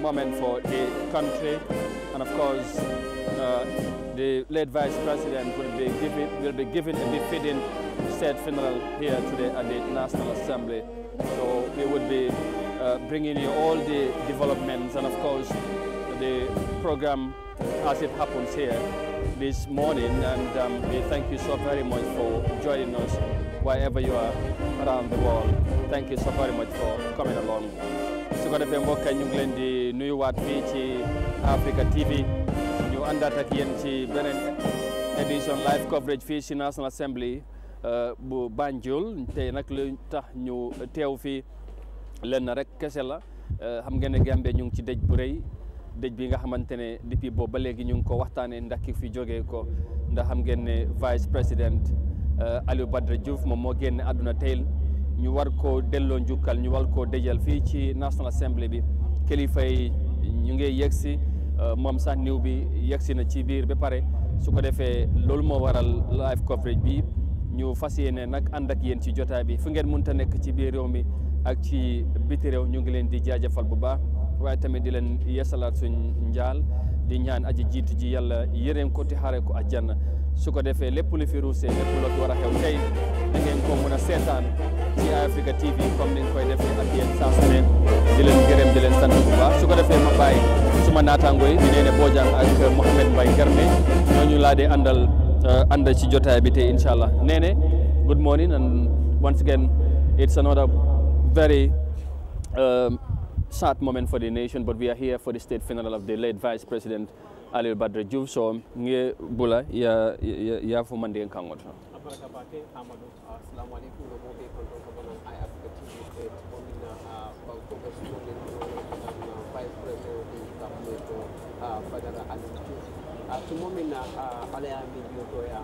moment for the country. And of course, uh, the late Vice President will be, giving, will be giving a befitting state funeral here today at the National Assembly. So we would be uh, bringing you all the developments and of course the program as it happens here this morning and um, we thank you so very much for joining us wherever you are around the world. Thank you so very much for coming along. So, God, if nuyuwaat fii ci Africa TV ñu àndaat ak yéen ci beneen édition live coverage fii ci National Assembly euh, bu Banjul tey nag lu tax ñu teew fii lenn rek kese la euh, xam ngeen ne Gambie ñu ngi ci dëj bu rey dëj bi nga xamante ne depuis boobu ba léegi ñu ngi ko waxtaanee ndax ki fi jógee ko ndax xam ngeen ne vice président euh, Alieu Badara Diouf moo génn àdduna tey ñu war koo delloo njukkal ñu war koo dëjal fii ci National Assembly bi. kilifa yi ñu ngi yegg si euh, moom sax niw bi yegg si na ci biir ba pare su ko defee loolu moo waral live coverage bi ñu fas yéene nag ànd ak yéen ci jotaa bi fu ngeen mënta nekk ci biir réew mi ak ci biti réew ñu ngi leen di jaajëfal bu baax waaye tamit di leen yesalaat suñ njaal di ñaan aji jiitu ji yàlla yërëm ko ti xare ko àjjana su ko defee lépp lu fi ruusee lépp loo fi war a xew tey da ko a seetaan ci Africa TV comme ni nga koy defee ak yéen saa su ne di leen gërëm di leen sant bu baax su ko defee ma bàyyi suma naataango di Neneh Bojang ak Mohamed Mbaye Garme ñooñu laa andal àndal eh, ànd ci jotaay bi tey incha allah Neneh good morning and once again it's another very um, sad moment for the nation but we are here for the state funeral of the late vice president alil badre diouf so nge bula ya ya, ya fu mande kangoto abaraka bake amadu assalamu alaikum ba ko na five ka ko badara alil juv a ala ya mi to uh, uh, ya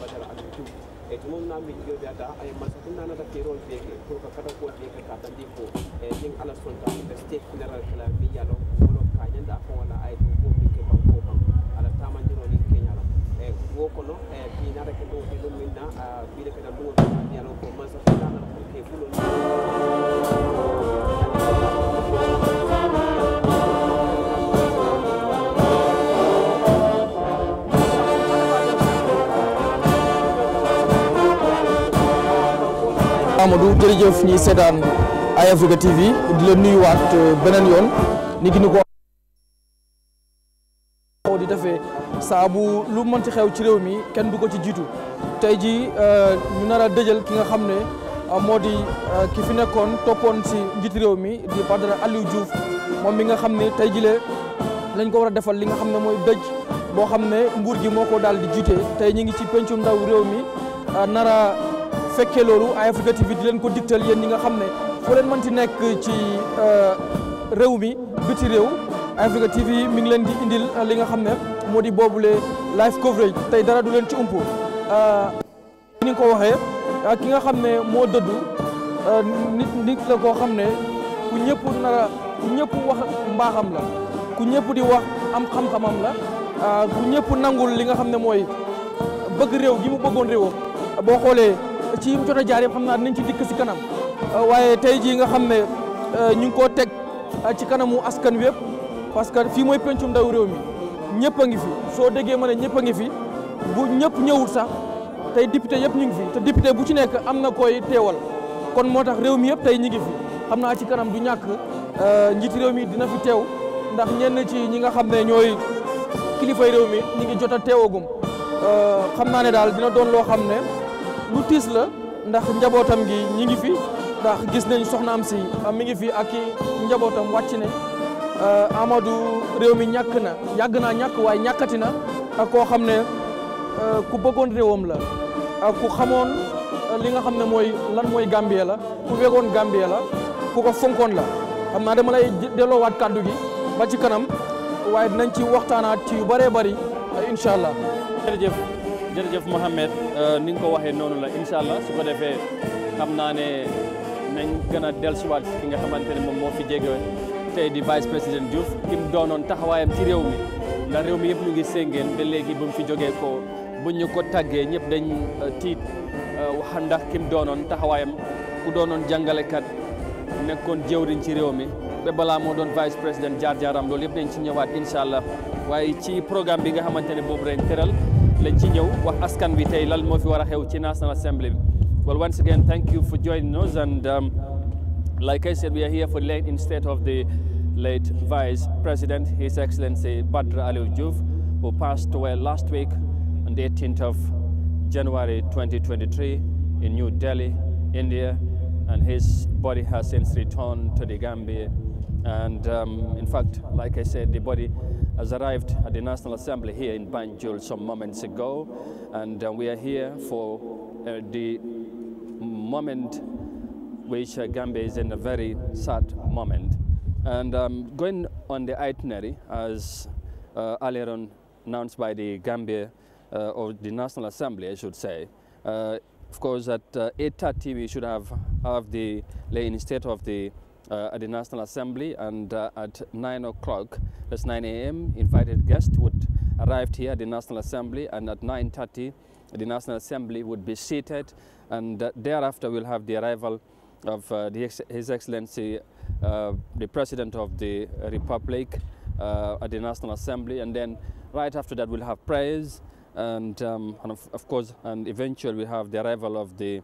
badal amin eh, tum e tumum na min ƴoƴata ay eh, masatu nanata kerol feeke pour que kata kuwa feeke ka tandi ko e ɗin ala sonta ɓe state funeral kala mi yalo eh, wolo kañanda a fowala ay ɗum ko min ah, ke banko kan ala tamandironi keñala e wo kono e pinata ke ɗo heɗum minna ɓiɗe keda ɗugo ɓe yalo ko masatu nanata pour que fuloni Amadou jërëjëf ñi seetaan Eye Africa TV di la nuyuwaat euh, beneen yoon ni gi ni ko di defee saabu lu mën ci xew ci réew mi kenn du ko ci jiitu tey ji euh, ñu nar a dëjël ki nga xam ne euh, moo di ki fi nekkoon toppoon si njiitu réew mi di Badara moom mi nga xam ne tey jile lañ ko war a defal li nga xam ne mooy dëj boo xam ne nguur gi moo ko daal di jiite tey ñu ngi ci pencum ndaw réew mi nara fekkee loolu AFT TV di leen ko digtal yéen ni nga xam ne foo leen mënti nekk ci euh, réew mi biti réew Africa TV mi ngi leen di indil li nga xam ne moo di boobu boobule live coverage tey dara du leen ci umpu euh, ni nga ko waxee ak ki nga xam ne moo dëdd euh, nit nit la koo xam ne ku ñëpp nara ku ñëpp wax mbaaxam la ku ñëpp di wax am xam-xamam la ñëpp nangul li nga xam ne mooy bëgg réew gi mu bëggoon réewam boo xoolee ci yim jot a jaar xam naa nañ ci dikk si kanam euh, waaye tey jii nga xam ne euh, ñu ngi koo teg euh, ci kanamu askan wépp parce que fii mooy pencum ndaw réew mi ñëpp a ngi fi soo déggee ma ne ñëpp a ngi fi bu ñëpp ñëwul sax tey député yëpp ñu ngi fi te député bu ci nekk am na koy teewal kon moo tax réew mi yëpp tey ñu ngi fi xam naa ci kanam du ñàkk njiiti réew mi dina fi teew ndax ñenn ci ñi nga xam ne ñooy kilifay réew mi ñu ngi jot a teewagum xam naa ne daal dina doon loo xam ne. lu tiis la ndax njabootam gi ñi ngi fi ndax gis nañ soxnaam si mi ngi fi ak i njabootam wàcc ne euh, Amadou réew mi ñàkk na yàgg naa ñàkk waaye ñàkkati na ak koo xam ne euh, ku bëggoon réewam la ak ku xamoon euh, li nga xam ne mooy lan mooy Gambie la ku wegoon Gambie la ku ko fonkoon la xam naa dama lay delloowaat kàddu gi ba ci kanam waaye dinañ ci waxtaanaat ci yu bëree bëri allah jërëjëf Mohamed euh, ni nga ko waxee noonu la incha allah su ko defee xam naa ne nañ gën a dellusiwaat ki nga xamante ne moom moo fi jege tey di vice président Diouf ki doonoon taxawaayam ci réew mi ndax réew mi yëpp ñu ngi séngeen ba léegi ba mu fi jógee ko bu ñu ko tàggee ñëpp dañ euh, tiit euh, wax ndax ki mu doonoon taxawaayam ku doonoon jàngalekat nekkoon jëwriñ ci réew mi ba balaa moo doon vice président jaar jaaram loolu yëpp dañ ci ñëwaat incha allah waaye ci programme bi nga xamante ne boobu ren tëral. Assembly well once again thank you for joining us and um, like I said we are here for late instead of the late Vice President His Excellency Badr Ali Juf, who passed away last week on the 18th of January 2023 in New Delhi India and his body has since returned to the Gambia and um, in fact, like I said, the body has arrived at the National Assembly here in Banjul some moments ago. And uh, we are here for uh, the moment which uh, Gambia is in a very sad moment. And um, going on the itinerary, as uh, earlier on announced by the Gambia, uh, or the National Assembly, I should say, uh, of course, at uh, 8.30 we should have, have the lay in state of the uh, at the National Assembly, and uh, at 9 o'clock, that's 9 a.m., invited guests would arrive here at the National Assembly, and at 9.30, the National Assembly would be seated, and uh, thereafter we'll have the arrival of uh, the Ex His Excellency, uh, the President of the Republic, uh, at the National Assembly, and then right after that we'll have prayers, and, um, and of, of, course, and eventually we'll have the arrival of the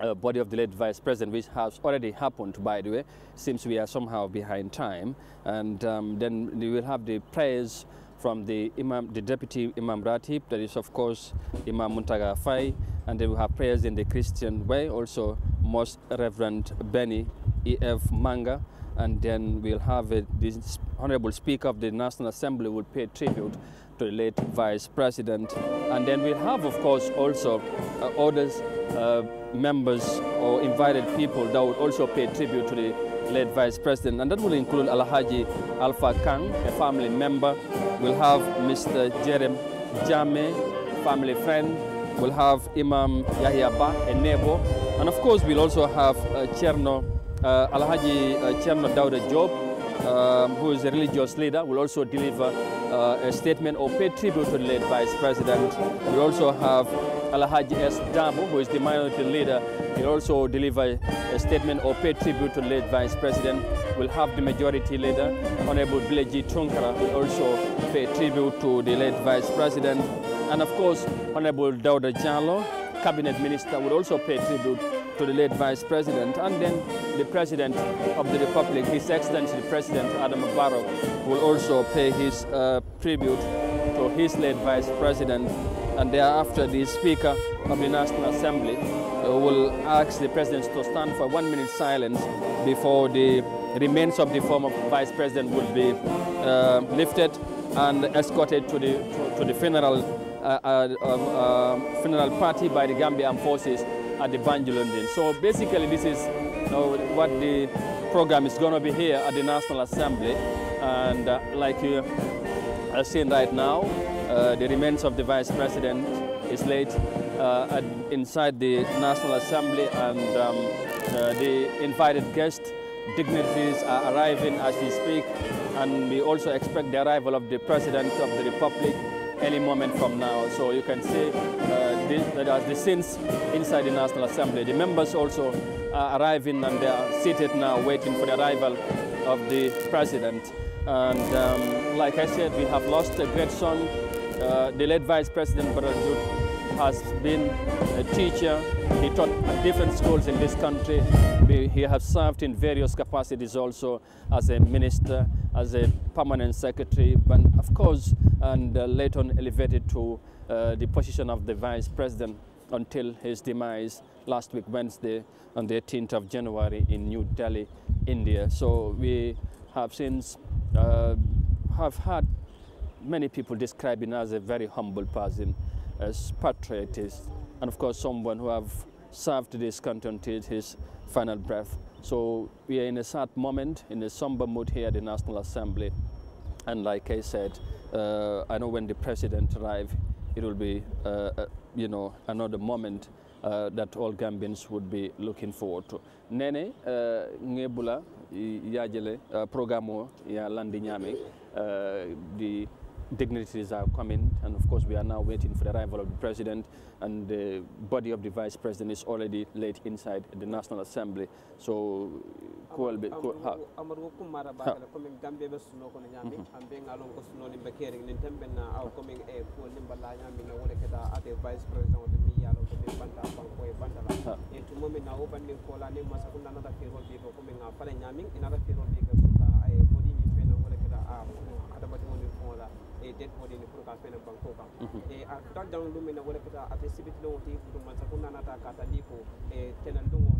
uh, body of the late vice president, which has already happened, by the way, seems we are somehow behind time. And um, then we will have the prayers from the Imam, the deputy Imam Ratib, that is, of course, Imam Muntaga Fai, and then we have prayers in the Christian way, also Most Reverend Benny E.F. Manga, and then we'll have the Honorable Speaker of the National Assembly will pay tribute to elect vice president. And then we have, of course, also uh, others, uh, members or invited people that would also pay tribute to the late vice president. And that will include Alhaji Alpha Kang, a family member. We'll have Mr. Jerem Jame, family friend. We'll have Imam Yahya Ba, a neighbor. And of course, we'll also have uh, Cherno, uh, Alhaji uh, Cherno Dauda Job, um, who is a religious leader, will also deliver uh, a statement or pay tribute to the late vice president. We also have Alhaji S. Dabo, who is the minority leader. He'll also deliver a statement or pay tribute to the late vice president. We'll have the majority leader, Honorable Bileji Tunkara, will also pay tribute to the late vice president. And of course, Honorable Dauda Jalo, cabinet minister, will also pay tribute to the late Vice President and then the President of the Republic, His Excellency the President Adam Barrow, will also pay his uh, tribute to his late Vice President and thereafter the Speaker of the National Assembly uh, will ask the President to stand for one minute silence before the remains of the former Vice President would be uh, lifted and escorted to the, to, to the funeral, uh, uh, um, uh funeral party by the Gambia Forces at the Banjul London. So basically this is you know, what the program is going to be here at the National Assembly. And uh, like you are seeing right now, uh, the remains of the Vice President is laid uh, at, inside the National Assembly and um, uh, the invited guests dignitaries are arriving as we speak and we also expect the arrival of the President of the Republic any moment from now. So you can see uh, this, that as the scenes inside the National Assembly, the members also are arriving and they are seated now waiting for the arrival of the president. And um, like I said, we have lost a great son, uh, the late Vice President Baradur has been a teacher. He taught at different schools in this country. He has served in various capacities also as a minister, as a permanent secretary, but of course, and uh, later on elevated to uh, the position of the vice president until his demise last week, Wednesday, on the 18th of January in New Delhi, India. So we have since uh, have had many people describing as a very humble person as patriot and of course someone who have served this country until his final breath. So we are in a sad moment, in a somber mood here at the National Assembly. And like I said, uh, I know when the president arrives, it will be, uh, uh, you know, another moment uh, that all Gambians would be looking forward to. Nene, uh, Ngebula, Yajele, uh, Programo, Landi the dignitaries are coming, and of course we are now waiting for the arrival of the president, and the body of the vice president is already laid inside the National Assembly. So, kuwalbe ha. Amaru kumara ba kala e eh, det modini pour ka fele banko kan mhm. e eh, a ah, ta danglu mena wala kata ate ah, sibitlo wote futu mansa kunna nata kata liko e eh, tenal dungo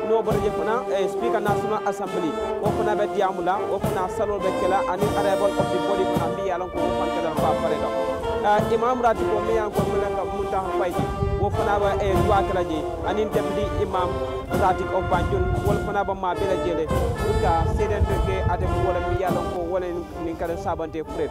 n'o bɔra yen fana eh, speaker national assembly o fana bɛ di amu la o fana salon bɛ kɛla ani arrival of the body fana min y'ala ko fan kɛla fa fare dɔ imam ratibo min y'an ko mɛlɛ ka mun ta fayti o fana bɛ eh, duwa kɛla je ani dɛmdi imam ratik of banjul wal fana bɛ maa bɛɛ lajɛlen pour ka seden dɔ kɛ adem wala min y'ala ko wala nin kɛra sabante fure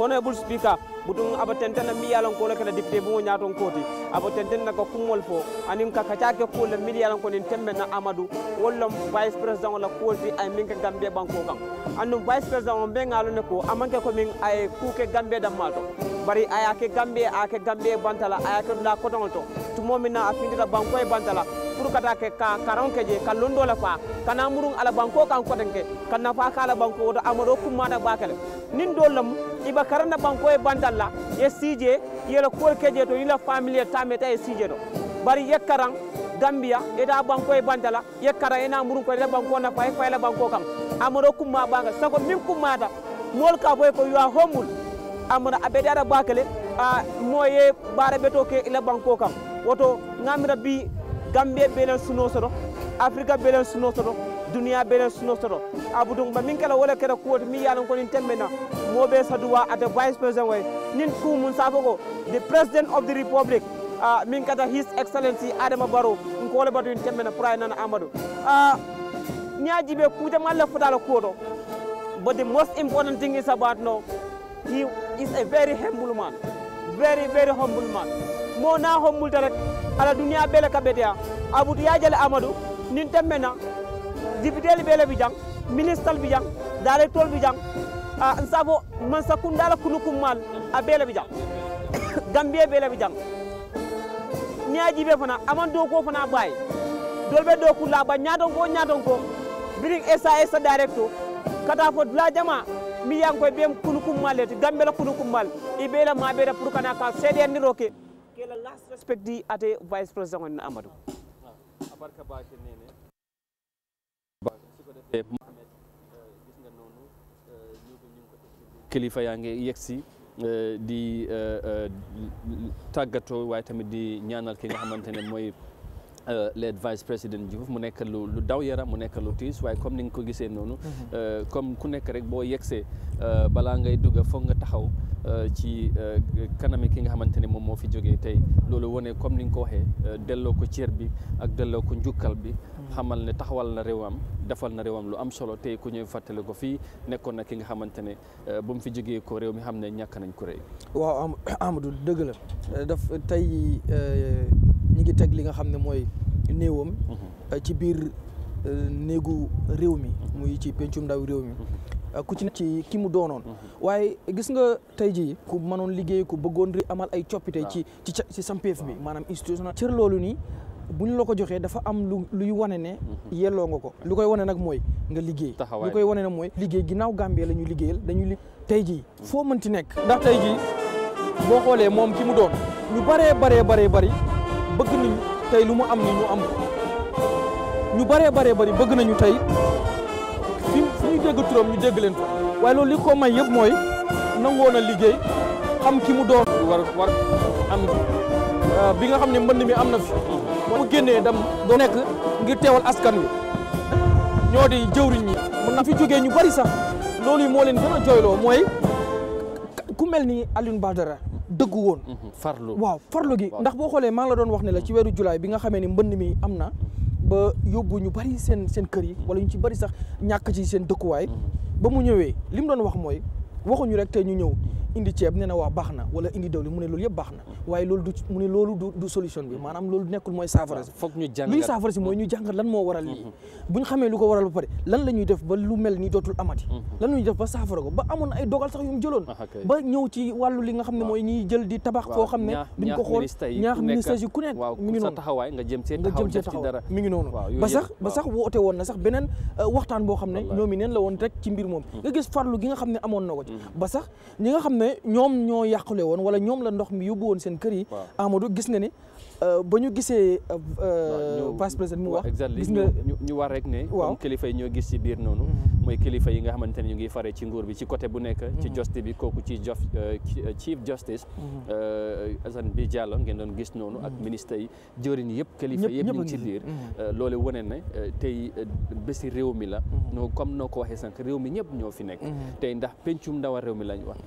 honorable speaker budun aba tentena mi yalan ko kala député bu nya ton koti aba tentena ko kumol fo anin ka ka take ko le mi yalan ko nin tembe na amadou wala vice president wala koti ay min ka gambe banko kam andu vice president on be ngalo ne ko amanke ko min ay kuke gambe dam mato bari ayake gambe ke gambe bantala ayake la koton to tumo min na afindira banko e bantala pour kata ke ka karon ke je kan londo la fa kana murun ala banko kan ko denke kan na fa kala banko do amado kuma na bakale nin dolam iba karanda banko e bandalla e sije yela kol ke je to ila family tameta e sije do bari yekaran gambia eda banko e bandala yekara ena murun ko eda banko na e fa e fa ila banko kam amado kuma baka sako min kuma da mol ka boy ko yo homul amana abedara bakale a moye bare beto ke ila e banko kam woto ngamira bi Gambia belen suno soto africa belen suno soto duniya belen suno soto abudun ba min kala wala kera kuwata mi yalan ko nin temmena moɓe saduwa the vice président way nin ku mun safo the president of the republic uh, min kata his excellency adama baro ko wala batu nin temmena pour ay nana amadou uh, ah, ñaji ɓe kuutama allah fotala kuwoto but the most important thing is about no he is a very humble man very very humble man mo na humble rek ala duniya bele ka beteya abutiyajale amadou nin temmena dipiteli bele bi jang ministal bi jang directol bi jang uh, ah, nsafo man sakundala kulukum mal a bele bi jang gambie bele bi jang ñaaji be fana aman do ko fana bay dolbe do kula ba ñadon ko ñadon ko biring esa esa directo kata fo dula jama mi yankoy bem kulukum malete gambe la kulukum mal ibela mabere pour kana ka sede ndiroke okay la last respect di ate vice noonu ah, kilifa yaa ngi yegsi eh, di eh, eh, tàggatoo waaye tamit di ñaanal ki nga xamante ne mooy Euh, les vice président Diouf mu nekk lu lu daw yaram mu nekk lu tiis waaye comme ni nga ko gisee noonu. Mhm. Euh, comme ku nekk rek boo yegsee euh, balaa ngay dugg foog nga taxaw ci kanami ki nga xamante ne moom moo fi jógee tey loolu wane comme ni nga ko waxee delloo ko cër bi ak delloo ko njukkal bi. Mhm. xamal ne taxawal na réewam defal na réewam lu am solo tey ku ñëw fàttali ko fii nekkoon na ki nga xamante ne bu mu fi jógee ko réew mi xam ne ñàkk nañ ku réew. waaw Amadou dëgg la daf tey. ñi ngi teg li nga xam ne mooy néewam mhm. ci biir euh, néegu réew mi mhm. muy ci pencum ndaw réew mi mhm. ku ci nekk ci ki mu doonoon waaye gis nga tey jii ku mënoon liggéey ku bëggoon ri amal ay coppite ci ci ci sampeef bi maanaam institutionnel cër loolu nii bu ñu la ko joxee dafa am lu luy wane ne yelloo nga ko lu koy wane nag mooy nga liggéey lu koy wane nag mooy liggéey ginnaaw Gambie la ñu liggéeyal dañu li tey jii foo mënti nekk ndax tey jii boo xoolee moom ki mu doon lu baree baree baree bari bëgg ni tey lu mu am ni ñu am ñu bëree baree bëri bëgg nañu tey fi fi ñu dégg turam ñu dégg leen ko waaye loolu li ko may yëpp mooy nangoo na liggéey xam ki mu doon war war am euh, bi nga xam ne mbënn mi am na fi mu génnee dem doo nekk ngir teewal askan wi ñoo di jëwriñ ñi mën na fi jógee ñu bari sax loolu yi moo leen gën a jooyloo mooy ku mel ni Alioune Badara dëggu woon. Mhm, farlu waaw farlu gi ndax boo xoolee maa la doon wax ne la ci weeru julaay bi nga xamee ni mbënd mi am na. ba yóbbu ñu bari seen seen kër yi wala ñu ci bari sax ñàkk ci seen dëkkuwaay. Mhm. ba mu ñëwee li mu doon wax mooy waxuñu rek te ñu ñëw. indi ceeb nee na waaw baax na wala indi dawli mu ne loolu yëpp baax na mm. waaye loolu du mu solution bi maanaam loolu nekkul mooy saafara si luy saafara si mooy ñu jàngat lan moo waral lii mm-hmm. bu ñu xamee lu ko waral ba pare lan la ñuy def ba lu mel ni dootul amati mm-hmm. lan la def ba saafara ko ba amoon ay dogal sax yu mu jëloon ah, ba ñëw ci wàllu li nga xam ne mooy ñuy jël di tabax foo xam ne duñ ko xool ñaax ministère yi ku nekk mi ngi noonu nga jëm see taxaw mi ngi noonu ba sax ba sax woote woon na sax beneen euh, waxtaan boo xam ne ñoom i neen la woon rek ci mbir moom mm-hmm. nga gis farlu gi nga xam ne amoon na ko ci ba sax ne ñoom ñoo yàqule woon wala ñoom la ndox mi yóbbu woon seen kër yi Amadou gis na ne Euh, ba ñu gisee. Euh, euh, vice président mu wax. gis nga ñu war rek ne. waaw comme kilifa yi ñoo gis ci biir noonu. Mm-hmm. mooy kilifa yi nga xamante ne ñu ngi fare ci nguur bi ci côté bu nekk. ci mm-hmm. justice bi kooku ci jo chief justice. Mm-hmm. Assane bi Diallo ngeen doon gis noonu. ak ministre yi jëwriñ yëpp. kilifa yëpp ñu ngi ci biir. loolu wane ne tey bési réew mi la. noo comme noo ko waxee sànq réew mi ñëpp ñoo fi nekk. tey ndax pencum ndawa réew mi lañ wax.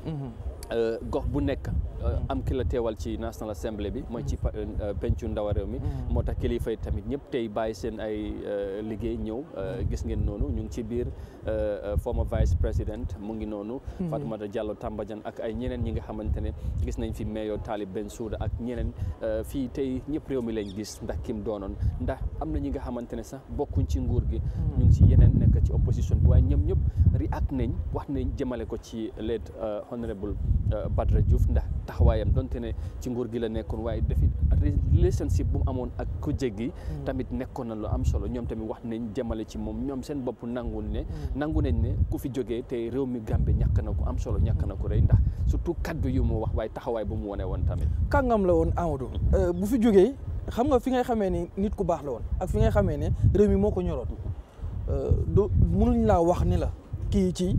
Euh, gox bu nekk euh, am ki la teewal ci national assemblée bi mooy ci euh, pencu ndaw réew mi mm-hmm. moo tax kilifa yi tamit ñëpp tey bàyyi seen ay liggéey ñëw gis ngeen noonu ñu ngi ci biir Euh, euh, former vice président mu ngi noonu. Mhm. Fatoumata Diallo Tambajang ak ay ñeneen ñi nga xamante ne gis nañ fi mayor Talib suuda ak ñeneen euh, fii tey ñëpp réew mi lañ gis ndax kim doonoon ndax am na ñi nga xamante ne sax bokkuñ ci nguur gi. Mhm. ñu ngi si yeneen nekk ci opposition bi waaye ñoom ñëpp react nañ wax nañ jamale ko ci late honorable Badara Diouf ndax taxawaayam donte ne ci nguur gi la nekkoon waaye dafi relationship bu mu amoon ak ku jéggi. Mhm. tamit nekkoon na lu am solo ñoom tamit wax nañ jëmale ci moom ñoom seen bopp nanguwul ne. nangu nañ ne ku fi jógee te réew mi Gambie ñàkk na ko am solo ñàkk na ko rey ndax surtout kaddu yu mu wax waaye taxawaay bu mu wone woon tamit. kàngam la woon Amadou. Mm-hmm. Euh, bu fi jógee xam nga fi ngay xamee ni nit ku baax la woon ak fi ngay xamee ne réew mi moo ko ñoroon mm-hmm. euh, du mënuñ laa wax ni la kii ci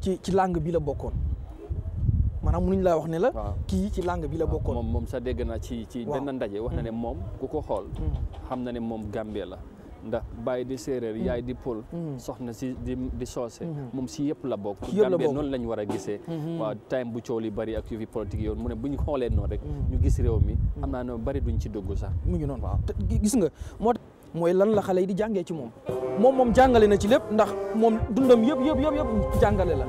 ci ci langue bi la bokkoon. maanaam munuñ laa wax ne la. kii ci langue bi la bokkoon. moom moom sax dégg naa ci ci benn ndaje. wax na ne mm-hmm. moom ku ko xool. xam na ne moom Gambie la. da bàyyi di séeréer yaay di pël mm-hmm. mm-hmm. soxna si di di soose mm-hmm. moom si yëpp la bokk Gambie noonu lañ war a gisee waaw time bu coow li bari ak yu fi politique yoon mu ne bu ñu xoolee noonu rek ñu gis réew mi am naa ne bari duñ ci dugg sax mu ngi noonu waaw gis nga la xale yi di jàngee ci moom moom jàngale na ci lépp ndax moom dundam yëpp yëpp jàngale la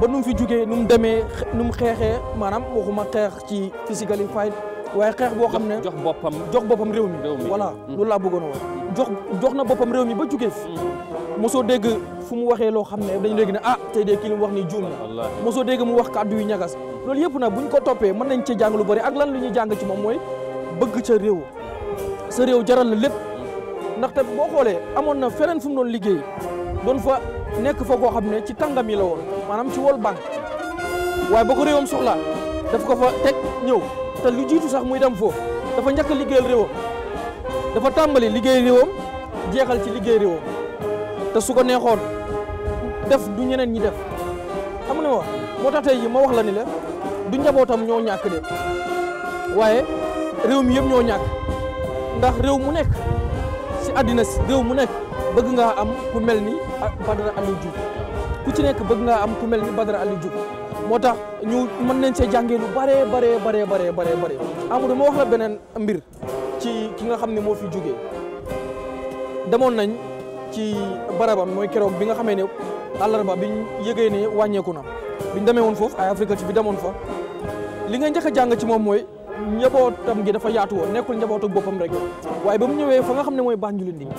ba nu mu fi jugee nu mu demee nu mu xeexee maanaam waxuma xeex ci physically fight waaye xeex boo xam ne jox boppam jox boppam réew mi. voilà mm-hmm. loolu laa bëggoon a wax. jox jox na boppam réew mi ba jugee fi. Mm-hmm. mosoo dégg fu mu waxee loo xam ne dañu dégg ne ah tey de kii wax ni juum na. mosoo dégg mu wax kàddu yu ñagas. loolu yëpp nag bu ñu ko toppee mën nañ ci jàng lu bari ak lan lu ñuy jàng ci moom mooy bëgg ca réew. sa réew jaral la lépp. Mm-hmm. ndaxte boo xoolee amoon na feneen fu mu doon liggéey doon fa nekk fa koo xam ne ci tàngam la woon maanaam ci World Bank waaye ba ko réewam soxla daf ko fa teg ñëw te lu jiitu sax muy dem foofu dafa njëkk a liggéeyal réewam dafa tàmbali liggéey réewam jeexal ci liggéey réewam te su ko neexoon def du ñeneen ñi def xam nga ma wax moo tax ma wax la ni la du njabootam ñoo ñàkk de waaye réew mi yëpp ñoo ñàkk ndax réew mu nekk si àddina si réew mu nekk bëgg ngaa am ku mel ni Badara Aliou Diouf ku ci nekk bëgg ngaa am ku mel ni Badara Aliou Diouf moo tax ñu mën nañ see jàngee lu bare bare bare bare bare bare Amadou ma wax la beneen mbir ci ki nga xam ne moo fi jógee demoon nañ ci barabam mooy keroog bi nga xamee ne bi biñ yëgee ne wàññeeku na biñ demee woon foofu ay Africa ci bi demoon fa li nga njëkk a jàng ci moom mooy njabootam gi dafa yaatu woon nekkul njabootu boppam rek waaye ba mu ñëwee fa nga xam ne mooy Banjulinding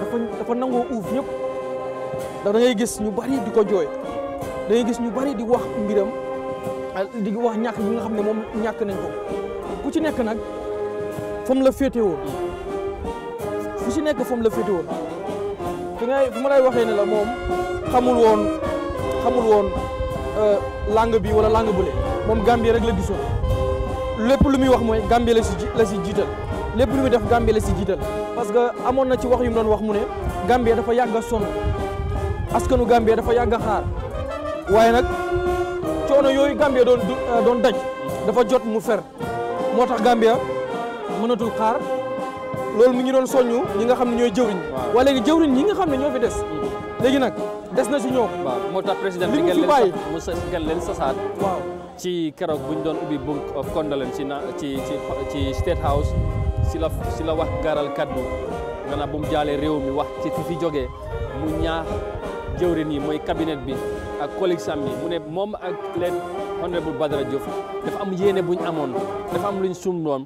dafa dafa nangoo uuf ñëpp da ngay gis ñu bari di ko jooy da ngay gis ñu bari di wax mbiram di wax ñak yi nga xamne mom ñak nañ ko ku ci nekk nak fam la fété wo ku ci nekk fam la fété wo fi ngay fu ma lay waxé ne la mom xamul won xamul won euh langue bi wala langue bu lé mom Gambie rek la gisoon lepp lu muy wax moy Gambie la ci la ci jital lepp lu muy def Gambie la ci jital parce que amon na ci wax yu mu don wax mu né Gambie dafa yagga son askanu Gambie dafa yagga xaar waye nak, choono yoyu Gambia don don eh, daj dafa jot mu fer motax Gambia mënatul xaar lolou mu ngi don soñu ñi nga xamni ñoy ñooy jëwriñ waaye léegi jëwriñ ñi nga xamni ne ñoo fi des léegi nag des na ci ñoo moo tax président li mu mu sasaat waaw ci keroog buñ don ubi bunk of condolence ci ci ci state house ci la ci la wax garal kaddu maanaam bu mu jaalee rew mi wax ci fi fi mu ñaax jëwriñ yi moy cabinet bi ak collègue Sam yi mu ne moom ak leen honorable Badara Diouf dafa am yéene bu ñu amoon dafa am lu ñu sumloon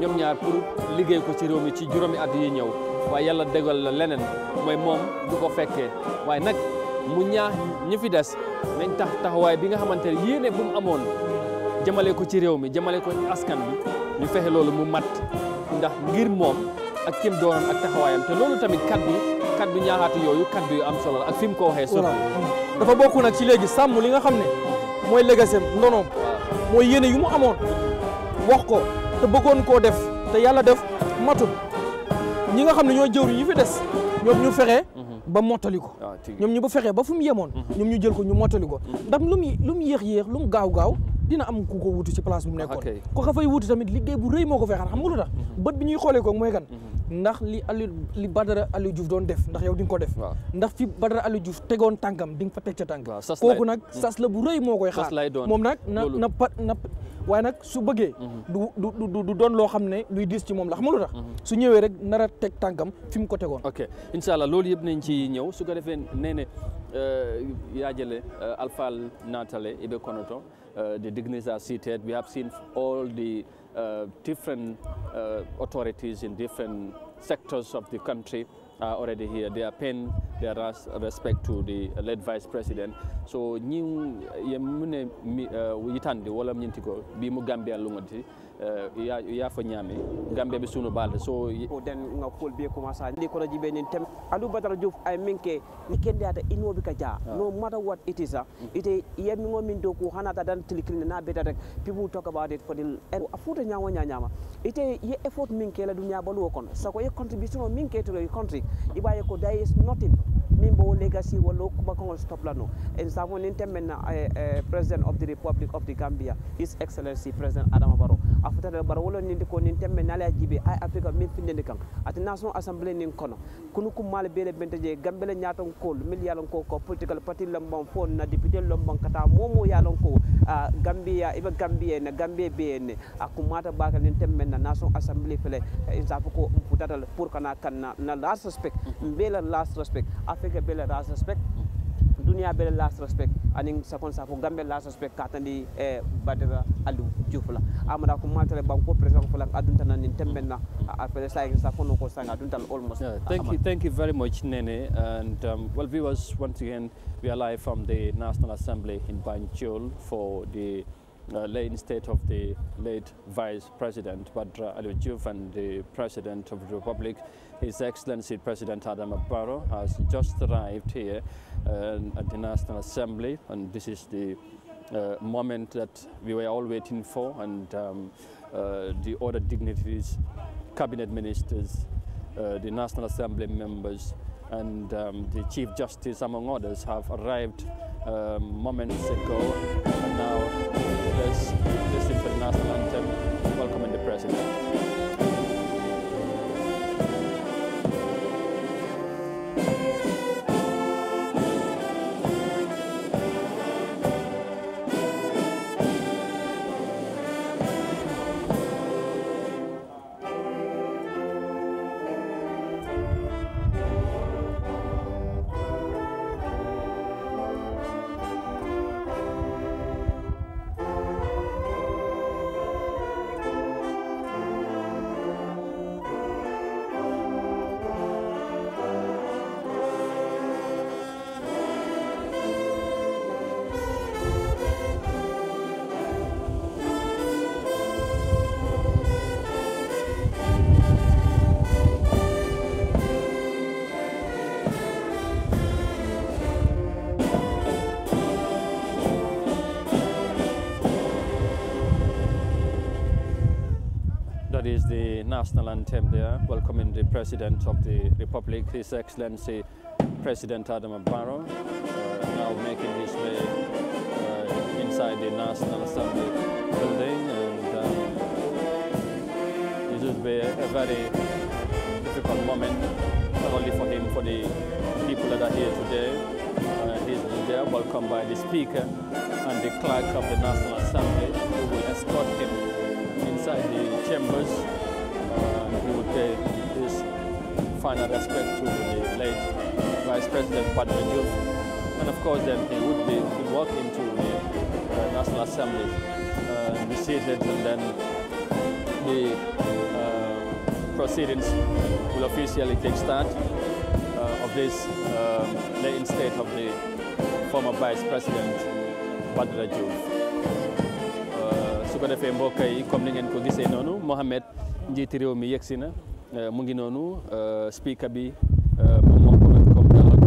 ñoom ñaar pour liggéey ko ci réew mi ci juróomi at yi ñëw waaye yàlla dégal la leneen mooy moom du ko fekkee waaye nag mu ñaax ñu fi des nañ tax taxawaay bi nga xamante ne yéene bu amoon jëmale ko ci réew mi jamale ko askan bi ñu fexe loolu mu mat ndax ngir moom ak kim doonoon ak taxawaayam te loolu tamit kaddu kaddu ñaaxaati yooyu kaddu yu am solo ak fi mu solo dafa bokk nag ci léegi sàmm li nga xam ne mooy légaseem ndonoom mooy yéene yu mu amoon wax ko te bëggoon koo def te yàlla def matul ñi nga xam ne ñoo jëwriñ yi fi des ñoom ñu fexe ba mottali ko ah, ñoom ñu ba fexe ba fu mu yemoon mhm. ñoom ñu jël ko ñu mottali ko ndax lu mu lu mu yéex yéex lu mu gaaw gaaw dina am ku ko wuti ci place mu nekkoon ah, ko ka fay wuti tamit liggéey bu rëy moo ko fexan xam nga lu tax mhm. bët bi ñuy xoolee ko mooy kan mhm. ndax li Aliou li Badara Aliou Diouf doon def ndax yow di ko def ndax fi Badara Aliou Diouf tegoon tànkam di nga fa teg ca tànk kooku nag mm. sas la bu rëy moo koy xaar moom nag na na pat na waaye nag su bëggee mm-hmm. du du du doon loo xam ne luy diis ci moom la xam lu tax mm-hmm. su ñëwee rek nar a teg tànkam fi mu ko tegoon ok incha allah loolu yëpp nañ ci ñëw su ko defee nee ne euh, yaajale euh, alfal naatale ibe konoto the euh, dignitaries seated we have seen all the Uh, different uh, authorities in different sectors of the country are already here. They are paying their respect to the late vice president. So, ñi yemune uh, yitande wala ñinti ko bi Gambia Eh, ya ya fo ñami gambe be sunu balde so o den nga kol be ko masa ni ko jibe ni tem alu badara diouf ay minke ni kende ata inobi ka ja ah. no matter what it is ah, mm. ite yemi ngo min doku hanata dan tilikrin na beta rek people talk about it for the afuta nyawo nyanyama ite ye effort minke la dunya balu kon sako ye contribution minke to the country ibaye ko there is nothing mimbo legacy walo kubakongo stop lano and savo nintemen uh, eh, uh, eh, president of the republic of the gambia his excellency president adama barrow futata bara wolo nindi ko nin temme nala jibe ay afrika min finde kan ati nation assemblée nin kono kunu kum mal beele bente je gambele nyaton kol mil yalon ko ko political party lombon fon na député lombon kata momo yalon ko uh, gambia ibe gambie na gambie bene akumata bakal nin temme na nation assemblée fele eh, isafu ko futata pour kana kan na last respect mm-hmm. mbele last respect afrika bele last respect last respect gambe last respect e eh, badira alu ko president fulan sa sa ko almost yeah, thank you thank you very much nene and um, well viewers once again we are live from the national assembly in banjul for the uh, state of the late vice president badra alu juf and the president of the republic his Excellency President Adam Barrow has just arrived here uh, at the National Assembly, and this is the uh, moment that we were all waiting for, and um, uh, the other dignitaries, cabinet ministers, uh, the National Assembly members, and um, the Chief Justice, among others, have arrived um, moments ago. And now, let's to the national anthem, welcoming the President. national anthem there, welcoming the President of the Republic, His Excellency President Adam Barrow, uh, now making his way uh, inside the National Assembly building. And um, uh, it will be a, a very difficult moment, not only for him, for the people that are here today. Uh, he's there, welcomed by the Speaker and the Clerk of the National Assembly, who will escort him inside the chambers this final respect to the late Vice President Padma And of course then he would be walking to into the uh, National Assembly, uh, be seated and then the uh, proceedings will officially take start uh, of this uh, late in state of the former Vice President Badra Diouf. Uh, su ko defee mbokk Mohamed njiiti réew mi yeksi na euh, mu ngi nonu euh, speaker bi euh, moom mo ko ko dalal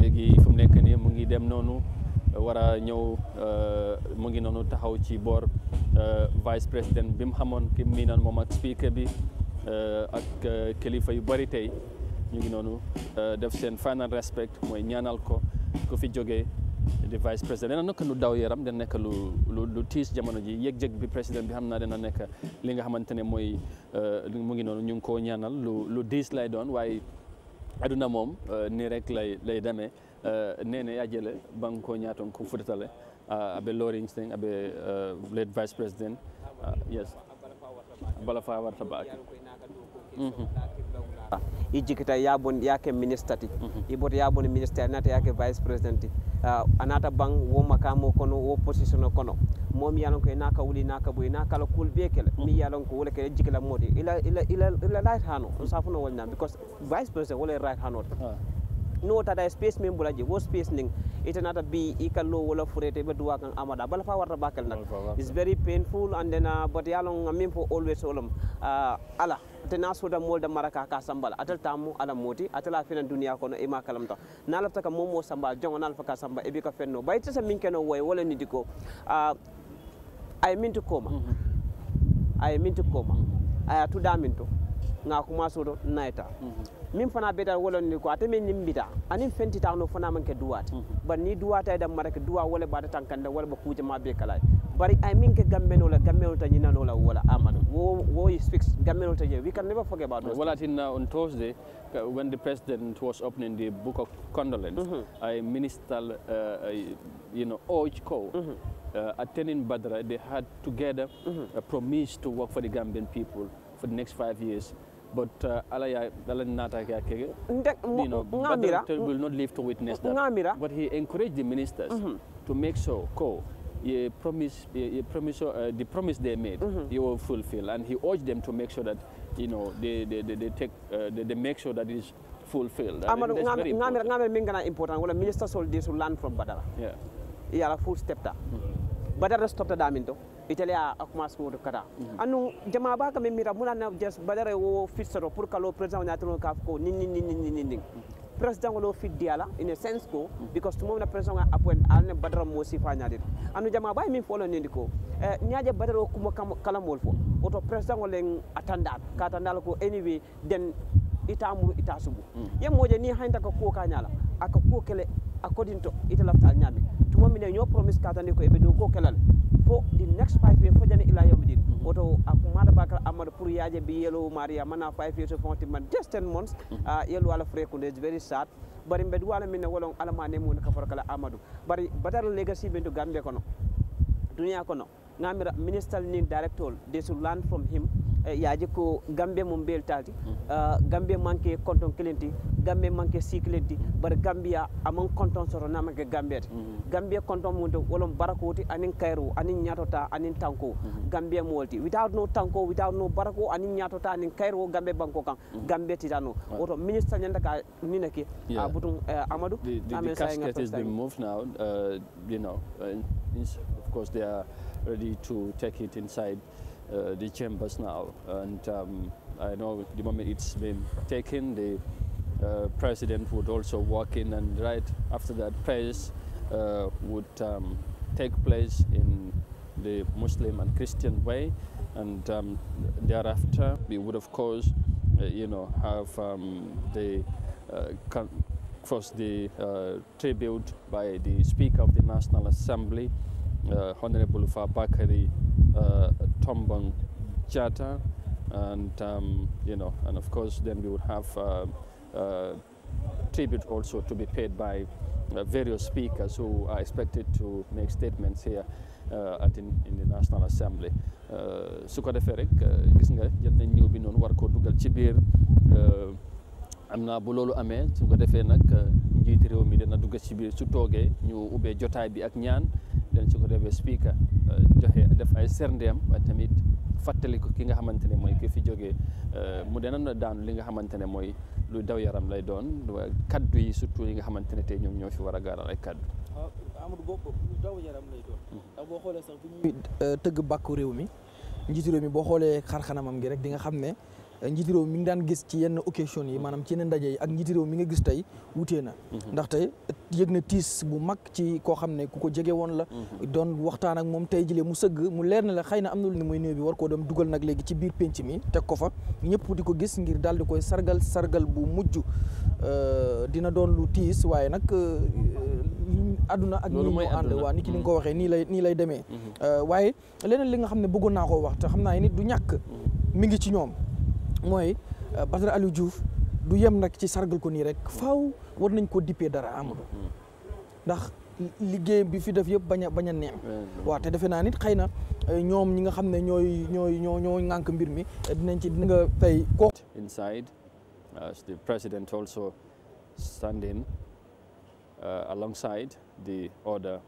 legi fu nek ni mu ngi dem nonu wara ñew mu ngi nonu taxaw ci bor vice President bim xamone ki mi nan ak speaker bi ak kelifa yu bari tay ñu ngi nonu def sen final respect moy ñaanal ko ko fi di vice président dina nekk lu daw yaram dina nekk lu lu tiis jamono ji yëg-yëg bi président bi xam naa na nekk li nga xamante ne mooy euh, mu ngi noonu ñu ngi ko ñaanal lu lu diis lay doon waaye aduna moom euh, nii rek lay lay demee euh, nee na yaa jële ba nga koo ñaatoon ko futatale abe loring seng abe late vice président bala faa warta baak mm-hmm. i jikita yabon yake ministre ti mm -hmm. i bota yabon ministère nata yake vice president ti uh, anata bang wo makamo kono wo position kono mom yalon ko e na ka wuli na boy na kala kul be kala mhm. mi yalon ko wala kala jikila modi ila ila ila ila right hano on mhm. safuno wolna because vice president wala right hano uh. Ah. no tada e space min bulaji wo space ning itanata bi ikallo wala furete be duwa kan amada bal fa warta bakal nak is very painful and then uh, but yalon uh, min fo always olum uh, ala ate atena soda da maraka ka sambal atal tamu ala moti atala fina duniya kono e ma kalamta na lafta ka momo sambal jongo na lafta ka samba e bi ka fenno bay tsa min keno way wala ni diko a ay min to koma mhm. ay min to koma ay atuda min to nga kuma soto naita min fana beta wolon ni ko ate min nimbita anin fenti ta no fana man ke duwat bar ni duwata da marake duwa wala ba ta tankande wala ba kuje ma be kala bari ay min ke gambe no la gambe ta tanyina no la wala amana wo wo is fixed gambe no tanyina we can never forget about those wala tin on Thursday uh, when the president was opening the book of condolence mm -hmm. I minister uh, you know urged call mm-hmm. uh, attending Badra they had together mm -hmm. a promise to work for the Gambian people for the next five years but uh, alaya naata you know ngamira will not live to witness that but he encouraged the ministers mm -hmm. to make sure ko ye promise ye promise uh, the promise they made mm -hmm. he will fulfill and he urged them to make sure that you know they they, they, they take uh, they, they make sure that it is fulfilled amadu ngamira ngamira mingana important wala ministers all this will learn from badara yeah yala full step ta mm-hmm. badara stop ta daminto italiya a kuma suko kada anu jama ba ka min mira na jes badare wo fitsoro pour que le président na tono ka ko nin nin nin nin nin president lo fit diala in a sense ko because tumo na president a point al ne badara mo si fanya dit anu jama ba mi folo nin ko eh nyaaje badaro kuma kala mol fo oto president wo len atanda ka tanda ko anyway den itamu itasubu mm. moje ni handa ka ko kanyala aka ko kele according to ite laftal ñami tumo mine ño promise katande ko eɓe dow ko kelal fo di next five year fo jane ila yawmi din mhm. oto mata bakar amadou pour yaaje mbi yelo maria mana five years fonti man just ten months mhm. ah, yelo wala frékunde is very sad bari mbeɗa wala min wolon alamane mum kafora kala amadou bari badara legacy ɓen to kono duniya kono gamira ministre nin directol they should learn from him Eh, yaaji ko gambe mo beltadi gambe manque konton kelenti gambe hmm. ah, manque si kelenti bara gambia aman konton soto namake gambeete gambia konton mum to wolon barakoti anin kayro anin ñatota anin tanko hmm. gambia mo wolti without no tanko without no barako anin ñatota anin kayro gambe banko kan hmm. gambia titano woto ministre ñanda ka ninake a butun eh, amadou amen sa now uh, you know of course they are ready to take it inside uh, the chambers now. And um, I know the moment it's been taken, the uh, president would also walk in, and right after that, prayers uh, would um, take place in the Muslim and Christian way. And um, thereafter, we would, of course, uh, you know, have um, the uh, cross the uh, tribute by the Speaker of the National Assembly uh, Honorable Fabakari uh, Tombong Chata, and um, you know, and of course, then we would have uh, uh, tribute also to be paid by uh, various speakers who are expected to make statements here uh, at in, in, the National Assembly. Uh, su ko defee rek gis nga jël bi war koo dugal ci biir. am na bu loolu amee su ko defee nag euh, njiiti réew mi dana dugg si biir su toogee ñu ubbee jotaay bi ak ñaan den su ko defee speaker euh, joxe def ay serndeem waaye tamit fàttali ko ki nga xamante ne mooy ki fi joge euh, mu dana na daan li nga xamante ne mooy lu daw yaram lay doon kaddu yi surtout yi nga xamante ne tey ñoom ñoo fi war a gaaral ay kaddu. Ah, Amadou hmm. boo xoolee sax bu ñuy tëgg bàkku réew mi njiiti réew mi boo xoolee xar xanamam gi rek di nga xam ne. njiiti réew mi ngi daan gis ci yenn occasion yi maanaam ci yenn ndaje yi ak njiiti réew mi nga gis tey wute na mhm. ndaxte yëg na tiis bu mag ci koo xam ne ku ko jege woon la mhm. doon waxtaan ak moom tey jëlee mu sëgg mu leer na la xëy na am na lu ne mooy néew war koo dem dugal nag léegi ci biir pénc mi teg ko fa ñëpp di ko gis ngir daal di koy sargal sargal bu mujj euh, dina doon lu tiis waaye nag euh, àdduna ak nii moo ànd waa nit ki ni nga mhm. ko waxee nii lay nii lay demee euh, waaye leneen li nga xam ne bëggoon naa koo wax te xam naa nit du ñàkk mi ngi ci ñoom moy badr euh, Aliou Diouf du yem nak ci sargal ko ni rek faw war nañ ko dipé dara Amadou ndax liggéey bi fi def yeb baña baña neex wa té waaw na nit xeyna na ñi nga xamné ñoy ñoy ñoy ñoy ngank mbir mi euh, dinañ ci nga tay ko inside uh, as the president also standing uh, alongside the other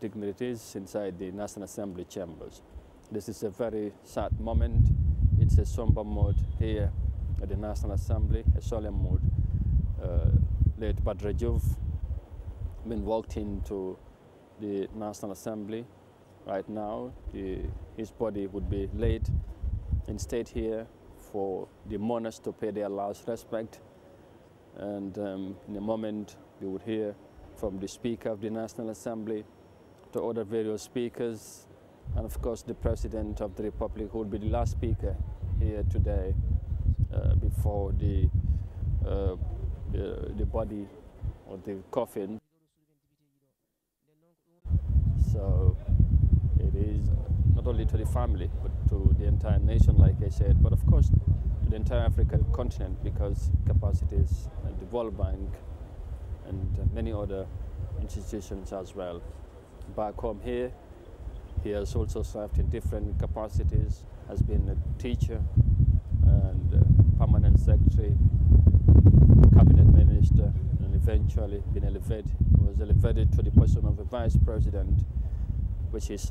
dignitaries inside the National Assembly chambers. This is a very sad moment it's a somber mood here at the National Assembly, a solemn mood. Uh, late Padre Juve been walked into the National Assembly. Right now, the, his body would be laid in state here for the mourners to pay their last respect. And um, in a moment, we would hear from the Speaker of the National Assembly to other various speakers, and of course the President of the Republic who will be the last speaker here today uh, before the, the, uh, uh, the body or the coffin. So it is not only to the family, but to the entire nation, like I said, but of course to the entire African continent because capacities at the World Bank and many other institutions as well. Back home here, he has also served in different capacities has been a teacher and permanent secretary, cabinet minister, and eventually been elevated, was elevated to the position of a vice president, which is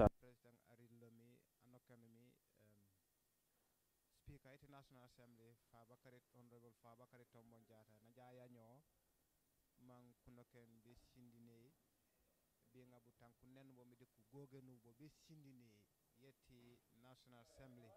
National Assembly.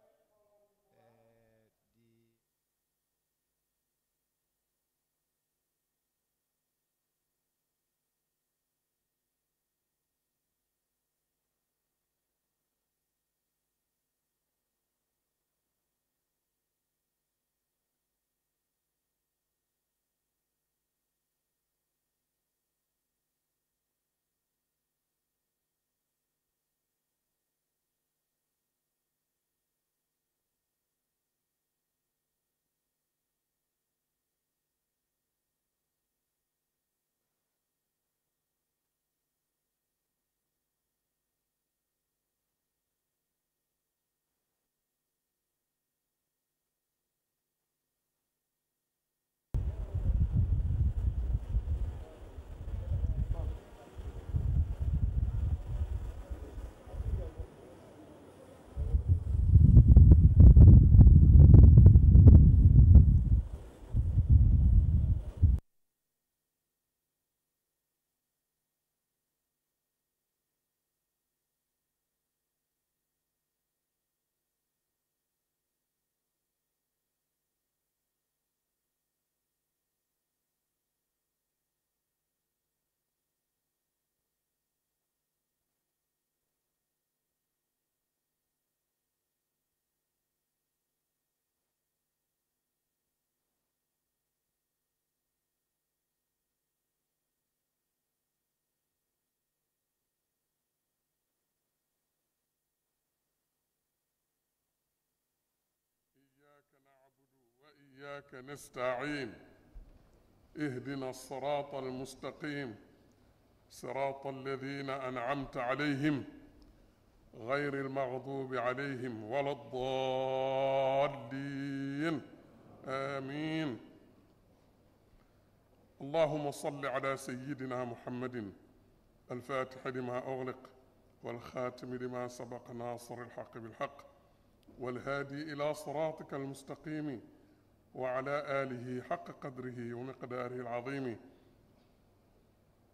إياك نستعين اهدنا الصراط المستقيم صراط الذين انعمت عليهم غير المغضوب عليهم ولا الضالين امين اللهم صل على سيدنا محمد الفاتح لما اغلق والخاتم لما سبق ناصر الحق بالحق والهادي الى صراطك المستقيم وعلى آله حق قدره ومقداره العظيم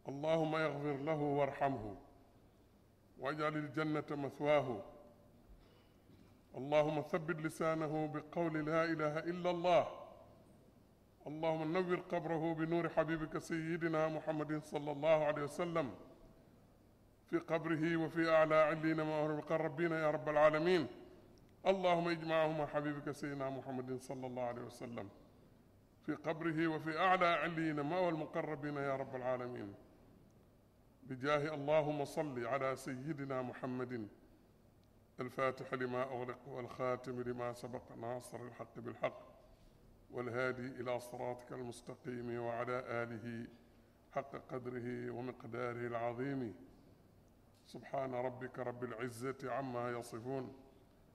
اللهم اغفر له وارحمه واجعل الجنة مثواه اللهم ثبت لسانه بقول لا إله إلا الله اللهم نور قبره بنور حبيبك سيدنا محمد صلى الله عليه وسلم في قبره وفي أعلى علين ما ربنا يا رب العالمين اللهم اجمعهما حبيبك سيدنا محمد صلى الله عليه وسلم في قبره وفي أعلى علينا ما المقربين يا رب العالمين بجاه اللهم صل على سيدنا محمد الفاتح لما أغلق والخاتم لما سبق ناصر الحق بالحق والهادي إلى صراطك المستقيم وعلى آله حق قدره ومقداره العظيم سبحان ربك رب العزة عما يصفون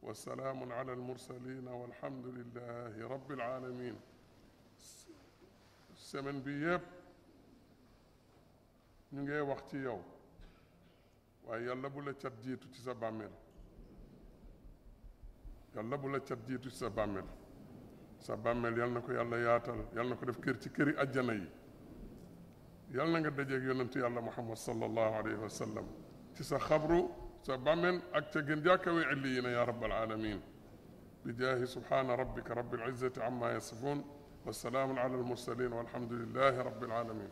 وسلام على المرسلين والحمد لله رب العالمين سمن بيب نجي وقت يوم ويلا بولا تبديتو تسبع مل يلا بولا تبديتو تسبع مل سبع مل يلا نكو يلا ياتل يلا نكو نفكر تكري أجنائي يلا نكو دجاج يلا محمد صلى الله عليه وسلم تسا خبرو سبامن أكتجن ذاك ويعلينا يا رب العالمين بجاه سبحان ربك رب العزة عما يصفون والسلام على المرسلين والحمد لله رب العالمين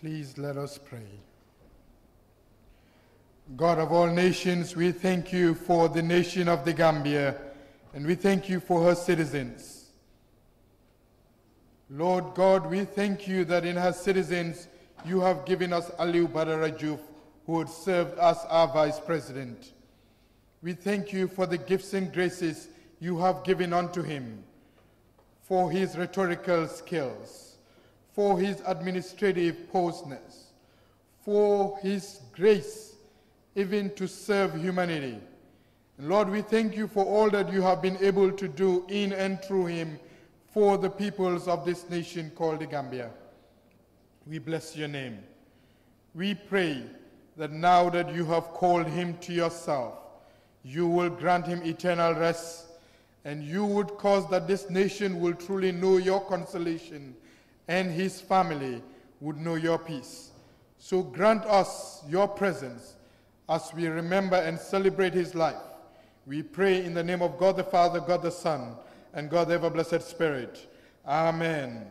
Please let us pray. God of all nations, we thank you for the nation of the Gambia, and we thank you for her citizens. Lord God, we thank you that in her citizens you have given us Aliu Badarajuf, who had served as our vice president. We thank you for the gifts and graces you have given unto him, for his rhetorical skills for his administrative closeness, for his grace, even to serve humanity. And Lord, we thank you for all that you have been able to do in and through him for the peoples of this nation called the Gambia. We bless your name. We pray that now that you have called him to yourself, you will grant him eternal rest, and you would cause that this nation will truly know your consolation and his family would know your peace. So grant us your presence as we remember and celebrate his life. We pray in the name of God the Father, God the Son, and God the ever blessed Spirit. Amen.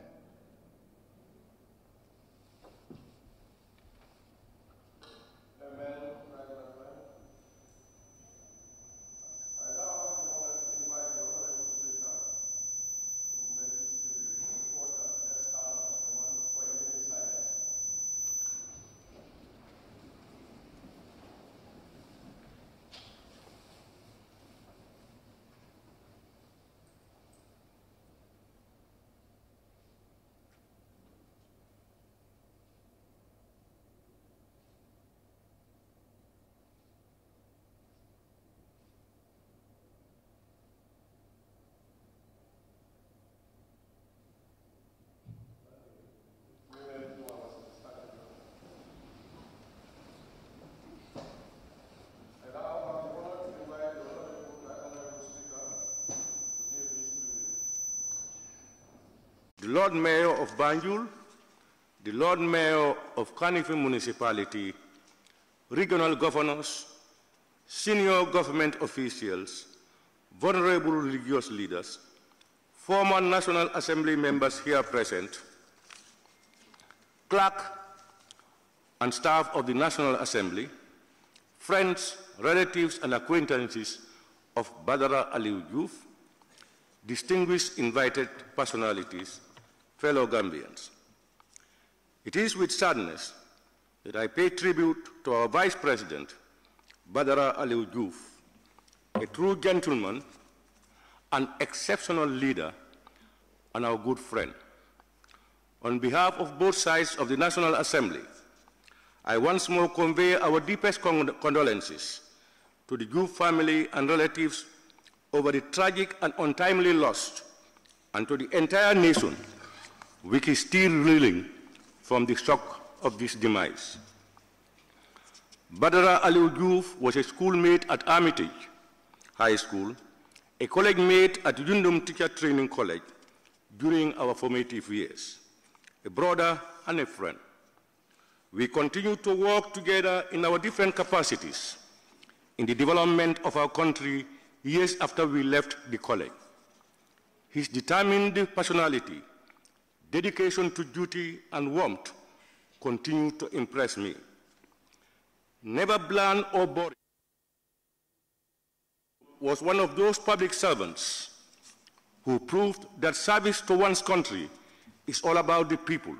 the Lord Mayor of Banjul, the Lord Mayor of Carnegie Municipality, regional governors, senior government officials, vulnerable religious leaders, former National Assembly members here present, clerk and staff of the National Assembly, friends, relatives, and acquaintances of Badara Ali Youth, distinguished invited personalities, fellow Gambians. It is with sadness that I pay tribute to our Vice President, Badara Aliou a true gentleman, an exceptional leader, and our good friend. On behalf of both sides of the National Assembly, I once more convey our deepest condolences to the Diouf family and relatives over the tragic and untimely loss, and to the entire nation which is still reeling from the shock of this demise. Badara Aliou Diouf was a schoolmate at Armitage High School, a college mate at Yundum Teacher Training College during our formative years, a brother and a friend. We continue to work together in our different capacities in the development of our country years after we left the college. His determined personality dedication to duty and warmth continue to impress me. Never bland or boring was one of those public servants who proved that service to one's country is all about the people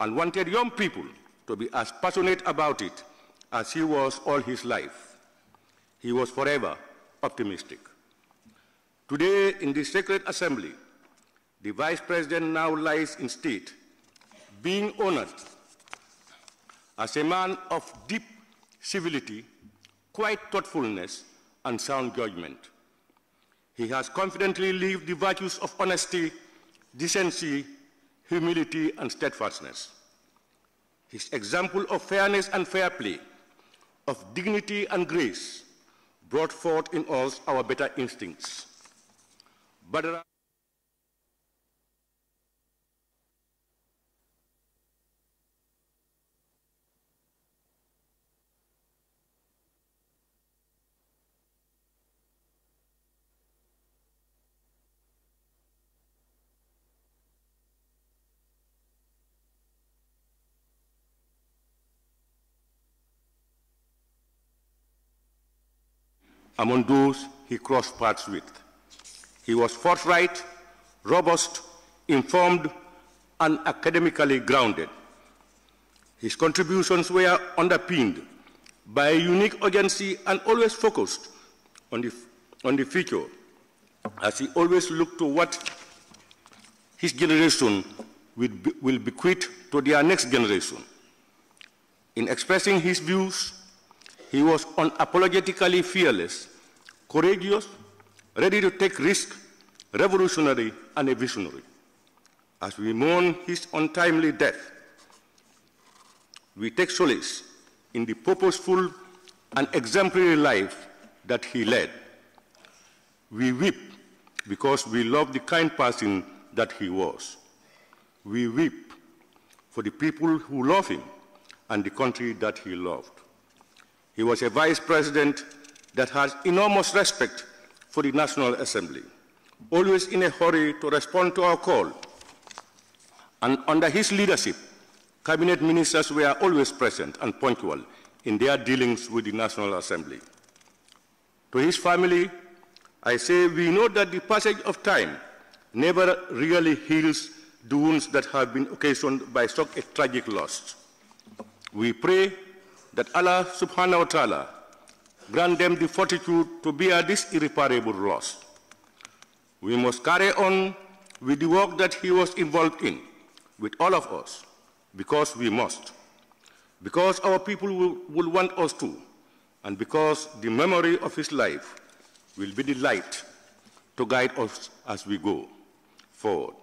and wanted young people to be as passionate about it as he was all his life. He was forever optimistic. Today, in the Sacred Assembly, the Vice President now lies in state, being honored as a man of deep civility, quiet thoughtfulness, and sound judgment. He has confidently lived the virtues of honesty, decency, humility, and steadfastness. His example of fairness and fair play, of dignity and grace, brought forth in us our better instincts. Badara among those he crossed paths with. He was forthright, robust, informed, and academically grounded. His contributions were underpinned by a unique urgency and always focused on the, on the future, as he always looked to what his generation will, be, will bequeath to their next generation. In expressing his views, he was unapologetically fearless courageous, ready to take risks, revolutionary, and a visionary. As we mourn his untimely death, we take solace in the purposeful and exemplary life that he led. We weep because we love the kind person that he was. We weep for the people who love him and the country that he loved. He was a vice president that has enormous respect for the National Assembly, always in a hurry to respond to our call. And under his leadership, cabinet ministers were always present and punctual in their dealings with the National Assembly. To his family, I say we know that the passage of time never really heals the wounds that have been occasioned by such a tragic loss. We pray that Allah subhanahu wa ta'ala grant them the fortitude to bear this irreparable loss. We must carry on with the work that he was involved in, with all of us, because we must, because our people will, will want us to, and because the memory of his life will be the light to guide us as we go forward.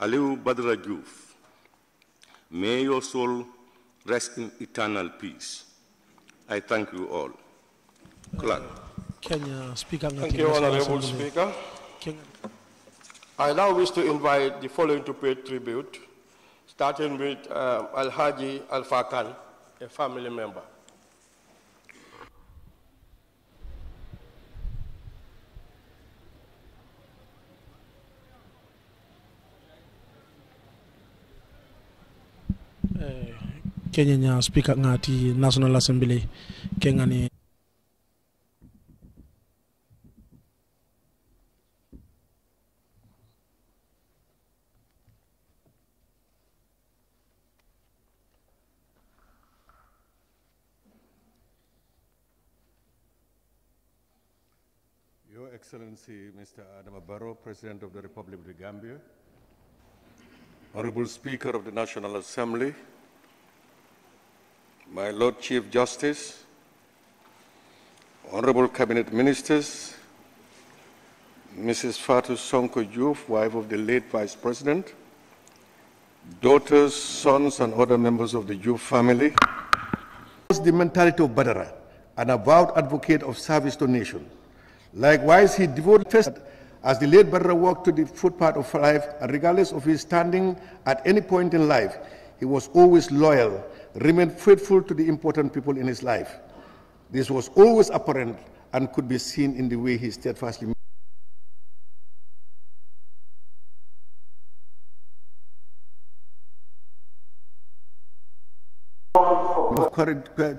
Aliu Badra Juf, may your soul rest in eternal peace. I thank you all. Clerk. Kenya uh, Speaker. Thank you, Honorable Speaker. King. I now wish to invite the following to pay tribute, starting with um, Al-Haji Al-Fakan, a family member. Eh, Kenya uh, speaker ngati National Assembly kengani Excellency Mr. Adam Barrow, President of the Republic of the Gambia, Honorable Speaker of the National Assembly, my Lord Chief Justice, Honorable Cabinet Ministers, Mrs. Fatou Sonko Diouf, wife of the late Vice President, daughters, sons, and other members of the Diouf family. The mentality of Badara, an avowed advocate of service to nation. Likewise, he devoted first as the late brother walked to the footpath of life, and regardless of his standing at any point in life, he was always loyal, remained faithful to the important people in his life. This was always apparent and could be seen in the way he steadfastly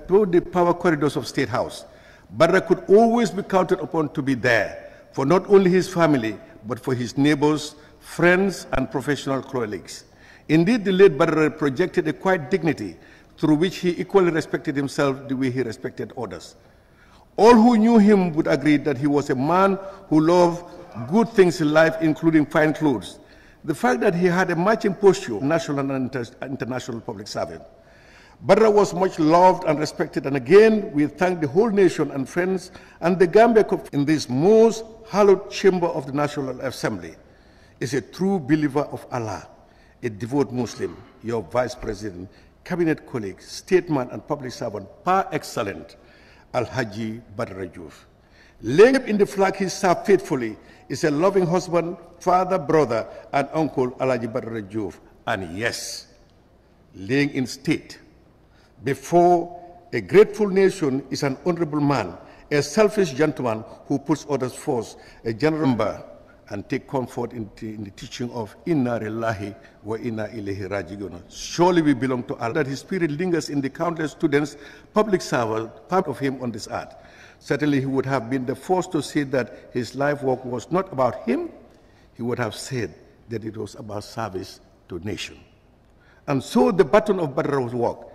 through the power corridors of State House. Barra could always be counted upon to be there for not only his family, but for his neighbors, friends, and professional colleagues. Indeed, the late Barra projected a quiet dignity through which he equally respected himself the way he respected others. All who knew him would agree that he was a man who loved good things in life, including fine clothes. The fact that he had a matching posture, national and inter international public servant, Barra was much loved and respected, and again we thank the whole nation and friends and the Gambia in this most hallowed chamber of the National Assembly. Is a true believer of Allah, a devout Muslim, your vice president, cabinet colleague, statesman, and public servant par Excellent, Al Haji Badra Laying up in the flag he served faithfully is a loving husband, father, brother, and uncle, Al Haji And yes, laying in state before a grateful nation is an honorable man, a selfish gentleman who puts others first, a general member, and take comfort in, in the, teaching of Inna Ilahi wa Inna Ilahi Raji'un. Surely we belong to Allah. That His spirit lingers in the countless students, public servants, part of Him on this earth. Certainly he would have been the first to say that his life work was not about him. He would have said that it was about service to nation. And so the baton of Badr's work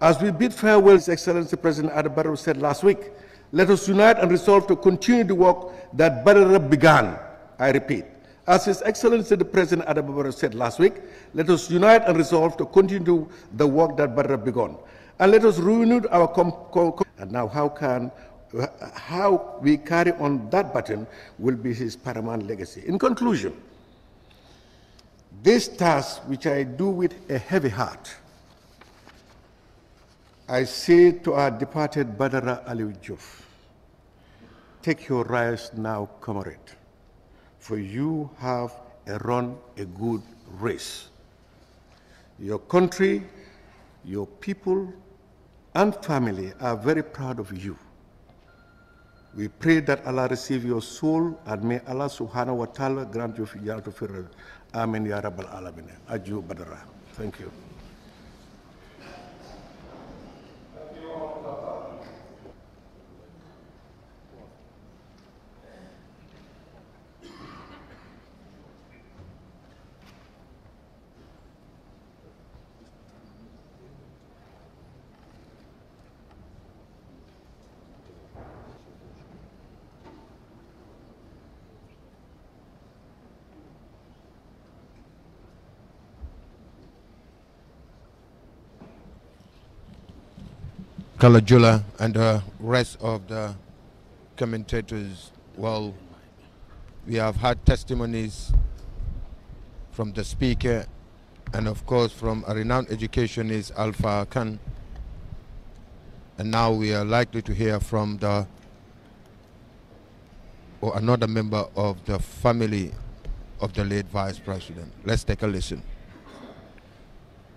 as we bid farewell, His Excellency President Adabaru said last week, let us unite and resolve to continue the work that Badarab began. I repeat, as His Excellency the President Adabaru said last week, let us unite and resolve to continue the work that Badarab began. And let us renew our... Com-, com and now how can how we carry on that baton will be his paramount legacy. In conclusion, this task, which I do with a heavy heart, I say to our departed Badara Ali Juf, take your rise now, comrade, for you have run a good race. Your country, your people, and family are very proud of you. We pray that Allah receive your soul and may Allah subhanahu wa ta'ala grant you fijar to Amen ya rabbal alamin. Aju badara. Thank you. Kalajula and the rest of the commentators, well, we have had testimonies from the speaker and of course from a renowned educationist, Alpha Khan. And now we are likely to hear from the or another member of the family of the late vice president. Let's take a listen.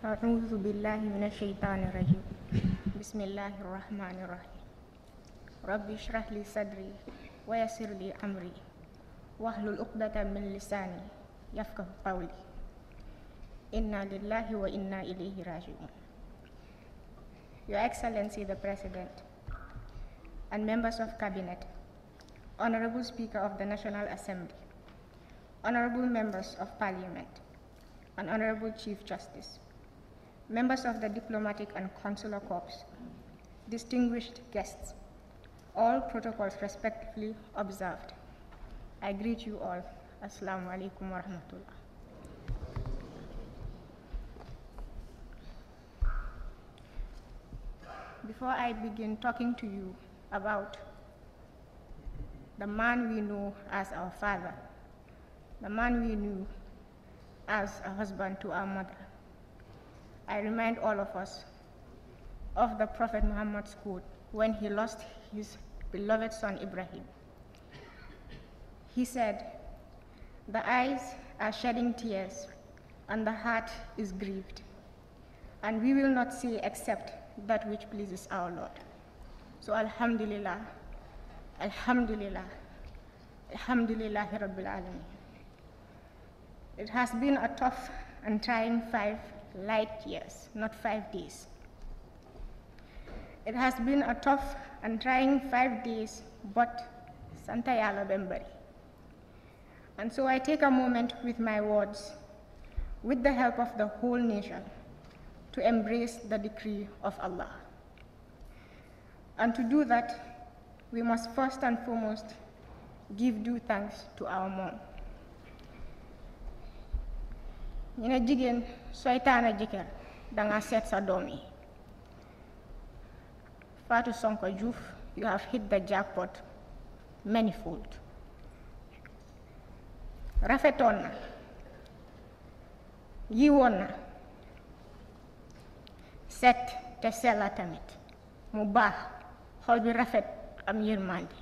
أعوذ بالله من الشيطان الرجيم بسم الله الرحمن الرحيم رب اشرح لي صدري ويسر لي أمري واحلل عقدة من لساني يفقه قولي إنا لله وإنا إليه راجعون Your Excellency the President and members of Cabinet, Honorable Speaker of the National Assembly, Honorable members of Parliament, and Honorable Chief Justice, members of the diplomatic and consular corps, distinguished guests, all protocols respectfully observed. I greet you all. Assalamu alaikum wa rahmatullah. Before I begin talking to you about the man we know as our father, the man we knew as a husband to our mother, I remind all of us of the Prophet Muhammad's quote when he lost his beloved son Ibrahim. He said, The eyes are shedding tears, and the heart is grieved, and we will not see except that which pleases our Lord. So, Alhamdulillah, Alhamdulillah, Alhamdulillah Rabbil Alameen. It has been a tough and trying five light years, not five days. It has been a tough and trying five days, but Santayala Bembari. And so I take a moment with my words, with the help of the whole nation, to embrace the decree of Allah. And to do that, we must first and foremost give due thanks to our mom. ñu ne jigéen sooy taana jëkkër danga seet sa doom yi Fatou Sonko juuf you have hit the jackpot manifold rafetoon na yi woon na set te sella tamit mu baax xol bi rafet am yërmande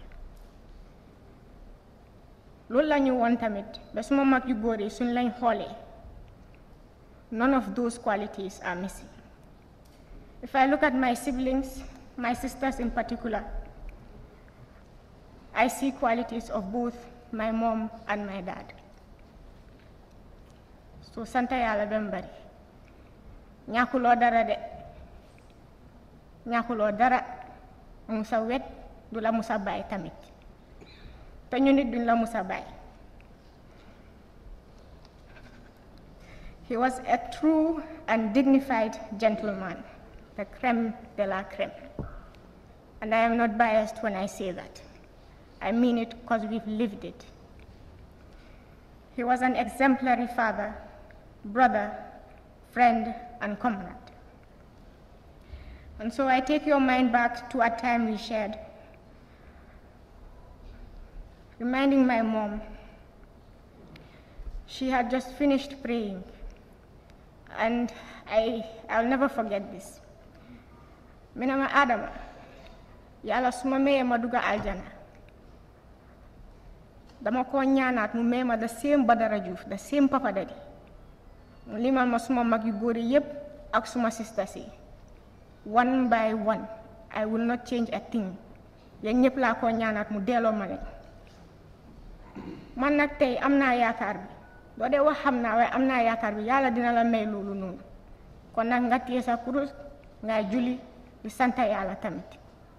loolu la ñu woon tamit ba suma mag yu góor yi suñ lañ xoolee none of those qualities are missing. If I look at my siblings, my sisters in particular, I see qualities of both my mom and my dad. So santa yalla bembari. Ñakulo dara de. Ñakulo dara musa wet dula musa bay tamit. Te ñu la musa bay. He was a true and dignified gentleman, the creme de la creme. And I am not biased when I say that. I mean it because we've lived it. He was an exemplary father, brother, friend, and comrade. And so I take your mind back to a time we shared, reminding my mom. She had just finished praying and I, I'll never forget this. Minama Adama, Yala suma maduga aljana. Dama ko ñaanaat the same Badara the same Papa Daddy mu limal ma suma mag yu góor one by one I will not change a thing yéen ñëpp laa ko ñaanaat mu delloo ma bi yàlla dina la may kon nga sa kurus nga julli di yàlla tamit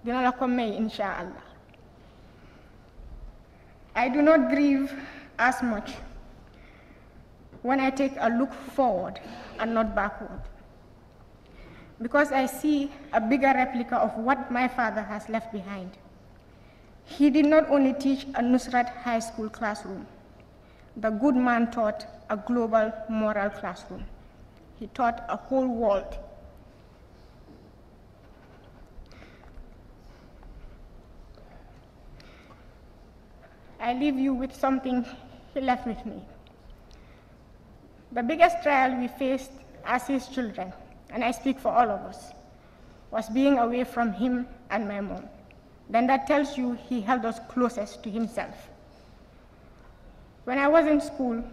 dina la ko may insha allah I do not grieve as much when I take a look forward and not backward because I see a bigger replica of what my father has left behind. He did not only teach a Nusrat High School classroom, the good man taught a global moral classroom. He taught a whole world. I leave you with something he left with me. The biggest trial we faced as his children, and I speak for all of us, was being away from him and my mom. Then that tells you he held us closest to himself. When I was in school,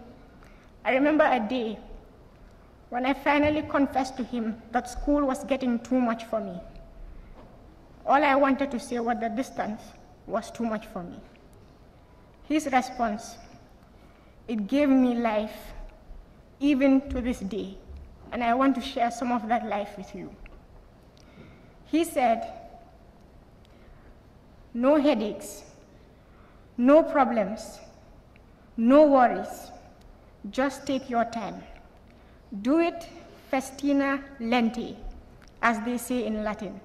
I remember a day when I finally confessed to him that school was getting too much for me. All I wanted to say was the distance was too much for me. His response, it gave me life even to this day, and I want to share some of that life with you. He said, No headaches, no problems no worries. Just take your time. Do it festina lente, as they say in Latin.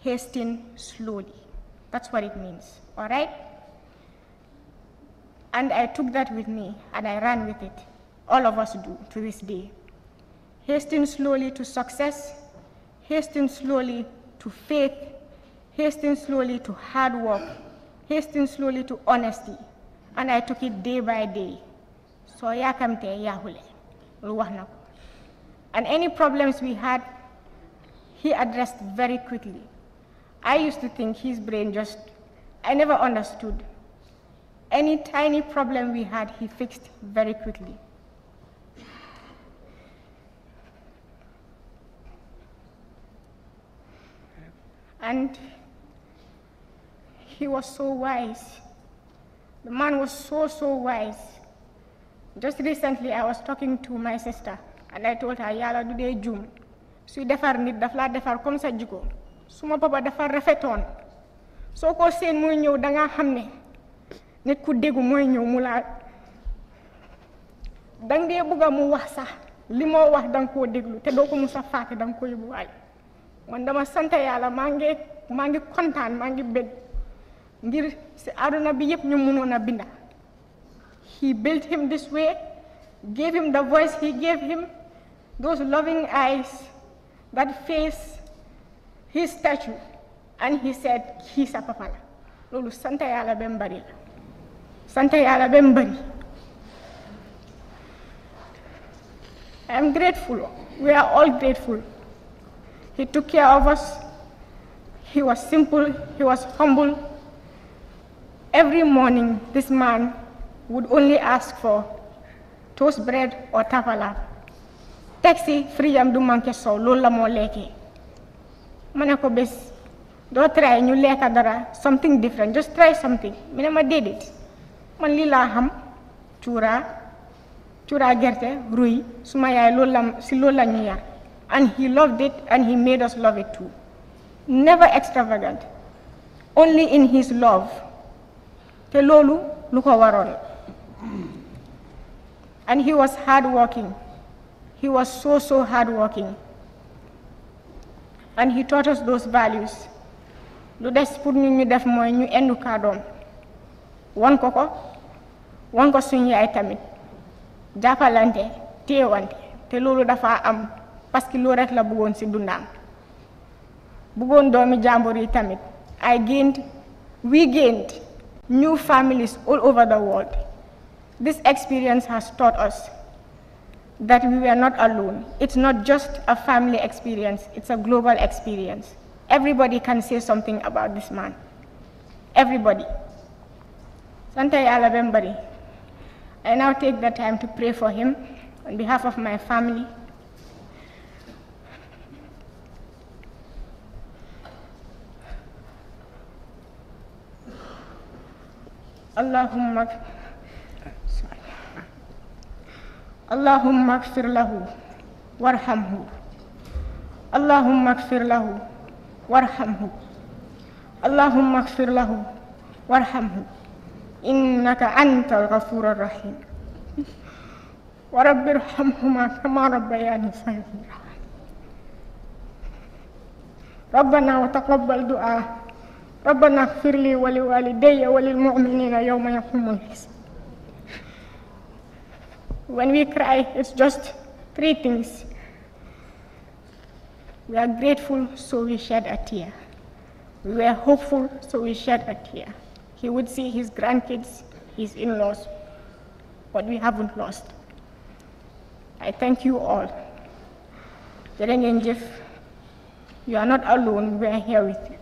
Hasten slowly. That's what it means. All right? And I took that with me and I ran with it. All of us do to this day. Hasten slowly to success, hasten slowly to faith, hasten slowly to hard work, hasten slowly to honesty and I took it day by day. So yakamte yahule, ruwahna. And any problems we had, he addressed very quickly. I used to think his brain just, I never understood. Any tiny problem we had, he fixed very quickly. And he was so wise. The man was so, so wise. Just recently, I was talking to my sister, and I told her, Yala, do they jum? suy defar nid daf laa defar comme sa jikko suma papa dafa rafetoon soo ko seen mooy ñëw da ngaa xam ne nit ku déggu mooy ñëw mu laa dang dee bëgg a mu wax sax li moo wax déglu te doo ko sa fàtte da ko yóbbuwaale man dama sant yàlla maa ngi maa ngi kontaan maa ngir si aduna bi yépp ñu mënoon a binda he built him this way gave him the voice he gave him those loving eyes that face his statue and he said kii sa papa la loolu sant yàlla ba bari la yàlla bari I am grateful we are all grateful he took care of us he was simple he was humble Every morning, this man would only ask for toast bread or tapala. Taxi free am du manke so Lola mo leke. lekkee ma ne ko bés doo try ñu lekka dara something different just try something Mina ne ma déedéet man lii ham, chura, chura gerte rui. suma yaay loolu si ñu yar and he loved it and he made us love it too never extravagant only in his love te loolu lu ko waroon and he was hardworking he was so so hardworking and he taught us those values lu des pour ñu ñu def mooy ñu endu kàddoom won ko ko won ko suñu yaay tamit jàppalante téewante te loolu dafa am parce que loolu rek la bëggoon ci dundaam bëggoon doomi jàmbur yi tamit ay gént wi gént new families all over the world. This experience has taught us that we were not alone. It's not just a family experience, it's a global experience. Everybody can say something about this man. Everybody. Santai Alabembari. I now take the time to pray for him on behalf of my family, اللهم اللهم اغفر له وارحمه اللهم اغفر له وارحمه اللهم اغفر له وارحمه إنك أنت الغفور الرحيم ورب ارحمهما كما ربياني صغيرا ربنا وتقبل دعاء ربنا اغفر لي ولوالدي وللمؤمنين يوم يقوم الحساب When we cry, it's just three things. We are grateful, so we shed a tear. We were hopeful, so we shed a tear. He would see his grandkids, his in laws, but we haven't lost. I thank you all. Jereng Jif, you are not alone, we are here with you.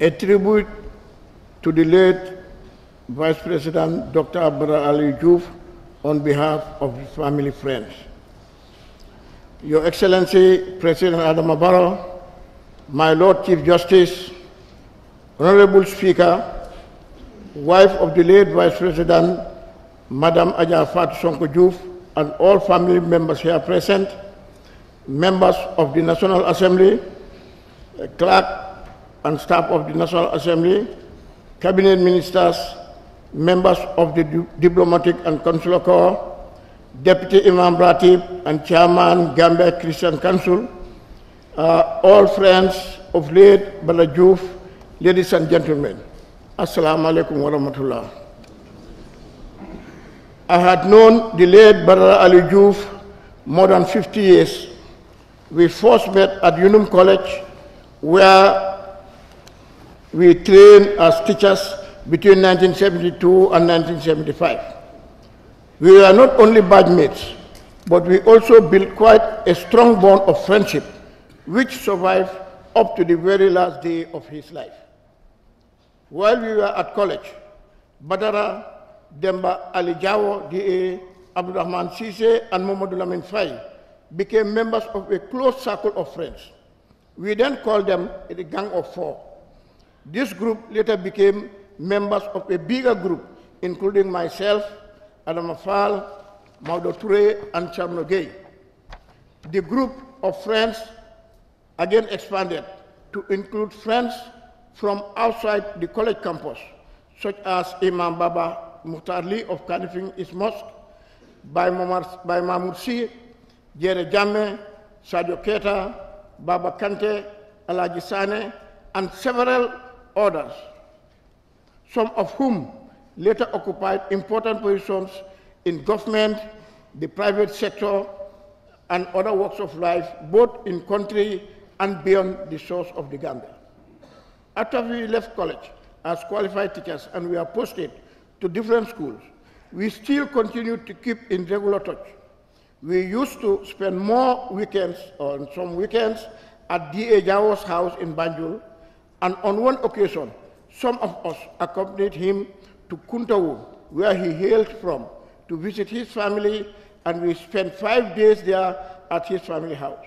a tribute to the late Vice President Dr. Abra Ali Juf on behalf of his family friends. Your Excellency President Adam Barrow, my Lord Chief Justice, Honorable Speaker, wife of the late Vice President Madam Ajafat Fat Sonko Juf, and all family members here present, members of the National Assembly, clerk and staff of the National Assembly, cabinet ministers, members of the diplomatic and consular corps, Deputy Imam Ratib and Chairman Gambia Christian Council, uh, all friends of late Balajouf, ladies and gentlemen, Assalamu alaikum wa rahmatullah. I had known the late Barra Ali Jouf more than 50 years. We first met at Unum College, where we trained as teachers between 1972 and 1975. We were not only badmates, but we also built quite a strong bond of friendship, which survived up to the very last day of his life. While we were at college, Badara, Demba Ali Jawo, D.A., Abdurrahman Sise, and Muhammad Lamin Fai became members of a close circle of friends. We then called them the Gang of Four. This group later became members of a bigger group, including myself, Adam Afal, Maudo Ture, and Chamno Gay. The group of friends again expanded to include friends from outside the college campus, such as Imam Baba Mutali of Kanifing East Mosque, by, Mamar, by Mahmoud Si, Jere Jame, Sadio Keta, Baba Kante, Alajisane, and several orders, some of whom later occupied important positions in government, the private sector, and other walks of life, both in country and beyond the shores of the Gambia. After we left college as qualified teachers and we are posted to different schools, we still continue to keep in regular touch. We used to spend more weekends, or some weekends, at D.A. Jawo's house in Banjul, and on one occasion, some of us accompanied him to Kuntawu, where he hailed from, to visit his family, and we spent five days there at his family house.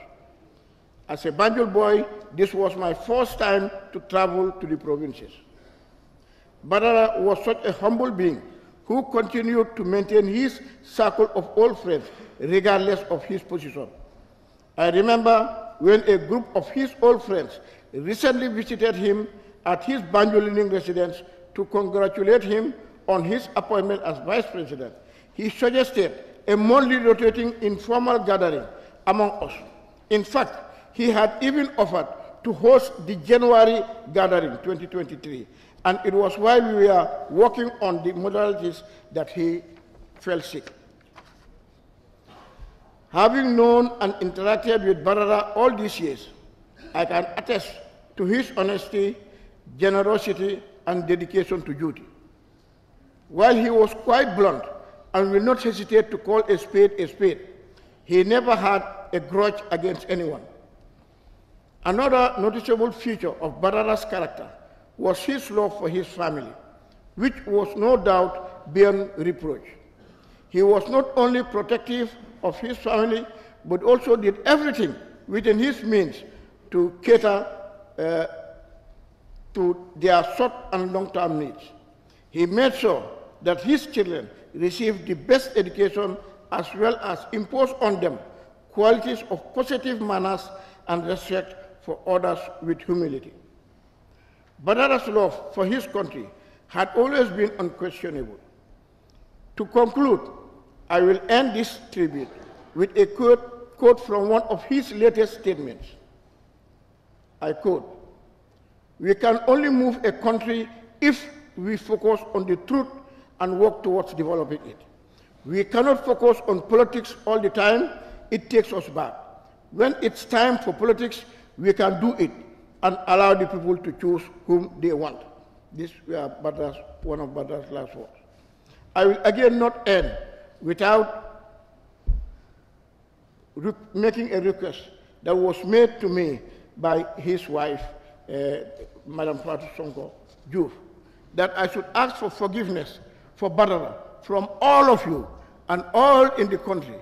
As a Banjul boy, this was my first time to travel to the provinces. Badara was such a humble being who continued to maintain his circle of old friends regardless of his position. I remember when a group of his old friends recently visited him at his Banjulining residence to congratulate him on his appointment as vice president. He suggested a monthly rotating informal gathering among us. In fact, he had even offered to host the January gathering 2023, and it was while we were working on the modalities that he fell sick. Having known and interacted with Barara all these years, I can attest to his honesty, generosity, and dedication to duty. While he was quite blunt and will not hesitate to call a spade a spade, he never had a grudge against anyone. Another noticeable feature of Barara's character was his love for his family, which was no doubt beyond reproach. He was not only protective of his family, but also did everything within his means to cater uh, to their short and long-term needs. He made sure that his children received the best education as well as imposed on them qualities of positive manners and respect for others with humility. Badara's love for his country had always been unquestionable. To conclude, I will end this tribute with a quote, quote from one of his latest statements. I quote, we can only move a country if we focus on the truth and work towards developing it. We cannot focus on politics all the time. It takes us back. When it's time for politics, we can do it and allow the people to choose whom they want. This is one of Butler's last words. I will again not end without making a request that was made to me by his wife, uh, Madame Pratusongo Juve, that I should ask for forgiveness for Barra from all of you and all in the country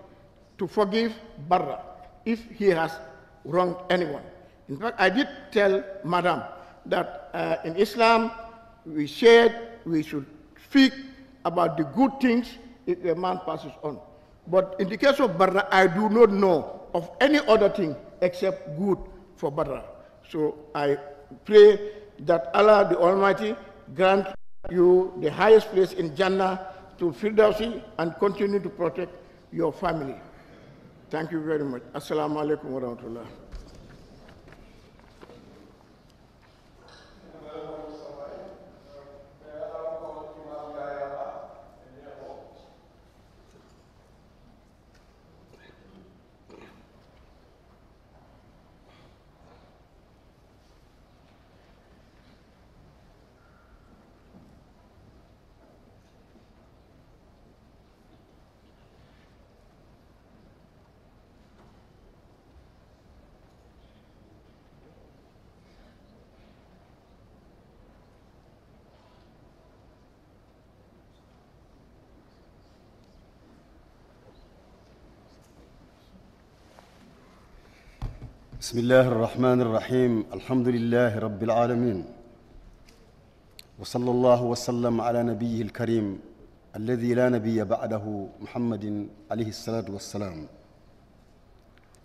to forgive Barra if he has wronged anyone. In fact, I did tell Madame that uh, in Islam, we said we should speak about the good things if a man passes on. But in the case of Barra, I do not know of any other thing except good for better. So I pray that Allah the Almighty grant you the highest place in Jannah to Firdausi and continue to protect your family. Thank you very much. Assalamu alaikum wa بسم الله الرحمن الرحيم الحمد لله رب العالمين وصلى الله وسلم على نبيه الكريم الذي لا نبي بعده محمد عليه الصلاة والسلام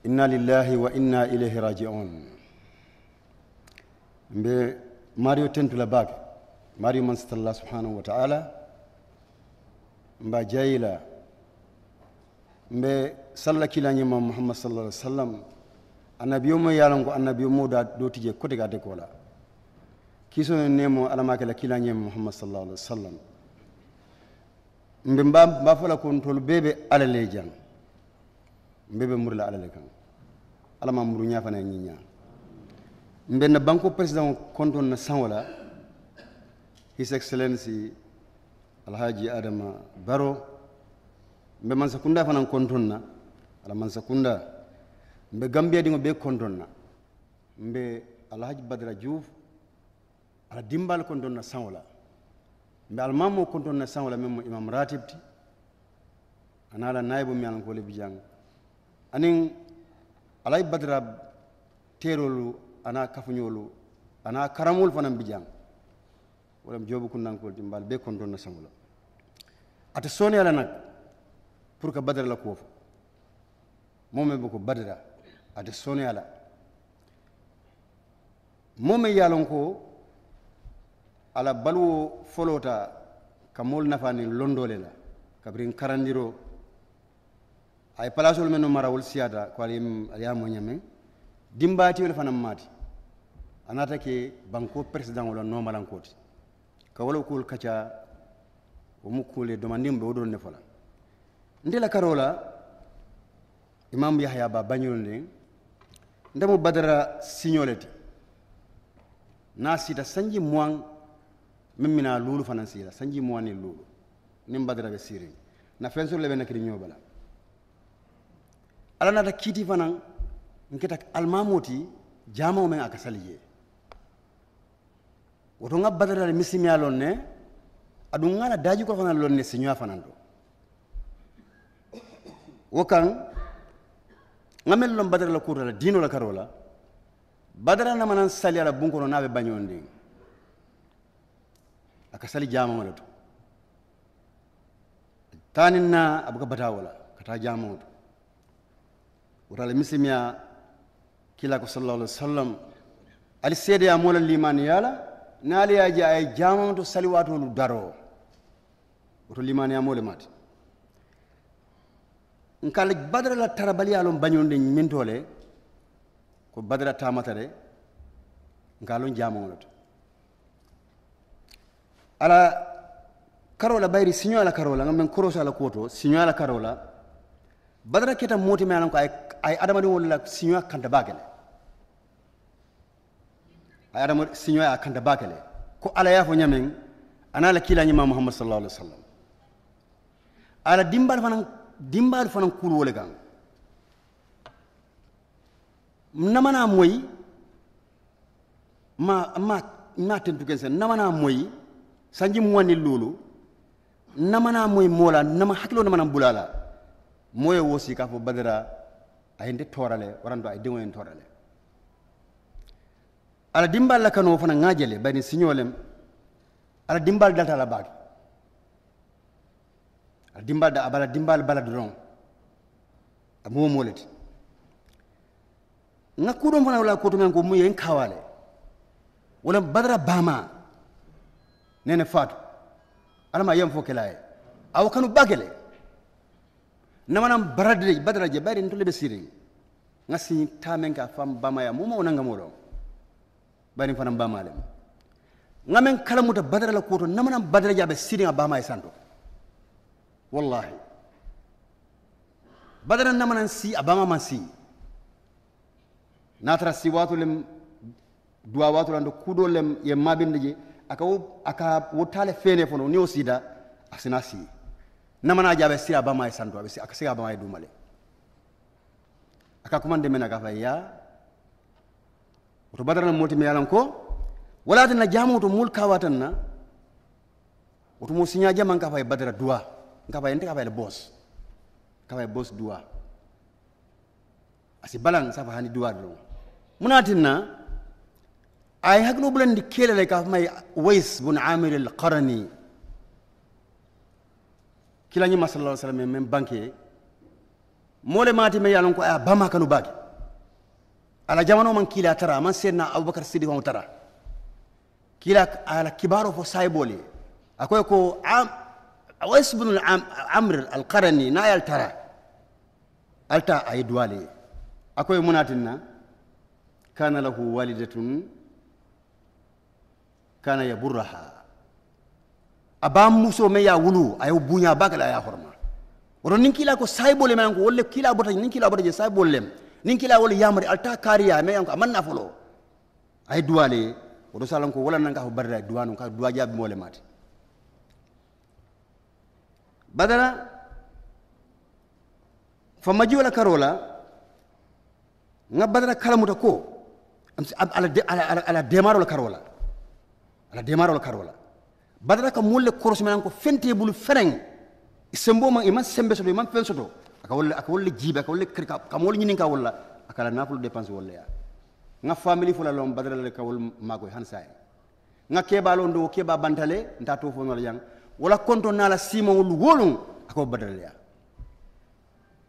إنا لله وإنا إليه راجعون ماريو تنت لباك ماريو من الله سبحانه وتعالى مبا جايلا مبا صلى كلا محمد صلى الله عليه وسلم annabiyo mo ye ko annabiyo da do tije kote ga de ko la kiso ne nemo alama ke la kila nyem muhammad sallallahu alaihi wasallam mbe mba mba fola ko tol bebe alale jang mbebe murla alale kan alama muru nya fana nyi nya mbe na banko president konton na sanwala his excellency alhaji adama baro mbe man sakunda fana konton na ala man sakunda mbe gambia dingo be kondonna mbe alhaj badra diouf ala dimbal kondonna sawola mbe almamo kondonna sawola men imam ratibti ana ala nayibo mi alankole bijang anin alhaj badara terolu ana kafuñolu ana karamol fanan bijang wolam mi joobu kunnankol dimbal be kondonna sawola ata soni ala nak pour que badra la kuwo fo momen boko ate soneya la moo meŋ ye a ala baluwo folota ka moolu nafa niŋ londoo le la kabiriŋ karandiro a ye palasolu meŋ no mara wolu siyata ko ali ye a moña meŋ dimbaatiolu fanaŋ maati a naata ke banko peresidaŋo la noomalanko ti ka wo kuolu kaca wo mu kuolu domandiŋo be wo doroŋ ne fo la nte la karoo la imamu yahaya ba bañolu niŋ ndemo badara siñolete na sita sanji moan min mina luulu fanan sira sanji moani luulu nin badara ɓe sirini na fen sur leɓe nakiri ñobala ala nata kiiti fanan nketa almamoti jamao men aka sali jee woto ga badarare misimiya lon ne aɗum gana daji ko fanan lon ne siñoya fanan to wo kan nga mel lon badara la kuuta la diino la karoo la badara namanan sali ala bunkono naa be bañoon aka sali jaamaŋo le to taanin na a buka batawo la ka taa jaamaŋo to wota la misilimiya kilako sallallahu alaihi wasallam ali seedeya moo la limaniya la naali ye je a ye jaamaŋo to sali waatoolu daroo woto limaniya moo le maati nkala badara la tarabaliyalon bañonde mintole ko badara tamata de nkalon jamawolota ala karola bayri siño ala karola ngam men koroso ala kuwoto siño ala karola badara keta moti me ko ay adamadiŋolu la siño kanta bakele ay adama siño a kanta bakele ko ala yafo ñameŋ ana la kiila ñima muhammad sallallahu alaihi wasallam ala dimbal fanaŋ dimbaadu fana kuuru wole gan namana moy ma ma na tentuken sen namana moy sanji mu wanni lolu namana moy mola nama hakilo namana bulala moyo wosi ka fo badara ay nde torale warando ay dingo en torale ala dimbal la kanu fana ngajele bani signolem ala dimbal dalta la baki a dimbal da abala dimbal balade ɗon a momoleti ngakkuɗon fana wala koto men ko muye en kawale wala badara bama nene fatu alama yam fo kelay awo kanu bagele namanam baradde badara je bayde to lebe siri nga si tamen ka fam bama ya momo nanga molo bari fana bama le ngamen kala muta badara la koto namanam badara jabe siri nga bama e santo wallahi badana namanan si abama masi natara si watu lem duwa watu lando kudo lem ye mabinde je aka wo aka wotale fene fono ni osida asina si namana jabe si abama e sando abe si aka si abama e dumale aka kumande mena gafa ya to badana moti me yalan ko wala tan jamu to mulka watanna otumo siña jaman ka fay badara duwa nkabaye ntikavaele boss kavaye boss duwa asi balan safa hani duwa doroŋ munatinna ay hakkilo bulandi kele le kafa may wais bun amir al qarani kilañima sallallahu sallam e men banque mole mati me yalon ko aya bama kanu baake ala jamano man kila tara man senna aboubacar sidi on tara kila ala kibaro fo saybole akoy ko am Awas bin Amr al-Qarani na yaltara alta ay duwale akwai munatinna kana lahu walidatun kana yaburraha aba muso me ya wulu ayo bunya bagala ya horma woto nin kila ko saybole men ko wolle kila bota nin kila bota je saybolem nin kila wol yamari alta kariya me yanko amanna folo ay duwale woto salan ko wala nan ka barda duwanu ka duwaja bi mole mate badala badala famaji wala karola nga بدل فما جولا كارولا نبدل كلامه تكو على على على على ديمارو الكارولا على ديمارو الكارولا بدل كمول كورس من أنكو فنتي بول فرن يسمبو ما إيمان سمبس ولا إيمان jibe سدو أكول أكول جيب أكول كريك كمول ينين كاولا أكلا nafulu depense ولا ya nga family fula lom badala le kawul magoy han say nga kebalo ndo keba bantale nda to fo nol yang wala konto nala simawol wolum ako badaraleya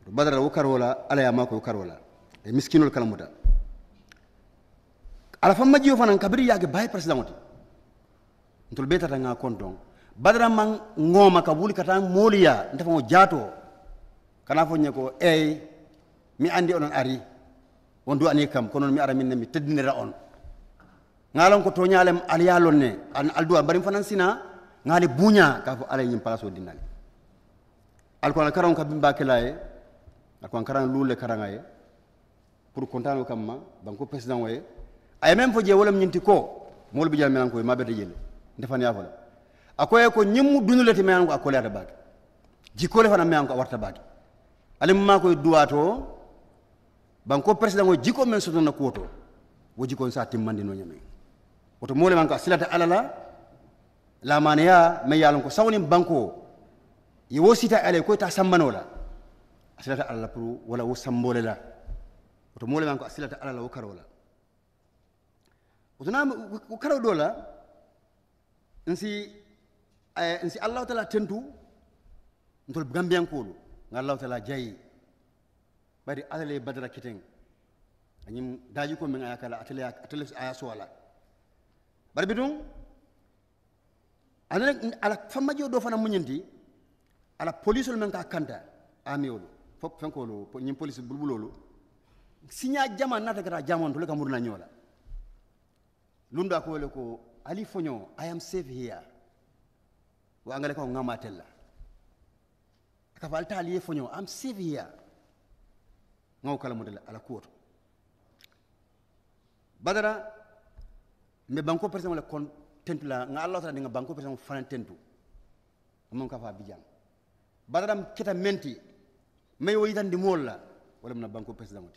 to badara wo karola ala ya mako karola e miskinol kalamuta ala fam majiyo fanan kabiri yage baye presidenti ntul beta tanga konton badara man ngoma ka wuli kata moliya ndafa mo jato kana fo nyeko ey mi andi onon ari won du ani kam kono mi aramin min mi teddinira on ngalon ko toñalem aliyalon ne an aldu barim fanan sina ŋaali buña ka fo ala ñiŋ palasoo dinnali alkuran karaŋo ka bimba ke ye alkuran karaŋ luulu le karaŋa ye pour kontano ma banko président o ye a ye même fo je wo lem ñinti ko moolu bi jala menanko ye maa bete jele ndefaniya fo la a ko ye ko ñiŋ mu dunu le ti ko a koleyata baake jikko le fanaŋ meyanko a warta baake ali mu maa koye duwaato banko président o jikko meŋ sotonna kuwo to wo jikkoon sa timmandino ñameŋ woto moo le manko a silata ala la lamaniya me yalon ko sawni banko yi sita ale ko ta sammano la asilata alla pro wala wo sambole la to mole man ko asilata alla wo karola otuna ko karo do la nsi eh, nsi allah taala tentu ntol gambian ko ngallahu taala jayi bari atale badara kiten anyim daji ko min ayakala atale atale aya so wala bari bidun anan ala fammajo do fana muñanti ala police men ka kanta amiolu fop fenkolu ñin police bulbulolu siña jama nata kata jamonto le ka murna ñola lunda ko le ko ali fonyo i am safe here wa angale ko ngamatella aka fa alta ali fonyo i am safe here ngaw kala mudala ala kuoto badara me banko par exemple kon tentula nga allah tara dinga banko pesa fana tentu mon ka fa bijan badaram kita menti may wo yitandi mool la wala mna banko president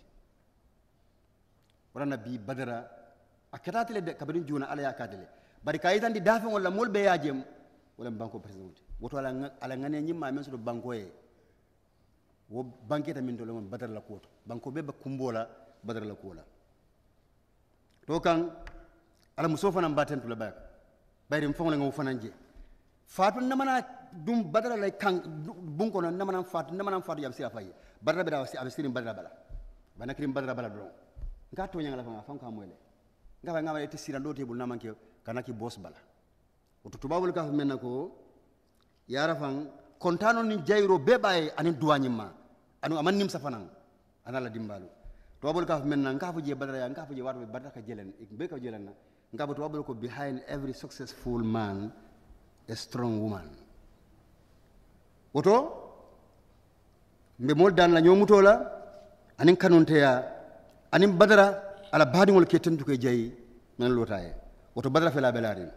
wala na bi badara a ketatile de kabani juna ala ya katile bari ka yitandi dafen wala mool be yajem wala banko president woto ala ala ngane nyimma men so banko e wo banke ta min to lon badara la koto banko be ba kumbola badara la kola to kan ala musofana mbaten to la baka bayrim fong lengo fananje fatu namana dum badara lay kan bun kono namana fatu namana fatu yam sira faye badara beda wasi abe sirim badara bala bana kirim badara bala don nga to nyanga la fanga fanga moyle nga ba ngama ete sira do tebul namanke kanaki boss bala oto tubabul ka menna ko yara fang kontano ni jayro bebaye anin duwanyim ma anu aman safanan anala dimbalu tubabul ka menna nga fu je badara nga fu je watu badara ka jelen be ka jelen na ngabo to wablo ko behind every successful man a strong woman woto mbe mol dan la ñomuto la anin kanunteya anin badara ala baadiŋol ke tentu ke jayi men lota woto badara fela belarin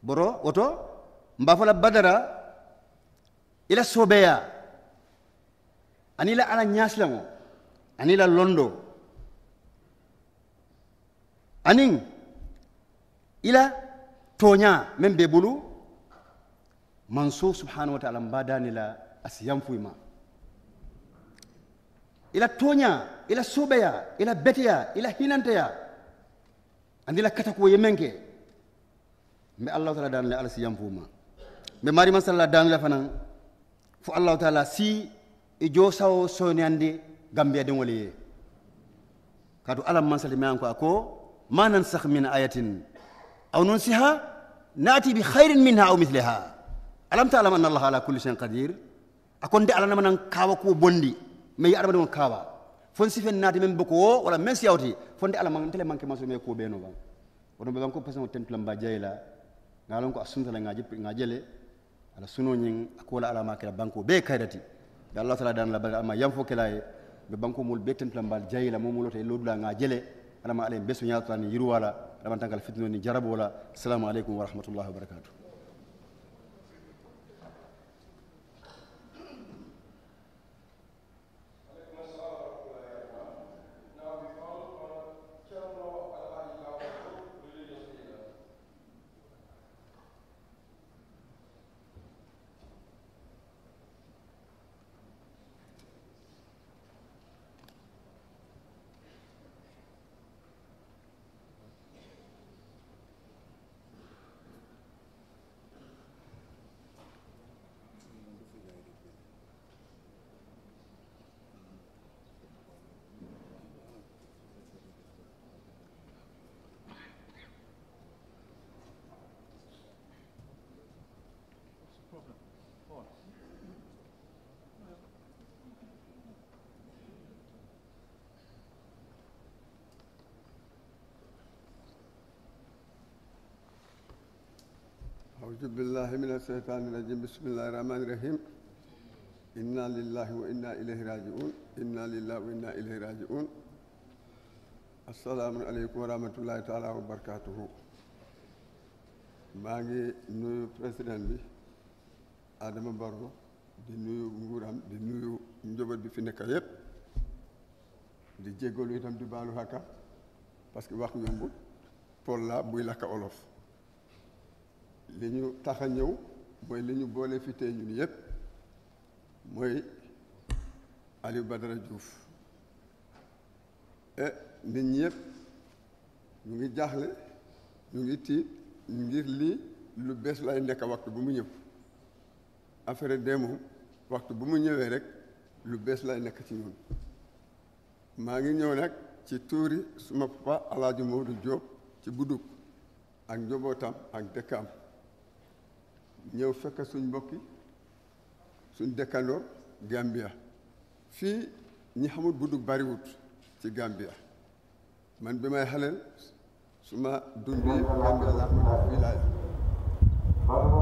boro woto mba fola badara ila sobeya ani la ala ñasilaŋo ani la londo anin ila toña men be bulu manso subhanahu wa ta'ala mbadani la asiyamfuima ila toña ila sobeya ila beteya ila hinanteya andila katakuwoye men ke mbe allahu taala danila ala siyamfuuma mbe marima sallah danila fanan fo allahu taala si e jo sawo soyniyandi gambiya denwole ye kaatu alam man salimiyan ko a ko sah min ayatin أو ننسها نأتي بخير منها أو مثلها ألم تعلم أن الله على كل شيء قدير أكون دي ألم أن كاوا كو بوندي ما يعلم أن كاوا فون سيفن نادي من بكو ولا من سياوتي فون دي ألم أن تلم أنك مسلم يكو بينو بان ودن بان كو بسنا تنتلم بجايلا نالون كو أسنت لا نجيب نجيلة على سنو نين أكولا على ما كلا بانكو يا الله تعالى دان لا بان ما ينفو كلاي ببانكو مول بيتن تلم بجايلا مو مولو تلودلا نجيلة ألم ألم بسنا ياتوان يروالا رمضان قال فيتنوني جرب ولا السلام عليكم ورحمة الله وبركاته أعوذ بالله من الشيطان الرجيم بسم الله الرحمن الرحيم إنا لله وإنا إليه راجعون إنا لله وإنا إليه راجعون السلام عليكم ورحمة الله تعالى وبركاته ماغي نويو بريسيدنت بي آدم بارو دي نويو نغورام دي نويو نجوبات بي في نيكا ييب دي جيغولو ايتام دي بالو هكا باسكو واخ يومبو بولا بوي لاكا اولوف li ñu tax a ñëw mooy li ñu boole fi tey ñun yépp mooy Aliou Badara Diouf e nit ñi yépp ñu ngi jaaxle ñu ngi tiit ngir lii lu bees lay nekk waxtu bu mu ñëw affaire dee waxtu bu mu ñëwee rek lu bees lay nekk ci ñun maa ngi ñëw nag ci tuuri suma papa Alaaji Moodu Jóob ci Budug ak njobootam ak dëkkaam ñëw fekk suñ mbokki suñ dëkkandoo Gambia fii ñi xamul buddu bariwut ci Gambia man bi may xaleel suma dund bi Gambia laa ko def fii laay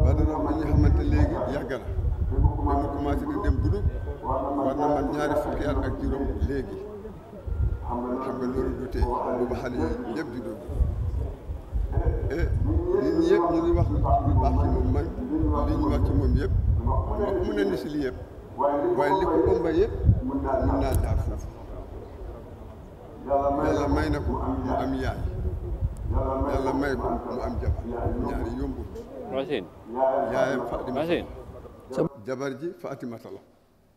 ba dana ma ñu xamante léegi yàgg na mu commencé di dem buddu war na man ñaari fukki at ak juróom léegi xam nga loolu du tey boobu xale yi ñëpp di dund eh, nit ñi yëpp ñu ngi wax mu ne ni si waaye li ko ëmba yëpp mën naa jaar foofu yàlla may na ko mu am yaay yàlla may ko mu am jabar ñaari yombul masin yaayam Fatimata ji Fatimata la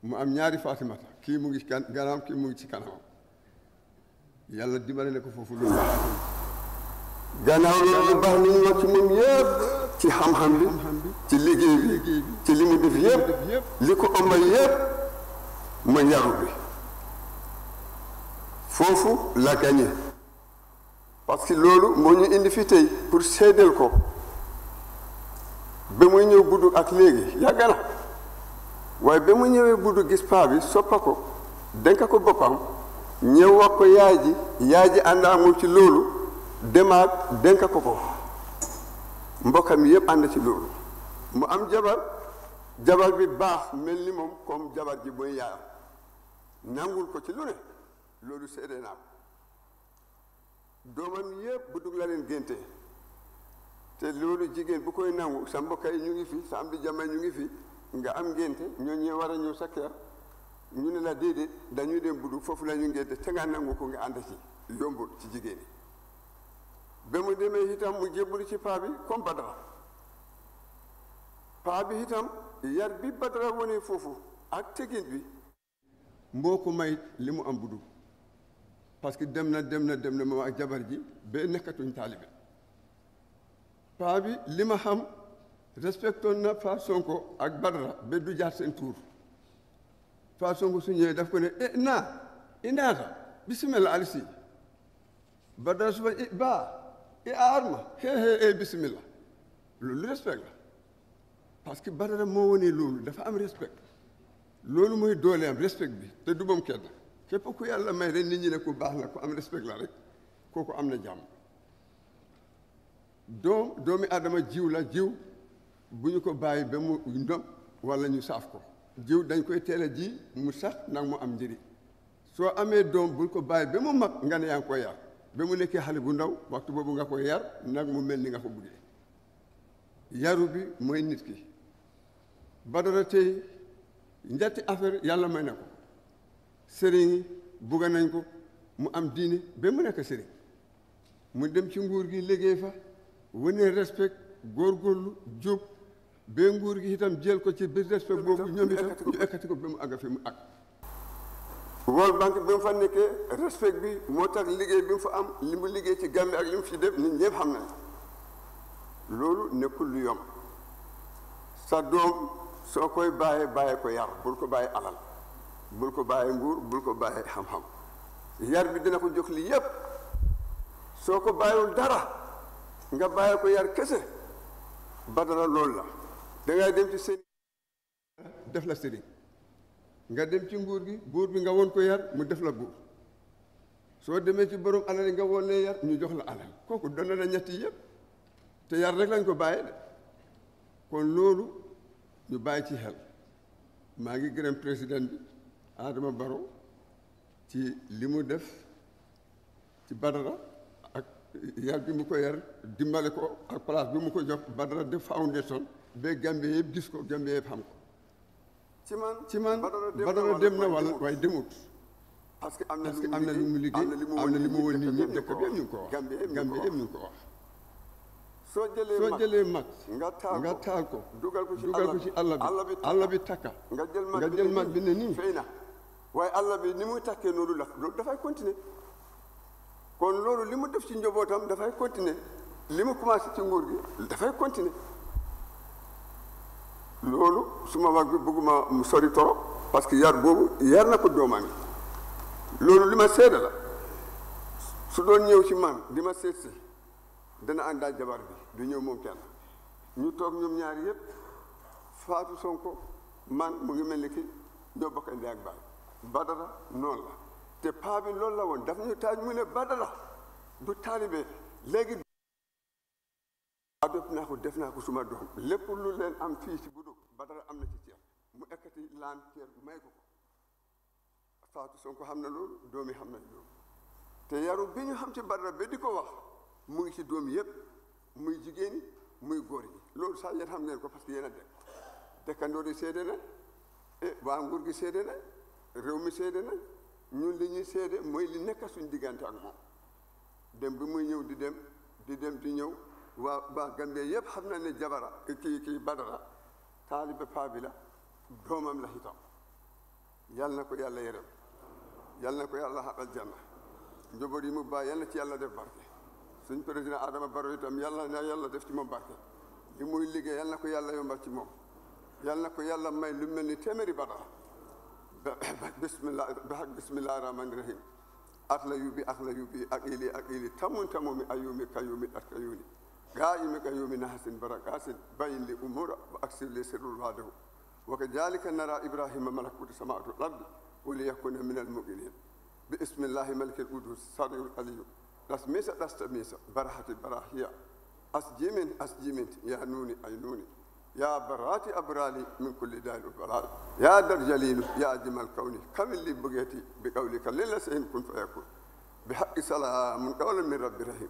mu am ñaari Fatimata kii mu ngi ganaam kii mu ci kanamam yàlla dimbale na ko foofu loolu gannaaw loolu lu baax li ñu wax ci moom yëpp ci xam-xam bi ci liggéey bi ci li mu def yëpp li ko ëmbal yëpp ma yaru bi foofu la gagné parce que loolu moo ñu indi fi tey pour seedeel ko ba muy ñëw buddu ak léegi yàgg na waaye ba mu ñëwee budd gis paa bi soppa ko dénk ko boppam ñëw wax ko yaay ji yaay ji ànd amul ci loolu demaat dénk ko ko mbokkam yëpp ànd ci loolu mu am jabar jabar bi baax mel ni moom comme jabar ji mooy yaayam nangul ko ci lu ne loolu seede naa ko doomam yëpp bu la leen génte te loolu jigéen bu koy nangu sa mbokk yi ñu ngi fi sa am di jama ñu ngi fi nga am ngénte ñoo ñee war a ñëw sa kër ñu ne la déedéet dañuy dem buddu foofu la ñu ngénte te nga nangu ko nga ànd ci yombul ci jigéen yi ba mu demee itam mu jébbalu ci paa bi comme badra paa bi itam yar bi badra wone foofu ak tegin bi mboo ko may li mu am buddu parce que dem na dem na dem na moom ak jabar ji ba nekkatuñ taalibe paa bi li ma xam respectoon na Paa Sonko ak Badara ba du jaar seen tuur Paa Sonko su ñëwee ko ne e naa i naata bismillah alisi Badara suba i eh, baa arma xeexee eh, bismillah loolu respect la parce que Badara moo wonee loolu dafa am respect loolu mooy dooleem respect bi te du moom kenn képp ku yàlla may rek nit ñi ne ku baax la ku am respect la rek kooku am na jàmm doom doomi adama jiw la jiw bu ñu ko bàyyi ba mu ndom walla ñu saaf ko jiw dañ koy teel a ji mu sax nag mu am njëriñ soo amee doom bul ko bàyyi ba mu mag nga ne yaa ngi koy yàq ba mu nekkee xale bu ndaw waxtu boobu nga ko yar nag mu mel ni nga ko buggee yaru bi mooy nit ki badara tey njatti affaire yàlla may na ko sëriñ bugga nañ ko mu am diine ba mu nekk sëriñ mu dem ci nguur gi liggéey fa wane respect góorgóorlu jub ba nguur gi itam jël ko ci biir respect boobu ñoom itam ñu ekkati ko ba mu àgg fi mu àgg World Bank bi mu fa nekkee respect bi moo tax liggéey bi mu fa am li mu liggéey ci Gambie ak li mu fi def ni ñëpp xam nañ loolu nekkul lu yomb sa doom soo koy bàyyee bàyyee ko yar bul ko bàyyee alal bul ko bàyyee nguur bul ko bàyyee xam-xam yar bi dina ko jox li yépp soo ko bàyyiwul dara nga bàyyee ko yar kese ba dara loolu la dangay dem ci seen def la sëriñ nga dem ci nguur gi buur bi nga woon ko yar mu def la buur soo demee ci borom alal yi nga woon lee yar ñu jox la alal kooku doon na ñetti yëpp te yar rek lañ ko bàyyi de kon loolu ñu bàyyi ci xel maa ngi gërëm président bi Adama baro ci li mu def ci Badara ak yar bi mu ko yar dimbale ko ak place bi mu ko jox Badara def foundation ba Gambie yëpp gis ko Gambie yëpp xam ko ci man ci man Badara dem na wala waaye demut. parce que am na lu mu liggéey am na li mu woon nit ñi dëkk bi ñu ngi ko wax Gambie yëpp ñu ngi ko wax. soo jëlee mag soo jëlee mag nga taal ko dugal ko ci àll bi àll bi takka nga jël mag bi ne nii fay na waaye àll bi ni muy takkee noonu la loolu dafay continuer kon loolu li mu def ci njabootam dafay continuer li mu commencé ci nguur gi dafay continuer loolu su ma wax bi bëgguma mu sori toro parce que yar boobu yar na ko doomaa ngi loolu li ma seede la su doon ñëw ci man di ma seet si dana àndaa jabar bi du ñëw moom kenn ñu toog ñoom ñaar yëpp Fatou Sonko man mu ngi mel ni ki ñoo bokk ndey ak baay Badara noonu la te paa bi loolu la woon daf ñu taaj mu ne Badara du taalibe léegi adop naa ko def naa ko suma doom lépp lu leen am fii ci bu badara am na ci ceeb mu ekkati laam ceeb may ko ko Fatou Sonko xam na loolu doom yi xam nañ loolu te yaru bi ñu xam ci badara ba di ko wax mu ngi ci doom yëpp muy jigéen muy góor yi loolu sax yéen xam ngeen ko parce que yéen a dëkk dëkkandoo di na e waa nguur gi seede nag réew mi seede na ñun li ñuy seede mooy li nekk suñ diggante ak moom dem bi muy ñëw di dem di dem di ñëw waa waa Gambie yëpp xam na ne jabara kii kii badara taalibe paa bi la doomam la itam yal na ko yàlla yërëm yal na ko yàlla xaqal janna njaboot yi mu bàyyi yal na ci yàlla def barke suñ président Adama Barrow itam yàlla na yàlla def ci moom barke li muy liggéey yal na ko yàlla yombal ci moom yal na ko yàlla may lu mel ni téeméeri bada ba bismillah ba ak bismillahi rahmani rahim ak la yubi ak la yubi ak ili ak ili tamun tamu mi ayumi kayumi ak kayuni قائم يوم أيوة نحس بركاس بين لأمور وأكسر لي سر الواده وكذلك نرى إبراهيم ملك السماء الرب وليكون من المؤمنين باسم الله ملك القدوس السري العلي رس ميسا رس ميسا برحة براحية أسجمن أسجمن يا نوني أي نوني يا براتي أبرالي من كل دار وبرال يا درجلين يا جمال كوني كم اللي بقيتي بقولك للا سين كن فيكون بحق سلام من قول من رب رحيم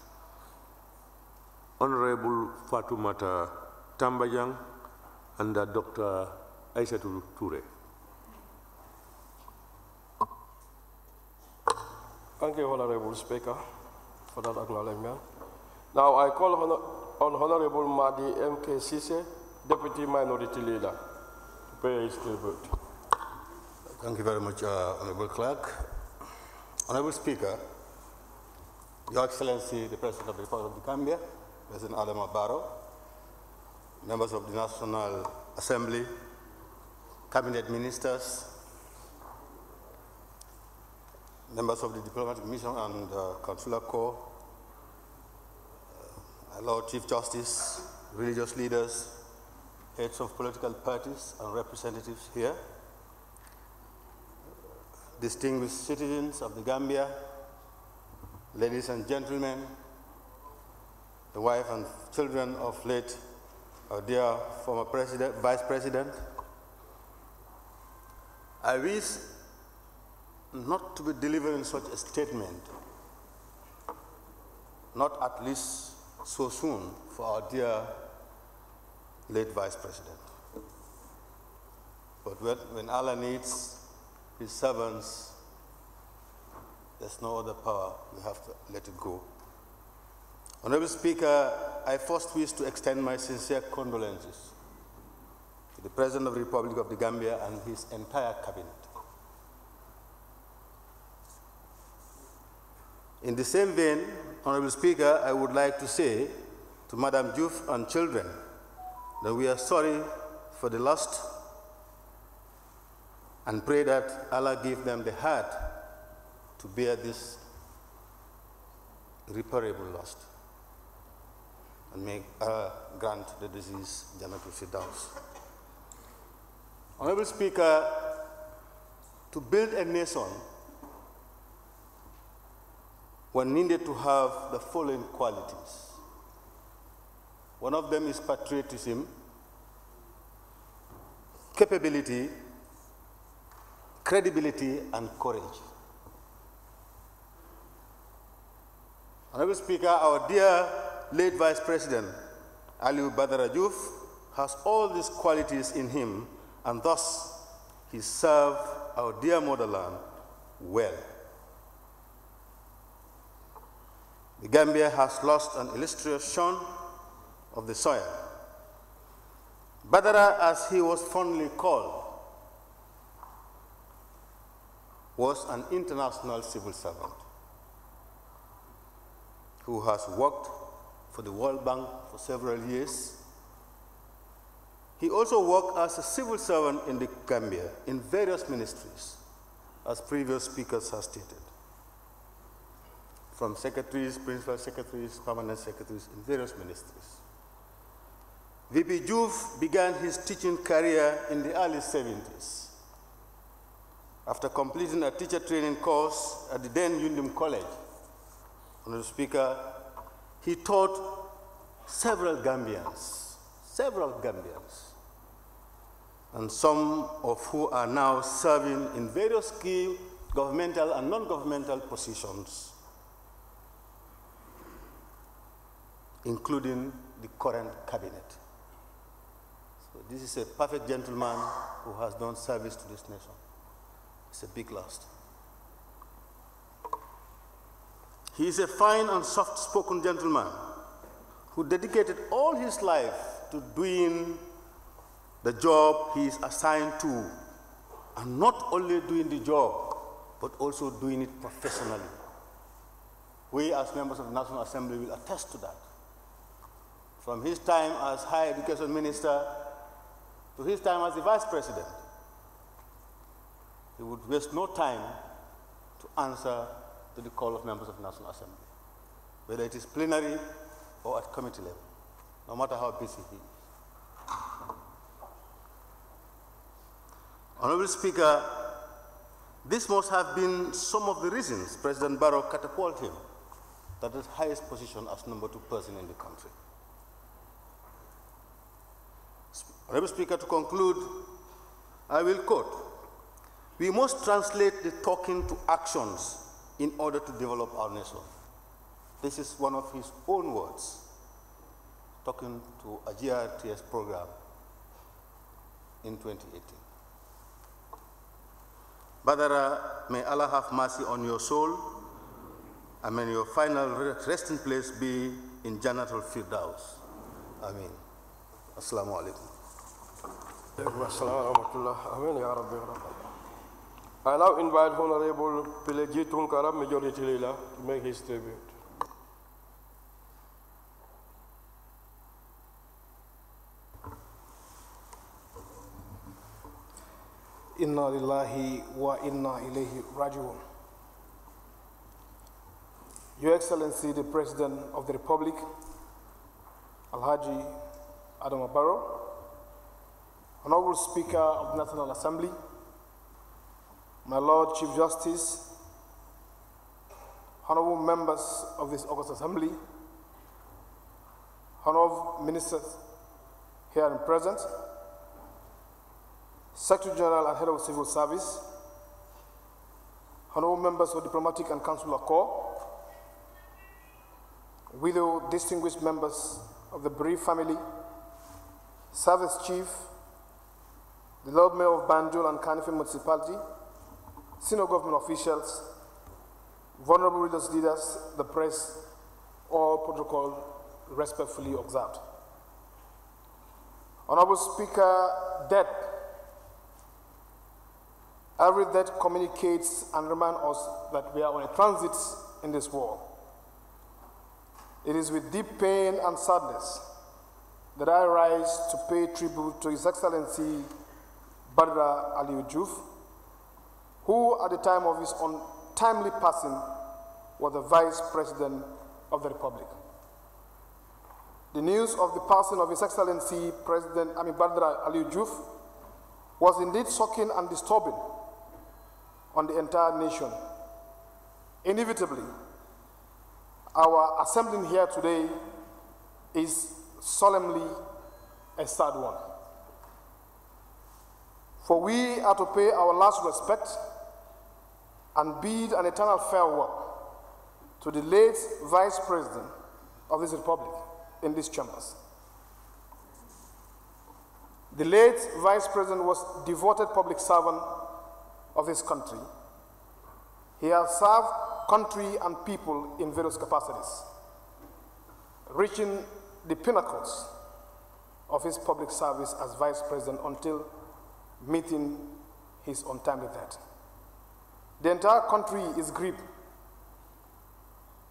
Honorable Fatumata Tambajang and uh, Dr. Aissatou Toure. Thank you, Honorable Speaker, for that acknowledgement. Now I call on Honorable Madi M.K. Deputy Minority Leader, to pay his tribute. Thank you very much, uh, Honorable Clerk. Honorable Speaker, Your Excellency, the President of the Republic of the Gambia, President Adama Barrow, members of the National Assembly, cabinet ministers, members of the diplomatic mission and uh, consular corps, uh, Lord Chief Justice, religious leaders, heads of political parties and representatives here, distinguished citizens of the Gambia, ladies and gentlemen, the wife and children of late our dear former president, vice president. I wish not to be delivering such a statement, not at least so soon for our dear late vice president. But when, when Allah needs his servants, there's no other power. We have to let it go. Honorable Speaker, I first wish to extend my sincere condolences to the President of the Republic of the Gambia and his entire cabinet. In the same vein, Honorable Speaker, I would like to say to Madam Juf and children that we are sorry for the lost and pray that Allah give them the heart to bear this irreparable loss and make uh, grant the disease Jannatu Firdaus. Honorable Speaker, to build a nation, one needed to have the following qualities. One of them is patriotism, capability, credibility, and courage. Honorable Speaker, our dear late Vice President Aliou Badara has all these qualities in him, and thus he served our dear motherland well. The Gambia has lost an illustration of the soil. Badara, as he was fondly called, was an international civil servant who has worked for the World Bank for several years. He also worked as a civil servant in the Gambia in various ministries, as previous speakers have stated, from secretaries, principal secretaries, permanent secretaries in various ministries. VP Juve began his teaching career in the early 70s after completing a teacher training course at the then Yundum College. Honorable Speaker, he taught several Gambians, several Gambians, and some of who are now serving in various key governmental and non-governmental positions, including the current cabinet. So this is a perfect gentleman who has done service to this nation. It's a big loss. He is a fine and soft spoken gentleman who dedicated all his life to doing the job he is assigned to, and not only doing the job, but also doing it professionally. We, as members of the National Assembly, will attest to that. From his time as High Education Minister to his time as the Vice President, he would waste no time to answer to the call of members of the National Assembly, whether it is plenary or at committee level, no matter how busy he is. Honorable Speaker, this must have been some of the reasons President Barrow catapulted him to the highest position as number two person in the country. Honorable Speaker, to conclude, I will quote, we must translate the talking to actions in order to develop our nation. This is one of his own words, talking to a GRTS program in 2018. Badara, may Allah have mercy on your soul, and may your final resting place be in Janatul Firdaus. Ameen. Assalamu alaikum. I now invite Honorable Pilegit Tunkaram, Majority Leader, to make his tribute. Inna lillahi wa inna ilayhi rajiun. Your Excellency, the President of the Republic, Alhaji Adam Barrow, Honorable Speaker of the National Assembly, my Lord Chief Justice, honorable members of this August Assembly, honorable ministers here and present, Secretary General and Head of Civil Service, honorable members of Diplomatic and Consular Corps, widow distinguished members of the bereaved family, Service Chief, the Lord Mayor of Banjul and Kanifi Municipality, senior government officials, vulnerable religious leaders, the press, all protocol respectfully observed. Honorable Speaker, death. Every death communicates and reminds us that we are on a transit in this world. It is with deep pain and sadness that I rise to pay tribute to His Excellency Badra Aliou Diouf, who at the time of his untimely passing was the Vice President of the Republic. The news of the passing of His Excellency President Amibadra Badra was indeed shocking and disturbing on the entire nation. Inevitably, our assembling here today is solemnly a sad one. For we are to pay our last respect and bid an eternal farewell to the late Vice President of this Republic in these chambers. The late Vice President was devoted public servant of his country. He has served country and people in various capacities, reaching the pinnacles of his public service as Vice President until meeting his untimely death. The entire country is gripped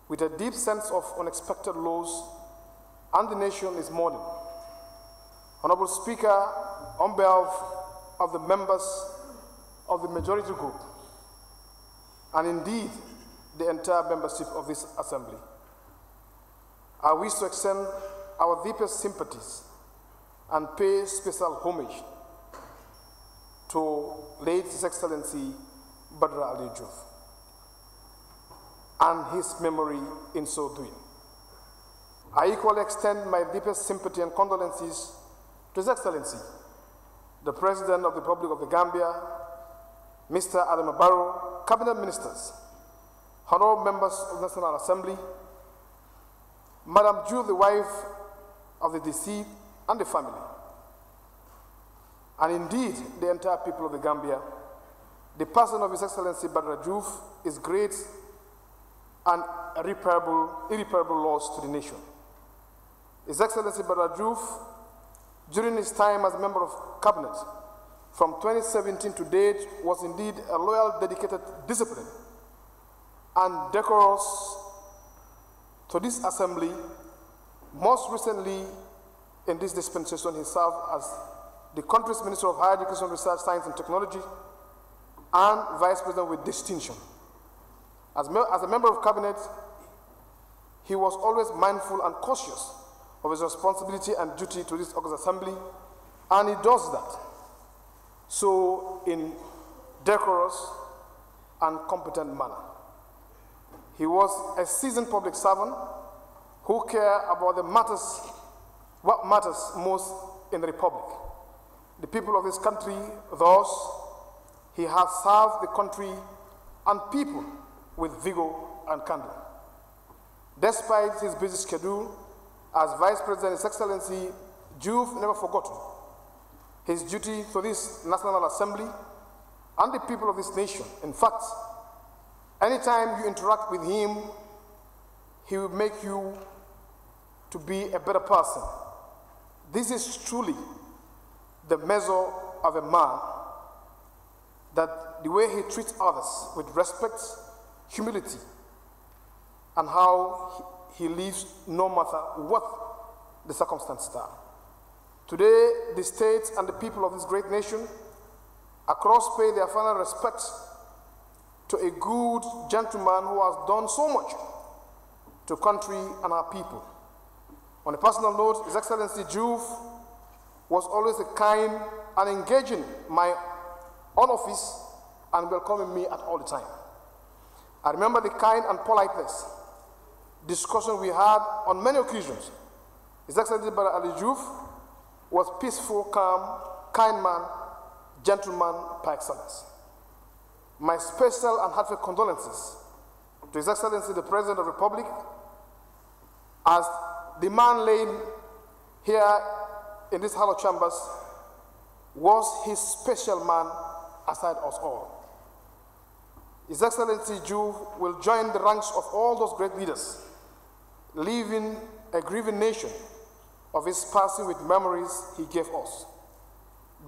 with a deep sense of unexpected loss, and the nation is mourning. Honorable Speaker, on behalf of the members of the majority group, and indeed the entire membership of this assembly, I wish to extend our deepest sympathies and pay special homage to late His Excellency Badr Ali Juf and his memory in so doing. I equally extend my deepest sympathy and condolences to His Excellency, the President of the Republic of the Gambia, Mr. Adam Barrow, Cabinet Ministers, honorable members of the National Assembly, Madam Ju, the wife of the deceased and the family, and indeed the entire people of the Gambia the person of His Excellency Badrajuf is great and irreparable, irreparable loss to the nation. His Excellency Badrajuf, during his time as member of cabinet, from 2017 to date, was indeed a loyal, dedicated, disciplined, and decorous to this assembly. Most recently, in this dispensation, he served as the country's Minister of Higher Education, Research, Science and Technology, and vice president with distinction. As, me- as a member of cabinet, he was always mindful and cautious of his responsibility and duty to this August Assembly, and he does that so in decorous and competent manner. He was a seasoned public servant who cared about the matters, what matters most in the Republic. The people of this country, thus, he has served the country and people with vigor and candor. Despite his busy schedule, as Vice President, His Excellency Juve never forgot his duty to this National Assembly and the people of this nation. In fact, anytime you interact with him, he will make you to be a better person. This is truly the measure of a man that the way he treats others with respect, humility, and how he lives no matter what the circumstances are. Today, the state and the people of this great nation across pay their final respect to a good gentleman who has done so much to country and our people. On a personal note, His Excellency Juve was always a kind and engaging my all of office and welcoming me at all the time. I remember the kind and politeness discussion we had on many occasions. His Excellency Brother Ali Juf was peaceful, calm, kind man, gentleman by excellence. My special and heartfelt condolences to His Excellency the President of the Republic as the man laying here in this hollow chambers was his special man aside us all. His Excellency Jew will join the ranks of all those great leaders, leaving a grieving nation of his passing with memories he gave us,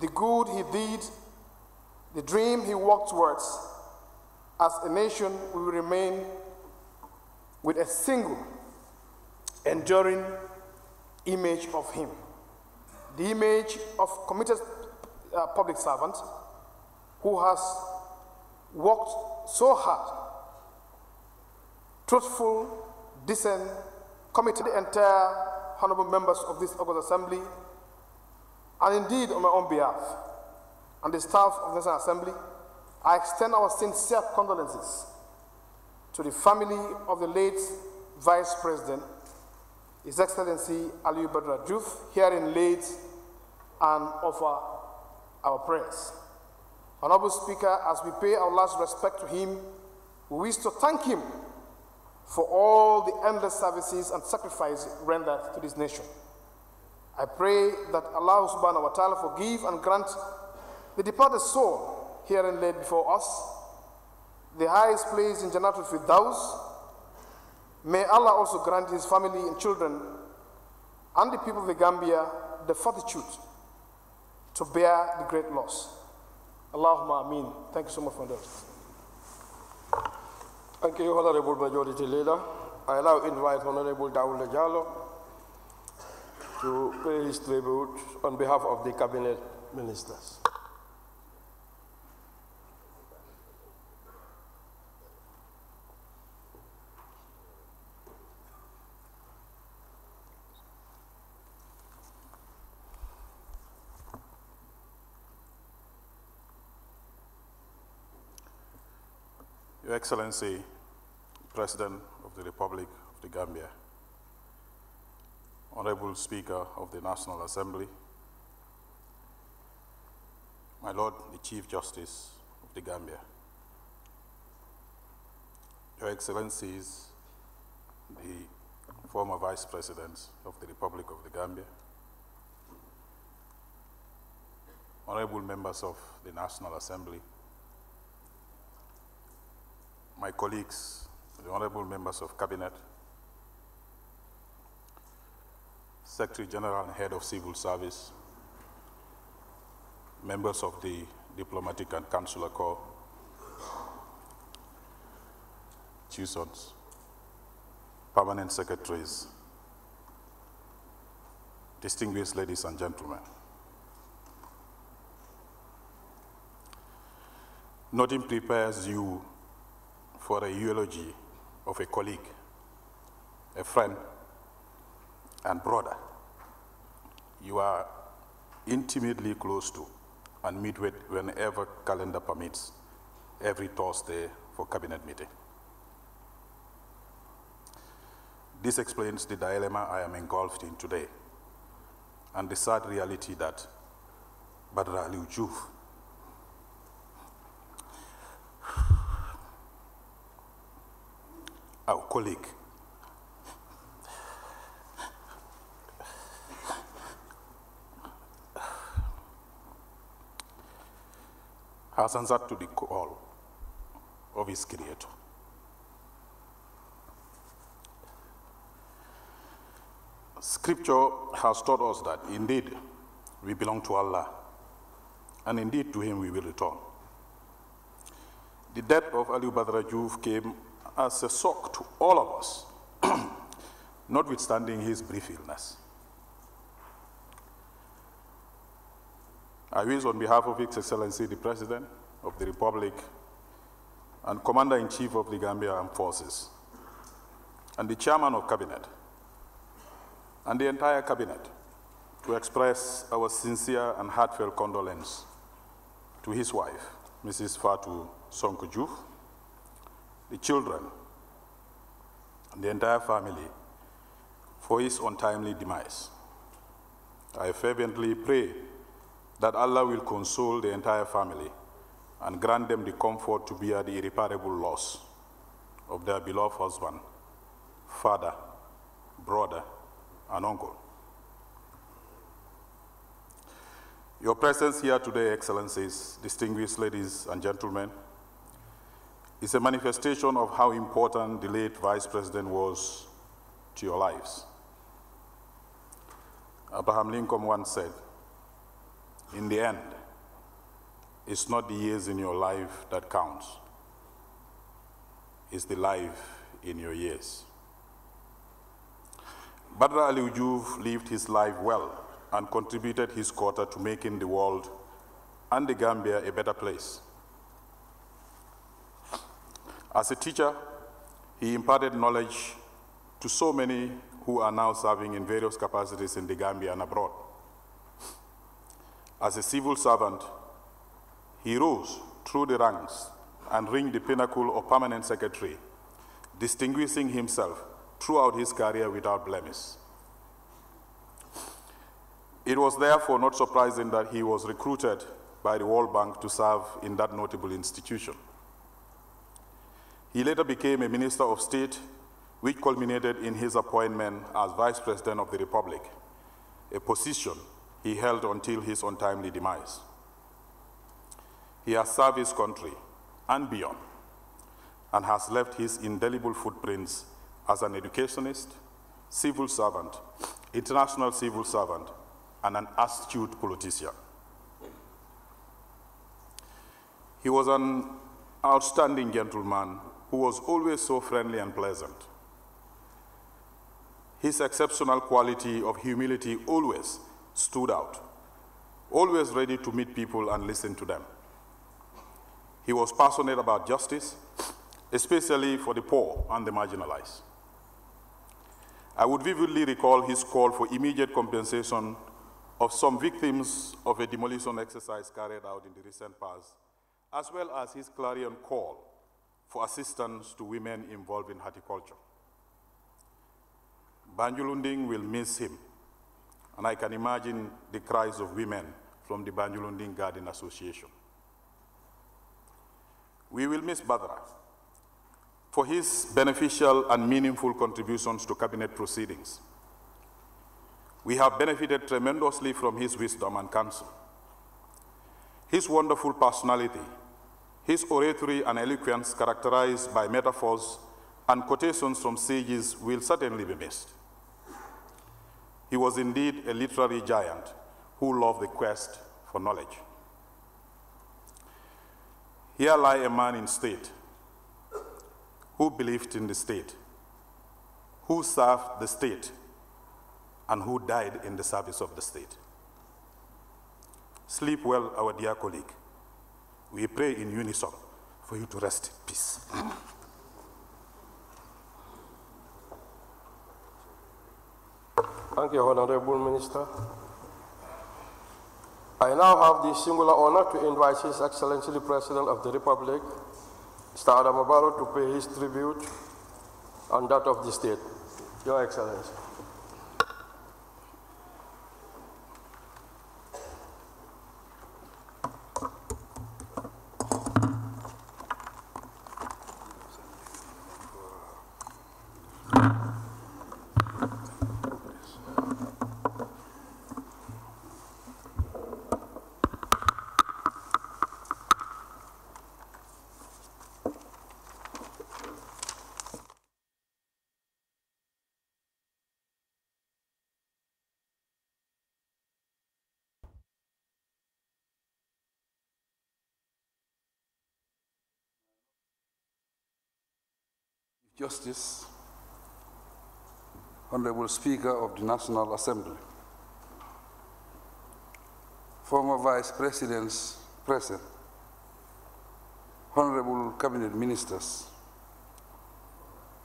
the good he did, the dream he worked towards. As a nation, we will remain with a single, enduring image of him the image of committed uh, public servant who has worked so hard, truthful, decent, committed the entire honorable members of this August Assembly, and indeed on my own behalf, and the staff of this Assembly, I extend our sincere condolences to the family of the late Vice President, His Excellency Aliyu Badra Juf, here in Leeds, and offer our prayers. Honorable Speaker, as we pay our last respect to him, we wish to thank him for all the endless services and sacrifice rendered to this nation. I pray that Allah subhanahu wa ta'ala forgive and grant the departed soul herein laid before us, the highest place in Jannatul Firdaus. May Allah also grant his family and children and the people of the Gambia the fortitude to bear the great loss. Allahumma Ameen. Thank you so much for that. Thank you, Honorable Majority Leader. I now invite Honorable Dawud Jalo to pay his tribute on behalf of the Cabinet Ministers. Your Excellency, President of the Republic of the Gambia, Honorable Speaker of the National Assembly, my Lord, the Chief Justice of the Gambia, Your Excellencies, the former Vice Presidents of the Republic of the Gambia, Honorable members of the National Assembly, my colleagues, the honorable members of cabinet, Secretary General and Head of Civil Service, members of the Diplomatic and Consular Corps, chiefs, permanent secretaries, distinguished ladies and gentlemen. Nothing prepares you for a eulogy of a colleague, a friend, and brother you are intimately close to and meet with whenever calendar permits every Thursday for cabinet meeting. This explains the dilemma I am engulfed in today and the sad reality that Badr Ali Ujuf our colleague. has answered to the call of his creator. Scripture has taught us that indeed we belong to Allah, and indeed to Him we will return. The death of Ali Badrajuf came as a shock to all of us, notwithstanding his brief illness. I wish on behalf of His Excellency the President of the Republic and Commander-in-Chief of the Gambia Armed Forces and the Chairman of Cabinet and the entire Cabinet to express our sincere and heartfelt condolence to his wife, Mrs. Fatu Sonkojuf, the children, and the entire family for his untimely demise. I fervently pray that Allah will console the entire family and grant them the comfort to bear the irreparable loss of their beloved husband, father, brother, and uncle. Your presence here today, Excellencies, distinguished ladies and gentlemen, is a manifestation of how important the late Vice President was to your lives. Abraham Lincoln once said, in the end, it's not the years in your life that counts. It's the life in your years. Badr Ali Ujuf lived his life well and contributed his quota to making the world and the Gambia a better place. As a teacher, he imparted knowledge to so many who are now serving in various capacities in the Gambia and abroad. As a civil servant, he rose through the ranks and reached the pinnacle of permanent secretary, distinguishing himself throughout his career without blemish. It was therefore not surprising that he was recruited by the World Bank to serve in that notable institution. He later became a Minister of State, which culminated in his appointment as Vice President of the Republic, a position he held until his untimely demise. He has served his country and beyond, and has left his indelible footprints as an educationist, civil servant, international civil servant, and an astute politician. He was an outstanding gentleman who was always so friendly and pleasant. His exceptional quality of humility always stood out, always ready to meet people and listen to them. He was passionate about justice, especially for the poor and the marginalized. I would vividly recall his call for immediate compensation of some victims of a demolition exercise carried out in the recent past, as well as his clarion call for assistance to women involved in horticulture. Banjulunding will miss him, and I can imagine the cries of women from the Banjulunding Garden Association. We will miss Badra for his beneficial and meaningful contributions to cabinet proceedings. We have benefited tremendously from his wisdom and counsel. His wonderful personality his oratory and eloquence, characterized by metaphors and quotations from sages, will certainly be missed. He was indeed a literary giant who loved the quest for knowledge. Here lie a man in state who believed in the state, who served the state, and who died in the service of the state. Sleep well, our dear colleague. We pray in unison for you to rest in peace. Thank you, Honorable Minister. I now have the singular honor to invite His Excellency the President of the Republic, Mr. Adam Abaro, to pay his tribute on that of the state. Your Excellency. Justice, Honorable Speaker of the National Assembly, former Vice Presidents present, Honorable Cabinet Ministers,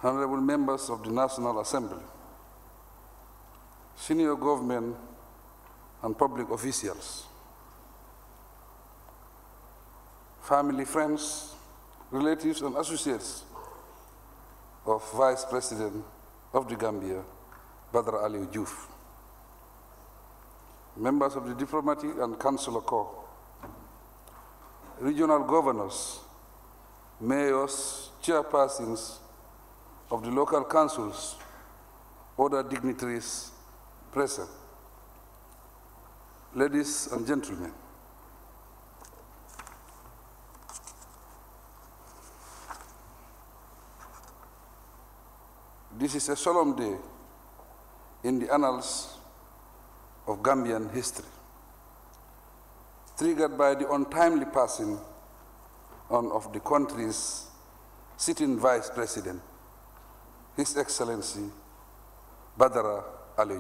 Honorable Members of the National Assembly, Senior Government and Public Officials, Family, friends, relatives, and associates of Vice President of the Gambia, Badr Ali Ujuf. Members of the Diplomatic and Consular Corps, regional governors, mayors, chairpersons of the local councils, other dignitaries present. Ladies and gentlemen, This is a solemn day in the annals of Gambian history, triggered by the untimely passing on of the country's sitting vice president, His Excellency Badara Ali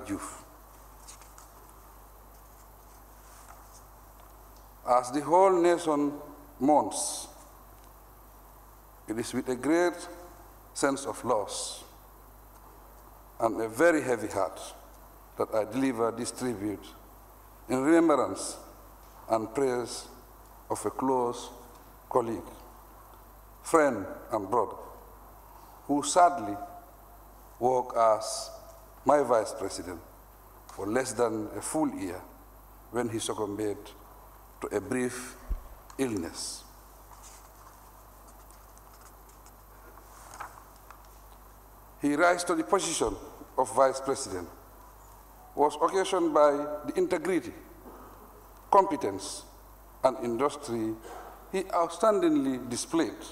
As the whole nation mourns, it is with a great sense of loss and a very heavy heart that I deliver this tribute in remembrance and prayers of a close colleague, friend, and brother who sadly worked as my vice president for less than a full year when he succumbed to a brief illness. he rise to the position of vice president was occasioned by the integrity, competence, and industry he outstandingly displayed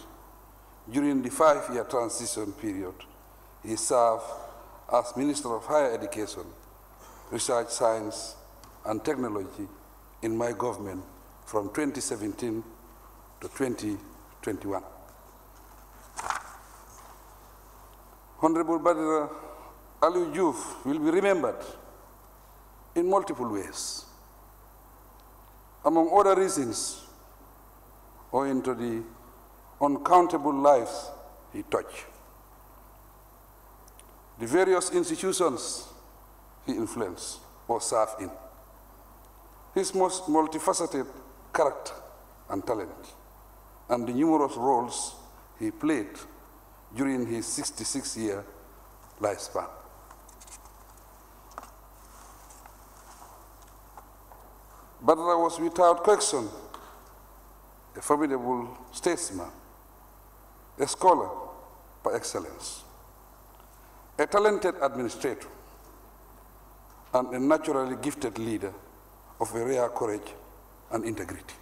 during the five-year transition period. He served as Minister of Higher Education, Research, Science, and Technology in my government from 2017 to 2021. Honorable Badr Ali Juf will be remembered in multiple ways. Among other reasons, owing to the uncountable lives he touched, the various institutions he influenced or served in, his most multifaceted character and talent, and the numerous roles he played during his 66 year lifespan. Badra was without question a formidable statesman, a scholar by excellence, a talented administrator, and a naturally gifted leader of a rare courage and integrity.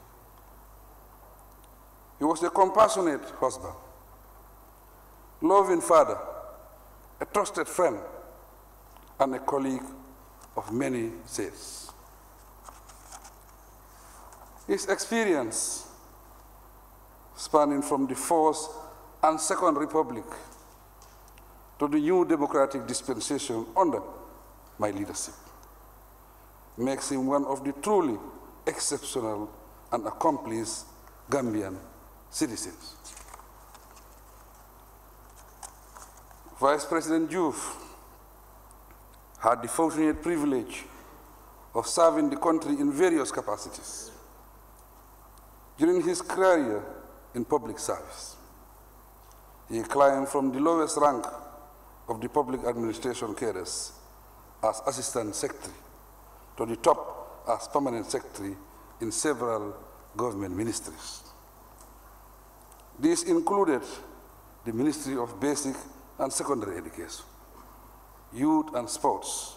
He was a compassionate husband, loving father, a trusted friend, and a colleague of many saints. His experience, spanning from the First and Second Republic to the new democratic dispensation under my leadership, makes him one of the truly exceptional and accomplished Gambian citizens. Vice President Diouf had the fortunate privilege of serving the country in various capacities during his career in public service. He climbed from the lowest rank of the public administration cares as assistant secretary to the top as permanent secretary in several government ministries. This included the Ministry of Basic and secondary education, youth and sports,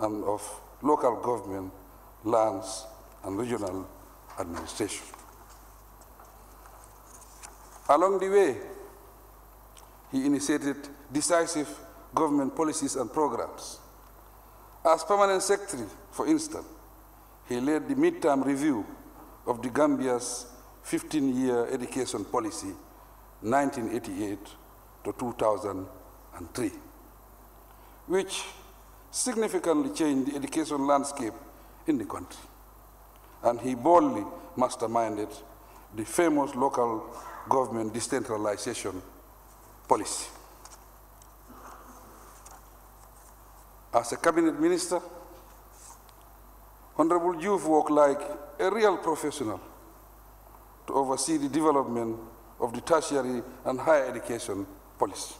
and of local government, lands, and regional administration. Along the way, he initiated decisive government policies and programs. As permanent secretary, for instance, he led the midterm review of the Gambia's 15-year education policy, 1988 to 2003, which significantly changed the education landscape in the country. And he boldly masterminded the famous local government decentralization policy. As a cabinet minister, Honorable Juve worked like a real professional to oversee the development of the tertiary and higher education police.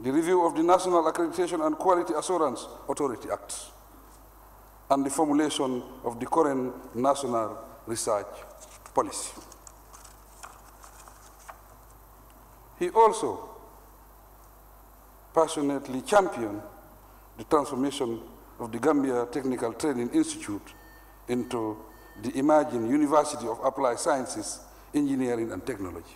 The review of the National Accreditation and Quality Assurance Authority Act and the formulation of the current national research policy. He also passionately championed the transformation of the Gambia Technical Training Institute into the emerging University of Applied Sciences, Engineering and Technology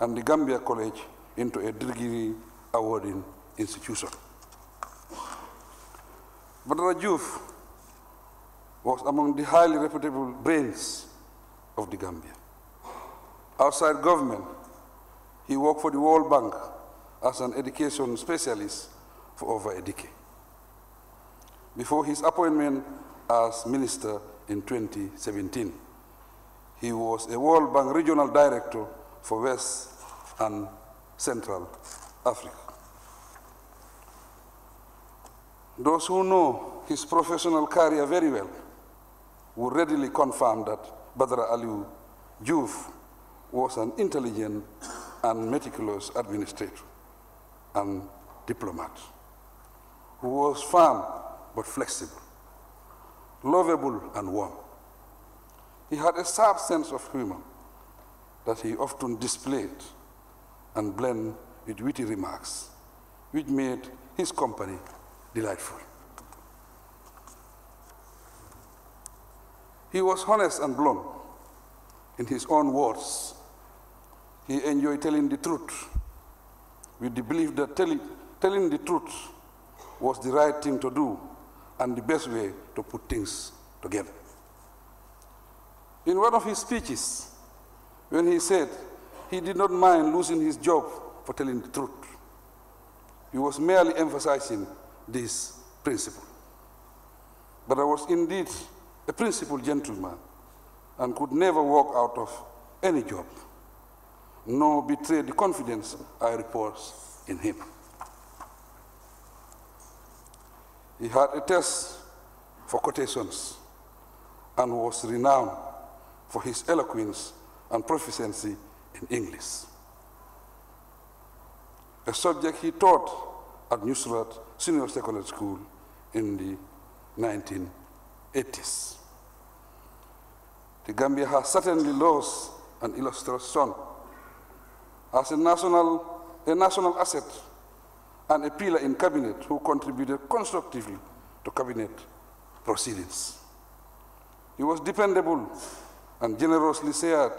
and the Gambia College into a degree awarding institution. Badra Juf was among the highly reputable brains of the Gambia. Outside government, he worked for the World Bank as an education specialist for over a decade before his appointment as minister in 2017. He was a World Bank regional director for West and Central Africa. Those who know his professional career very well will readily confirm that Badr Aliou Juf was an intelligent and meticulous administrator and diplomat who was firm but flexible, lovable and warm. He had a sharp sense of humor that he often displayed and blend with witty remarks, which made his company delightful. He was honest and blunt in his own words. He enjoyed telling the truth with the belief that telling, telling the truth was the right thing to do and the best way to put things together. In one of his speeches, when he said he did not mind losing his job for telling the truth. He was merely emphasizing this principle. But I was indeed a principled gentleman and could never walk out of any job, nor betray the confidence I repose in him. He had a test for quotations and was renowned for his eloquence and proficiency in English. A subject he taught at Nusrat Senior Secondary School in the 1980s. The Gambia has certainly lost an illustrious son as a national, a national asset and a pillar in cabinet who contributed constructively to cabinet proceedings. He was dependable and generously shared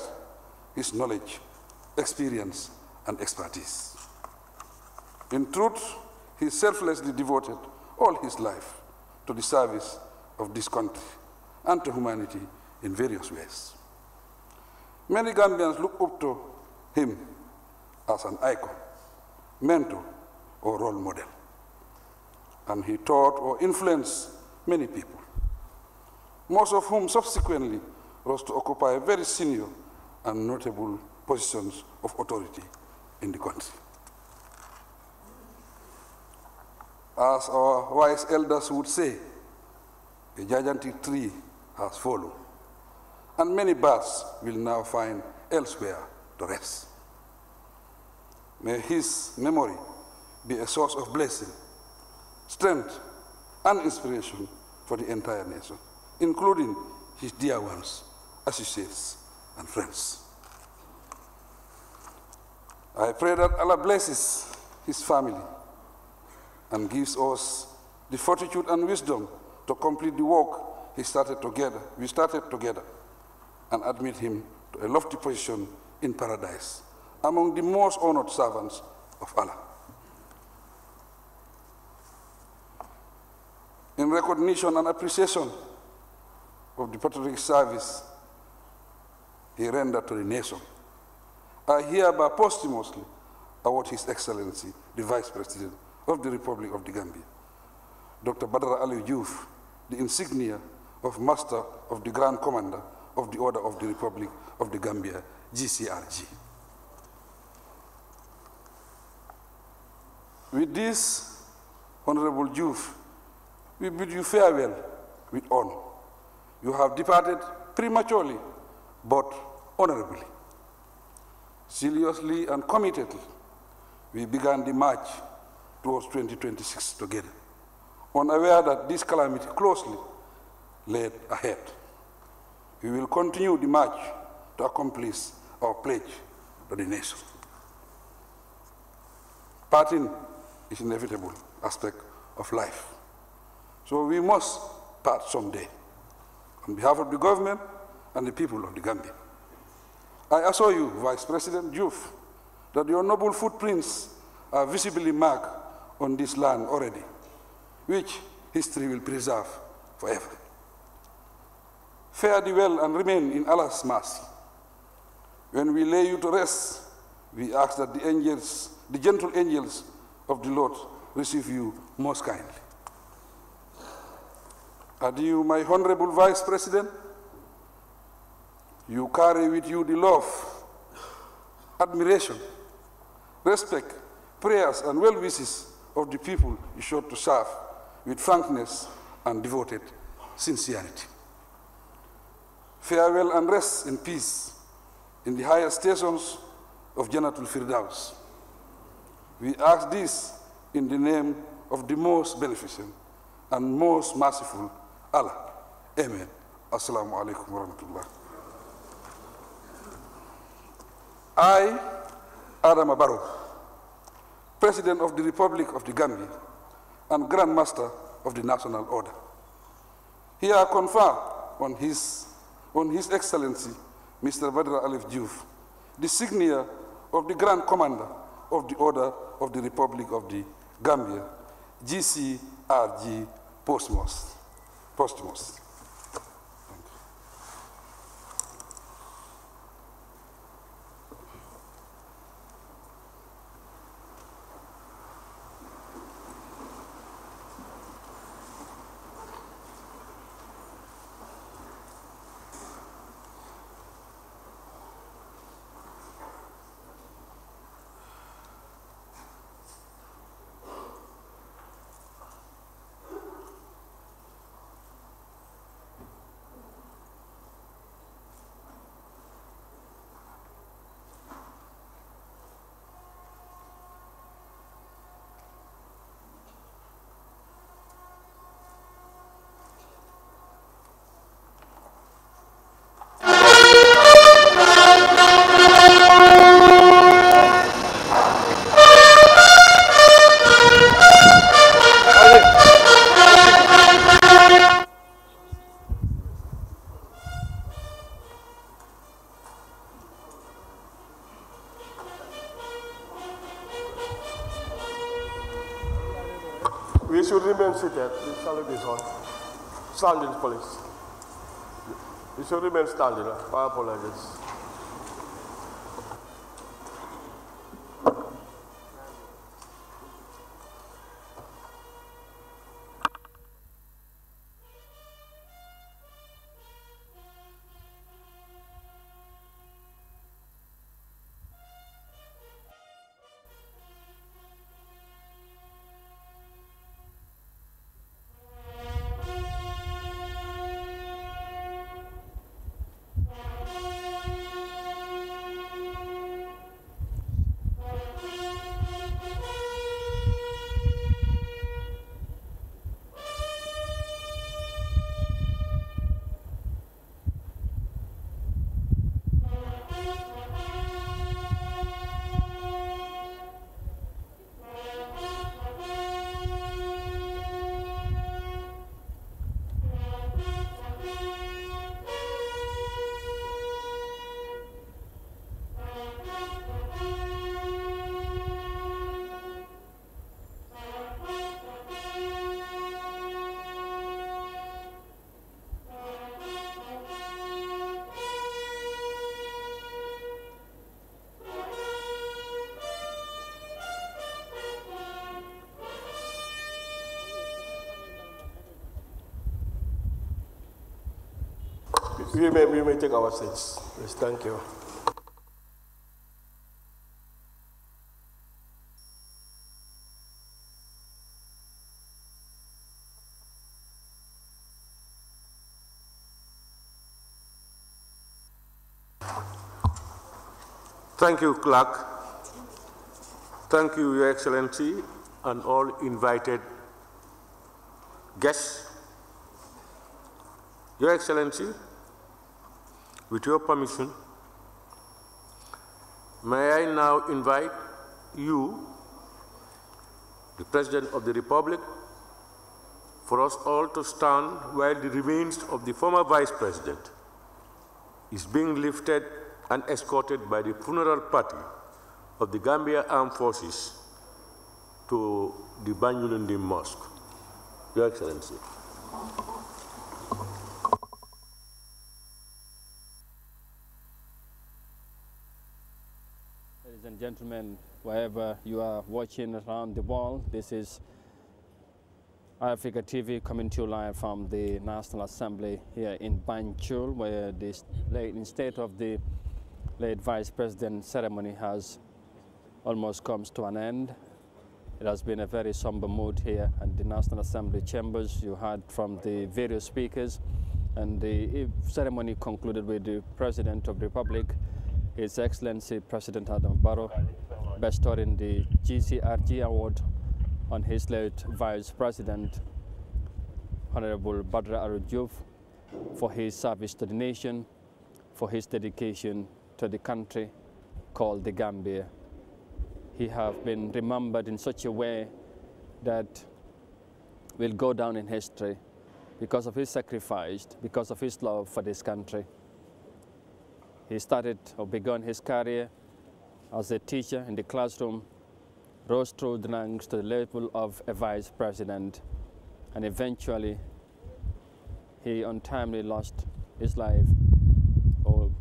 his knowledge, experience, and expertise. In truth, he selflessly devoted all his life to the service of this country and to humanity in various ways. Many Gambians look up to him as an icon, mentor, or role model. And he taught or influenced many people, most of whom subsequently rose to occupy very senior and notable positions of authority in the country. As our wise elders would say, a gigantic tree has fallen, and many birds will now find elsewhere to rest. May his memory be a source of blessing, strength, and inspiration for the entire nation, including his dear ones, associates, and friends. I pray that Allah blesses his family and gives us the fortitude and wisdom to complete the work he started together. We started together and admit him to a lofty position in paradise among the most honored servants of Allah. In recognition and appreciation of the patriotic service he rendered to the nation. I hereby posthumously award His Excellency, the Vice President of the Republic of the Gambia, Dr. Badara Ali Youth, the insignia of Master of the Grand Commander of the Order of the Republic of the Gambia, GCRG. With this, Honorable Youth, we bid you farewell with honor. You have departed prematurely but honorably, seriously and committedly, we began the march towards 2026 together, unaware that this calamity closely led ahead. We will continue the march to accomplish our pledge to the nation. Parting is an inevitable aspect of life. So we must part someday. On behalf of the government, and the people of the Gambia. I assure you, Vice President Juf, that your noble footprints are visibly marked on this land already, which history will preserve forever. Fare thee well and remain in Allah's mercy. When we lay you to rest, we ask that the angels, the gentle angels of the Lord, receive you most kindly. Adieu, my honorable Vice President. You carry with you the love, admiration, respect, prayers, and well wishes of the people you sought to serve with frankness and devoted sincerity. Farewell and rest in peace in the higher stations of Janatul Firdaus. We ask this in the name of the most beneficent and most merciful Allah. Amen. Assalamu alaikum wa I, Adam Abaro, President of the Republic of the Gambia and Grand Master of the National Order. Here I confer on His, on His Excellency, Mr. Badra Alif the signia of the Grand Commander of the Order of the Republic of the Gambia, GCRG Postmos. posthumous. don't sit there. The salute is on. Standing, police. You should remain standing. I apologize. You may, you may take our seats. Yes, thank you. Thank you, Clerk. Thank you, Your Excellency, and all invited guests. Your Excellency, with your permission, may I now invite you, the President of the Republic, for us all to stand while the remains of the former Vice President is being lifted and escorted by the funeral party of the Gambia Armed Forces to the Banyulundi Mosque. Your Excellency. and gentlemen, wherever you are watching around the world, this is Africa TV coming to you live from the National Assembly here in Banjul, where the state of the late Vice President ceremony has almost comes to an end. It has been a very somber mood here at the National Assembly chambers. You heard from the various speakers, and the eh, ceremony concluded with the President of the Republic his Excellency President Adam Barrow bestowing the GCRG Award on his late Vice President, Honorable Badra Arujuf, for his service to the nation, for his dedication to the country called the Gambia. He has been remembered in such a way that will go down in history because of his sacrifice, because of his love for this country. He started or began his career as a teacher in the classroom, rose through the ranks to the level of a vice president, and eventually he untimely lost his life or oh,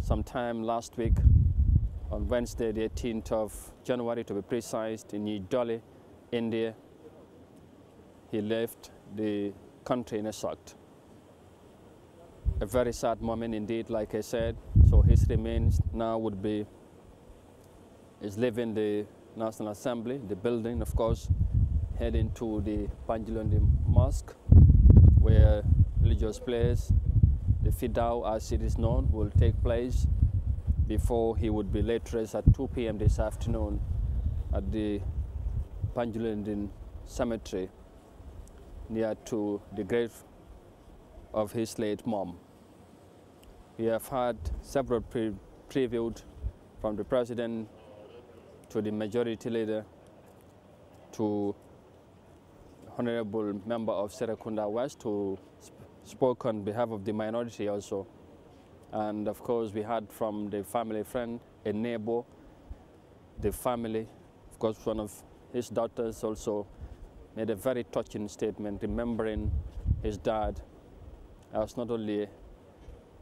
sometime last week on Wednesday the 18th of January to be precise in New Delhi, India. He left the country in a shock a very sad moment indeed, like I said. So his remains now would be, is leaving the National Assembly, the building, of course, heading to the Panjilondi Mosque, where religious prayers, the Fidao as it is known, will take place before he would be laid rest at 2 p.m. this afternoon at the Panjilondi Cemetery near to the grave of his late mom. We have had several pre previews from the president to the majority leader to honorable member of Serekunda West who sp spoke on behalf of the minority also. And of course we had from the family friend, a neighbor, the family, of course one of his daughters also made a very touching statement remembering his dad as not only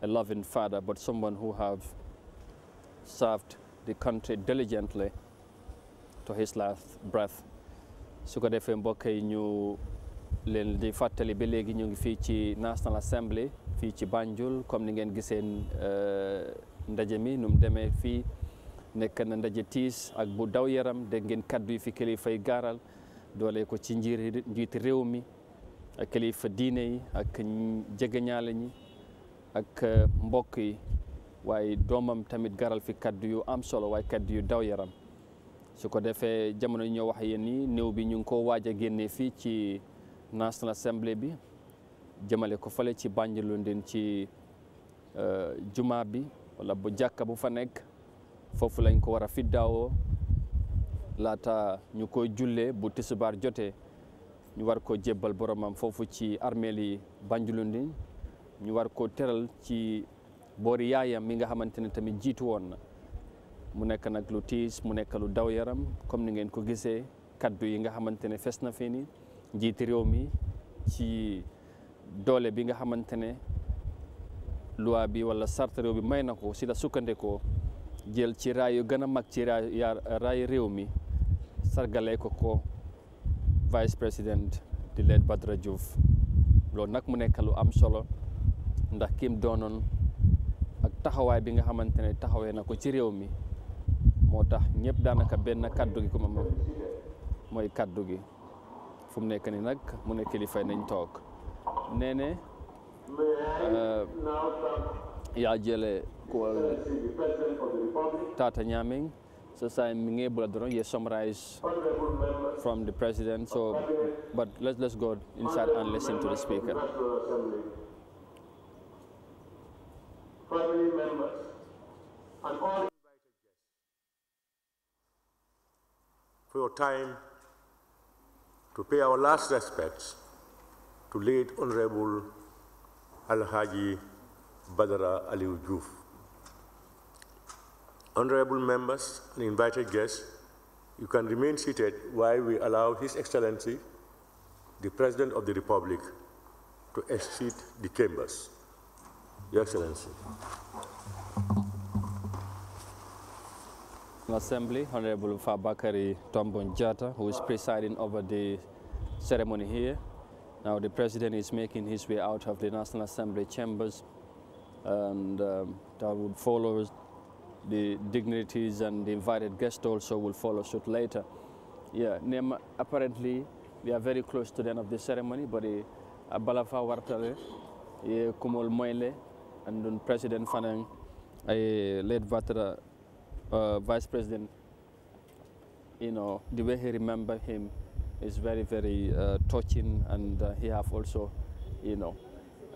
a loving father, but someone who have served the country diligently to his last breath. su ko defee mbokk yi ñu leen di fàttali ba léegi ñu ngi fii ci National Assembly fii ci Banjul comme ni ngeen gisee euh, ndaje mi nu demee fii nekk na ndaje tiis ak bu daw yaram dégg ngeen kaddu yi fi kilifa gaaral doole ko ci njiir njiiti réew mi ak kilifa diine yi ak jegeñaale ñi. ak eh, mbokk yi waaye doomam tamit garal fi kaddu yu am solo waaye kaddu yu daw yaram su ko defee jamono ñoo wax yéen ni néew bi ñu ngi ko waaj a génne fii ci national assemblé bi jëmale ko fale ci bànjilundin ci eh, juma bi wala bu jàkka bu fa nekk foofu lañ ko war a fiddaawoo laata ñu koy julle bu tisubaar jotee ñu war ko jébbal boromam foofu ci armeel yi bànjulundin ñu war koo teral ci boori yaayam mi nga xamante ne tamit jiitu woon na mu nekk nag lu tiis mu nekk lu daw yaram comme ni ngeen ko gisee kaddu yi nga xamante ne fes na fi ni njiiti réew mi ci doole bi nga xamante ne loi bi wala sart réew bi may na ko si la sukkandikoo jël ci raay yu gën a mag ci raay raay réew mi sargalee ko ko vice président di leen Badara Diouf loolu nag mu nekk lu am solo ndax kim Donon, ak taxaway bi nga xamantene taxawé nako ci réew mi motax ñepp ñëpp daanaka benn kaddu gi ko mom moy kaddu gi fum mu nekk ni nak mu li fay nañ tok néné euh ya jélé ko tata ñaming so say mi bula ye summarize from the president so but let's let's go inside and listen to the speaker family members, and all for your time to pay our last respects to late Honorable Al-Haji Badara Aliu Juf. Honorable members and invited guests, you can remain seated while we allow His Excellency, the President of the Republic, to exit the chambers. Your Excellency. Assembly, Honorable Fabakari Tombon who is presiding over the ceremony here. Now the President is making his way out of the National Assembly chambers and um, that would follow the dignitaries and the invited guests also will follow suit later. Yeah, apparently we are very close to the end of the ceremony, but the uh, Balafa Wartale, uh, Kumol Moile, and then président Fanang, a late vatra uh, vice president you know the way he remember him is very very uh, touching and uh, he have also you know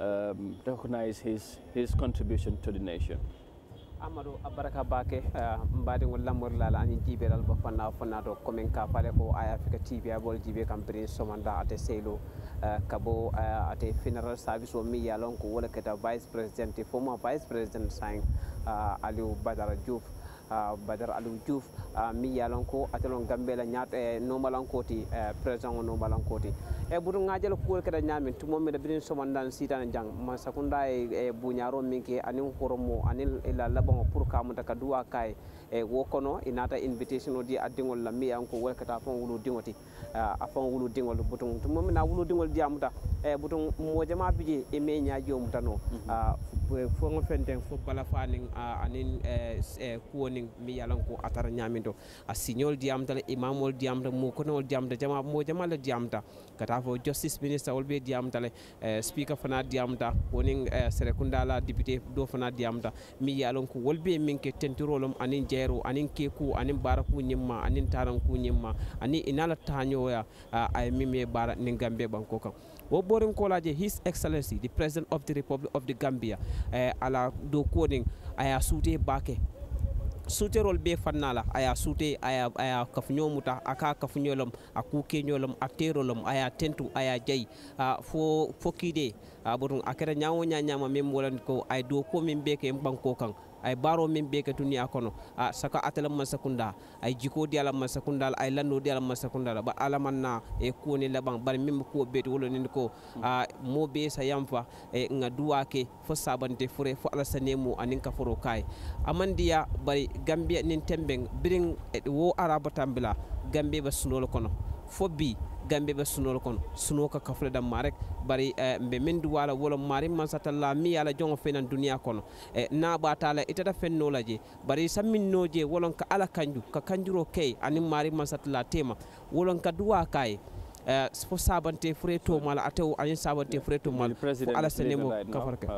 um, recognize his his contribution to the nation amadou abaraka bake eh, mbadigol lammor lala anin jiibeɗal ba fanna fonna to commin ka paale ko aya africa tv bol jiibe kam prin somanda ate sehlo eh, kabo eh, ate funéral service o mi yalon ko wola keta vice president fo foma vice president sain aliou badara diouf Uh, badar aliou diouf uh, mi yalanko atelon gambela ñaat e ti président o nomalankoti e eh, ɓuto ngajal kuwol keta ñamin tumomin birin somandan sitan jang ma sakunda e eh, eh, buñaro min ke anin horomo anin la laɓango pour kamuta ka duwa kaye e wo kono e, e mhm. invitation e, e, o di addiŋol la miŋ ye ko wolkata wulu diŋo a faŋ wulu diŋol butuŋ tumo miŋ na wulu diŋol diya muta butuŋ moo jamaa bi e mee ñaajio muta noo foŋo fo balafaa niŋ aniŋ kuwo niŋ miŋ ye loŋ ko a tara ñaaminto a siñol diya muta imamol diya muta moo konool diya muta jamaa moo jamaa le diya fo justice ministre wolu be diya muta le speaker fanaa diya muta wo niŋ serekunda la député doo fanaa diya muta miŋ ye loŋ ko wolu be miŋ kero anin keku anin bara ku nyimma anin taran ku nyimma ani inala tanyoya ay mimi bara nin gambe banko kan wo borin kolaje his excellency the president of the republic of the gambia ala do kodin aya sute bake suterol be fannala aya sute aya aya kafuñomuta aka aku a nyolom a terolom aya tentu aya jay a fo fokide kide a botum a kera ñawo min wolan ko ay do ko min be ke banko kan ay baro min be ke duniya kono a saka atala masakunda ay jiko di ala masakunda ay lando di ala masakunda ba ala manna e ko ni laban bar min ko be wolo ni ko a mo be sa yamfa e nga duwake fo sabante fure fo ala sanemu anin ka foro kai amandiya bari gambia nin temben birin e wo araba tambila gambe ba sunolo kono fo bi gambe be sunol kono suno ka kafule da marek bari eh, mbe min duwala wala mari man satalla mi ala jongo fenan duniya kono eh, na ba tala itata fenno laje bari sammin noje wolon ka ala kanju ka kanjuro kay ani mari man satalla tema wolon ka duwa kay eh, fo sabante fure to mala atew ani sabante fure to mala ala senemo kafarka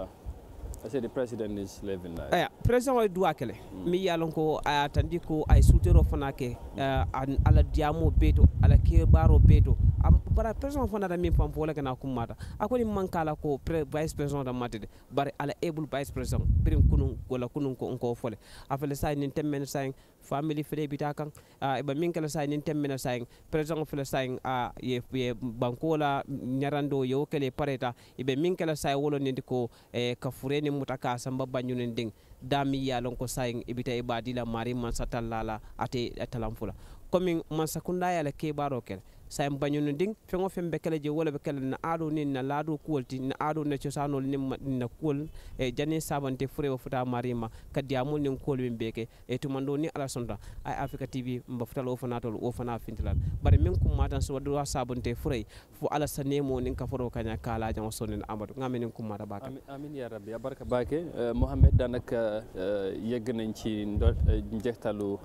I say the president is living life. Aya, president wa duwa kele. Mm. Mi yalon ko aya tandi ko ay sutero fana ke mm. ala diamo beto, ala kebaro beto. Am bara president fana da min pam pola kana kumata. Akoni mankala ko pre, vice president da matede. Bare ala able vice president. Birim kunun gola kunun ko onko fole. Afele sa ni temmen sa family fele bita kan uh, ba min kala sai nin temmena sai president fele sa a uh, ye, ye bankola nyarando yo kele pareta ibe min kala sa wolo nin ko eh, ka fure ni mutaka samba banyunen ding dami ya lon ko sai ibita e badila mari man satallala ate talamfula komin man sakunda ya le ke baro kele sayin banyo no ding fengo fen be kala je wala be kala na ado ni na lado kuwol ti na ado na cosanol ni na kuwol e jani sabante fure wa futa marima kadi amol ni kuwol min beke e tumando ni ala sonda ay africa tv mba futa la fana tolu o fana fintilal bare min kum matan so wadu sabante fure fu ala sanemo nin ka foro kanya kala jan sonin amadu ngamen nin kum mata baka amin ya rabbi barka bake e, mohammed danaka e, yegg nañ ci e, njektalu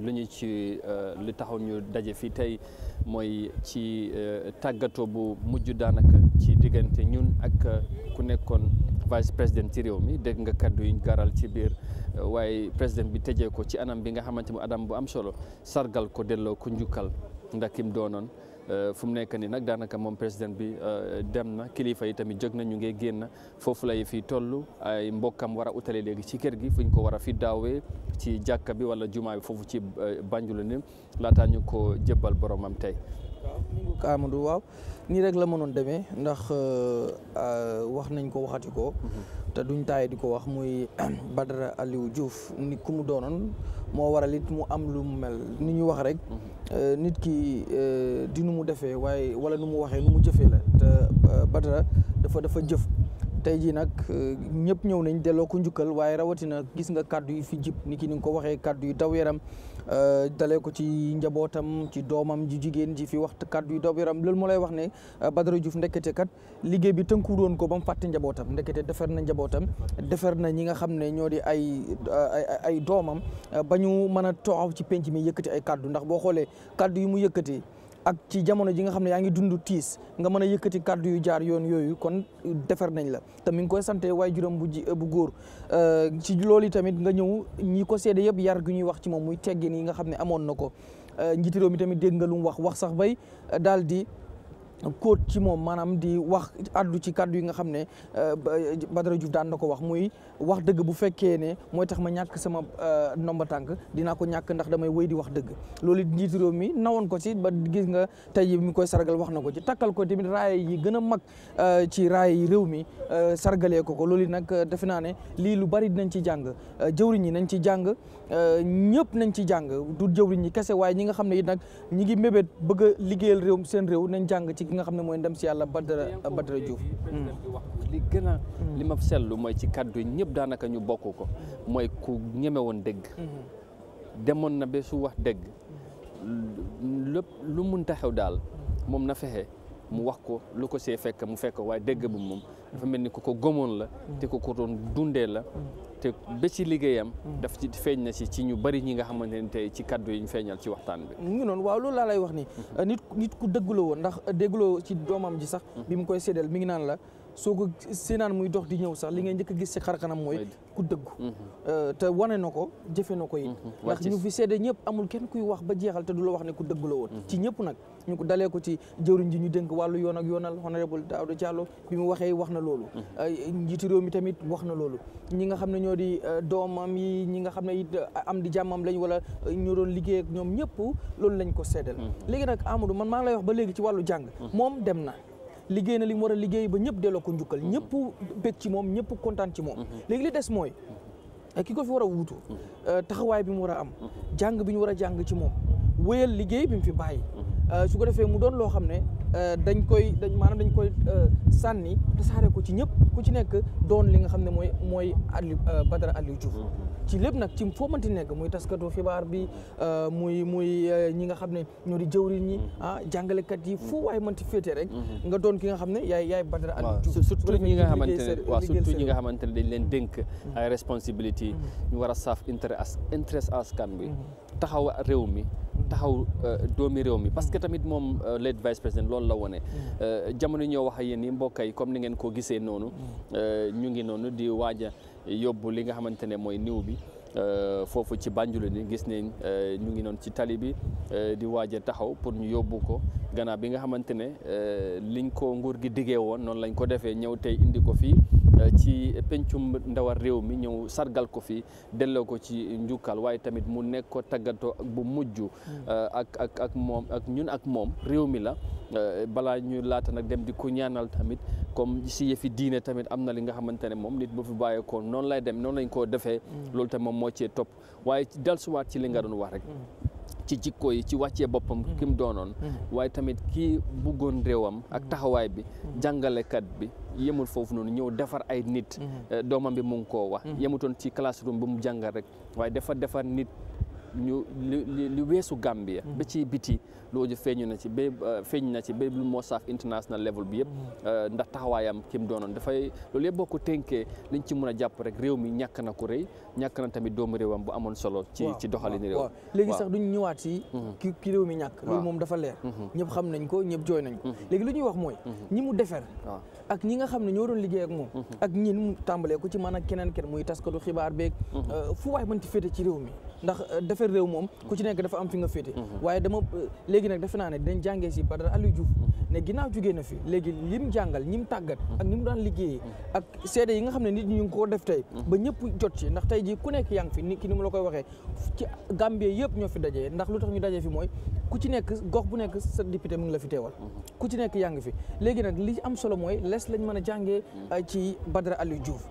luñu ci li taxaw ñu daje fi tay mooy ci euh, tàggatoo bu mujj daanaka ci diggante ñun ak euh, ku nekkoon vice président ci réew mi dégg nga kaddu yuñ garal ci biir euh, waaye président bi tëjee ko ci anam bi nga xamante mu adam bu am solo sargal ko delloo ko njukkal ndakim doonoon Euh, fu mu nekk nii nag daanaka moom président bi euh, dem na kilifa yi tamit jóg na ñu ngi génn foofu lay fi toll ay mbokkam war a utale léegi ci kër gi fu fuñ ko war a fi daawee ci jàkka bi wala jumaa bi foofu ci euh, Banjul ni laataa ñu ko jébbal boromam tey. Amadou waaw nii rek la mënoon demee ndax euh, wax nañ ko waxati ko mhm. te duñ taay di ko wax muy Badara Aliou juuf nit ku mu doonoon moo waral it mu am lu mu mel ni ñu wax rek mhm. euh, nit ki euh, di nu mu defee waaye wala nu mu waxee nu mu jëfee la te Badara dafa dafa jëf tey jii nag ñëpp ñëw nañ delloo ko njukkal waaye rawatina gis nga kàddu yi fi jib ni ki ni nga ko waxee kàddu yi daw yaram Euh, dalee ko ci njabootam ci doomam ji jigéen ji fi wax kàddu yi daw yaram loolu moo lay wax ne euh, Badara Diouf ndekete kat liggéey bi doon ko ba mu fàtte njabootam ndekete defar na njabootam defar na ñi nga xam ne ñoo di ay ay doomam euh, ba ñu mën a tooxaw ci penc mi yëkkati ay kàddu ndax boo xoolee kàddu yi mu yëkkatee ak ci jamono ji nga xam ne yaa ngi dund tiis nga mën a yëkkati kàddu yu jaar yoon yooyu kon euh, defar nañ la te mi ngi koy sante juróom bu ji euh, bu góor euh, ci loolu tamit nga ñëw ñii ko seede yëpp yar gu ñuy wax ci moom muy teggin yi nga xam ne amoon na ko njiiti réew mi tamit dégg nga lu wax wax sax bay daal di kóot ci moom maanaam di wax addu ci kàddu yi nga xam ne euh, Badara Diouf daan na ko wax muy wax dëgg bu fekkee ne mooy tax ma ñàkk sama euh, nomba tànk dinaa ko ñàkk ndax damay wéy di wax dëgg loolu it njiitu réew mi nawoon ko si ba gis nga tey yi mi koy sargal wax na ko ci takkal ko tamit raaya yi gën a mag euh, ci raaya yi réew mi sargalee ko ko loolu nag defe naa ne lii lu bari dinañ ci jàng jëwriñ yi nañ ci jàng ñëpp nañ ci jàng du jëwriñ ñi kese waaye ñi nga xam ne nag ñi ngi mébét bëgg a liggéeyal réew seen réew nañ jàng ci ki nga xam ne mooy ndem si yàlla Badara Badara Diouf hmm. li gën a hmm. li ma seetlu mooy ci kàddu yi ñëpp daanaka ñu bokk ko mooy ku ñeme woon dëgg hmm. demoon na ba su wax dëgg lépp lu mun taxaw daal moom na fexe mu wax ko lu ko see fekk mu fekk waaye dëgg bu moom dafa mel ni ku ko gëmoon la te ku ko doon dundee la te ci liggéeyam. Hmm. daf ci feeñ na ci ci ñu bari ñi nga xamante te tey ci kaddu yi ñu feeñal ci waxtaan bi. mu ngi noonu waaw loolu laa lay wax ni hmm. nit nit ku dëgg la woon ndax déggloo ci doomam ji sax. Hmm. bi mu koy séddal mi ngi naan la. soo ko séenaan muy dox di ñëw sax li ngay njëkk gis si xarkanam mooy ku dëggu euh, te wane na ko jëfe na ko yi ndax ñu fi seede ñëpp amul kenn kuy wax ba jeexal te du la wax ne ku dëggu la woon ci ñëpp nag ñu ko dalee ko ci jëwriñ ji ñu dénk wàllu yoon ak yoonal honorable Daouda Diallo bi mu waxee wax na loolu mm-hmm. euh, njiitu réew mi tamit wax na loolu ñi nga xam ne ñoo di euh, doomam yi ñi nga xam ne it euh, am di jàmmam lañu wala ñoo doon liggéey ak ñoom ñëpp loolu lañ ko seddal mm-hmm. léegi nag Amadou man maa ngi lay wax ba léegi ci wàllu jàng mm-hmm. moom dem na liggéey na li mu war a liggéey ba ñëpp delloo ko njukkal ñëpp bég ci moom ñëpp kontaan ci moom léegi li des mooy ki ko fi war a wuutu taxawaay bi mu war a am jàng bi ñu war a jàng ci moom wéyal liggéey bi mu Euh, su ko defee mu doon loo xam ne euh, dañ koy dañ maanaam dañ koy euh, sànni tasaare ko ci ñëpp ku ci nekk doon li nga xam ne mooy mooy Aliou Badara Aliou Diouf mm-hmm. ci lépp nag ci foo mënti nekk muy taskatu xibaar bi muy muy ñi nga xam ne ñoo di jëwriñ ñi mm-hmm. ah jàngalekat yi foo waaye mënti féete rek mm-hmm. nga doon ki nga xam ne yaay yaay Badara Aliou Diouf surtout ñi nga xamante ne waaw surtout nga xamante ne dañ leen dénk ay responsabilité ñu war a saaf intérêt as intérêt askan bi taxaw réew mi taxaw euh, doomi réew mi parce que mm. tamit moom euh, late vice président loolu la wone mm. euh, jamono ñoo wax ak yéen ni mbokk yi comme ni ngeen ko gisee noonu mm. ñu ngi noonu di waaj a yóbbu li nga xamante ne mooy niw bi Euh, foofu ci Banjul ni gis nañ euh, ñu ngi noon ci tali bi euh, di waaj a taxaw pour ñu yóbbu ko gannaaw bi nga xamante ne liñ ko nguur gi diggee woon noonu lañ ko defee ñëw tey indi ko fii ci pencum ndawar réew mi ñëw sargal ko fi delloo ko ci njukkal waaye tamit mu nekkoo ko ak bu mujj mm. ak ak ak moom ak ñun ak moom réew mi la Euh, balaa ñu laata nag dem di ko ñaanal tamit comme si yëfi diine tamit am na li nga xamante ne moom nit boo fi bàyyeekoo noonu lay dem noonu lañ koo defee. Mm. loolu tamit moom moo cee topp waaye dal waat ci li nga doon wax rek. Mm. ci jikko yi ci wàccee boppam mm. ki mu doonoon waaye tamit kii bëggoon réewam ak taxawaay bi jàngalekat bi yemul foofu noonu ñëw defar ay nit euh, doomam bi mu ngi koo wax yemutoon ci classroom bi mu jàngal rek waaye dafa defar nit ñu li weesu Gambia loolu feeñu na ci ba euh, feeñ na ci ba lu moo saaf international level bi yëpp euh, ndax taxawaayam ki mu mi ñàkk na ko rëy ñàkk na tamit doomu réewam bu amoon solo ci ci doxalin réew léegi sax duñ ñëwaat si ki mhm. ko ñëpp jooy nañ ko mhm. léegi lu ñuy wax mooy mhm. ñi mu defer ak ñi nga xam ne ñoo doon liggéey ak moom ak ñi mu tàmbalee ko ci maanaam keneen keneen muy taskatu xibaar beeg euh, fu waay mën ci féete ci réew mi ndax euh, defar réew moom ku ci nekk dafa am fi nga féete mhm. waaye dama euh, léegi nag defe naa ne dinañ jàngee si Badara Aliou Diouf mhm. ne ginnaaw jógee na fi léegi lim jàngal ñim tàggat mhm. ak ni mu daan liggéeyee ak seede yi nga xam ne nit ñi ñu ngi ko def tey ba ñëpp jot ci ndax tey ji ku nekk yaa fi ni ki ni mu la koy waxee ci Gambie yëpp ñoo fi dajee ndax lu tax ñu dajee fi mooy ku ci nekk gox bu nekk sa député mu ngi la fi teewal ku ci nekk yaa ngi fi léegi nag li am solo mooy les lañ mën a jàngee ci Badara Aliou Diouf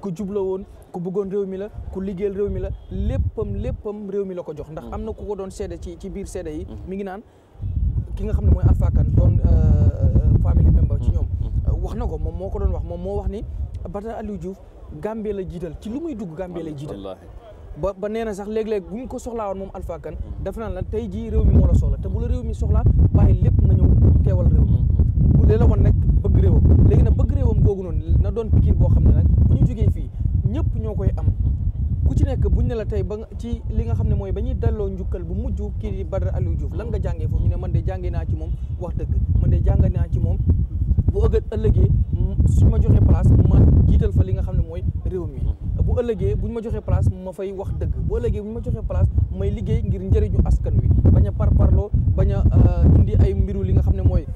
ku jubla woon ku bëggoon réew mi la ku liggéeyal réew mi la léppam léppam réew mi la ko jox ndax mm. am na ku ko doon seede ci ci biir seede yi mm. mi ngi naan ki nga xam ne mooy Alpha Kane doon euh, euh, family member ci mm. ñoom euh, wax na ko moom moo ko doon wax moom moo wax ni Bata Alieu Joof Gambie la jiital ci lu muy dugg gàmbee lay jiital ba ba nee sax léeg-léeg bu mu ko soxlaa woon moom Alpha Kane def naa la tey jii réew mi moo la soxla te bu la réew mi soxlaa bàyyi lépp nga ñëw teewal dee la woon nag réewam léegi nag bëgg réewam googu noonu na doon pikiir koo xam ne nag bu ñu jógee fii ñëpp ñoo koy am ku ci nekk buñ ne la tey ba ci li nga xam ne mooy ba ñuy dalloo njukkal bu mujj kii di Badara Aliou Diouf lan nga jàngee foofu ñu ne man de jàngee naa ci moom wax dëgg man de jàng naa ci moom bu ëgg ëllëgee suñ ma joxee place ma jiital fa li nga xam ne mooy réew mi bu ëllëgee bu ñu ma joxee place ma fay wax dëgg bu ëllëgee buñ ma joxee place may liggéey ngir njëriñu askan wi bañ a parparloo bañ a euh, indi ay mbiru li nga xam ne mooy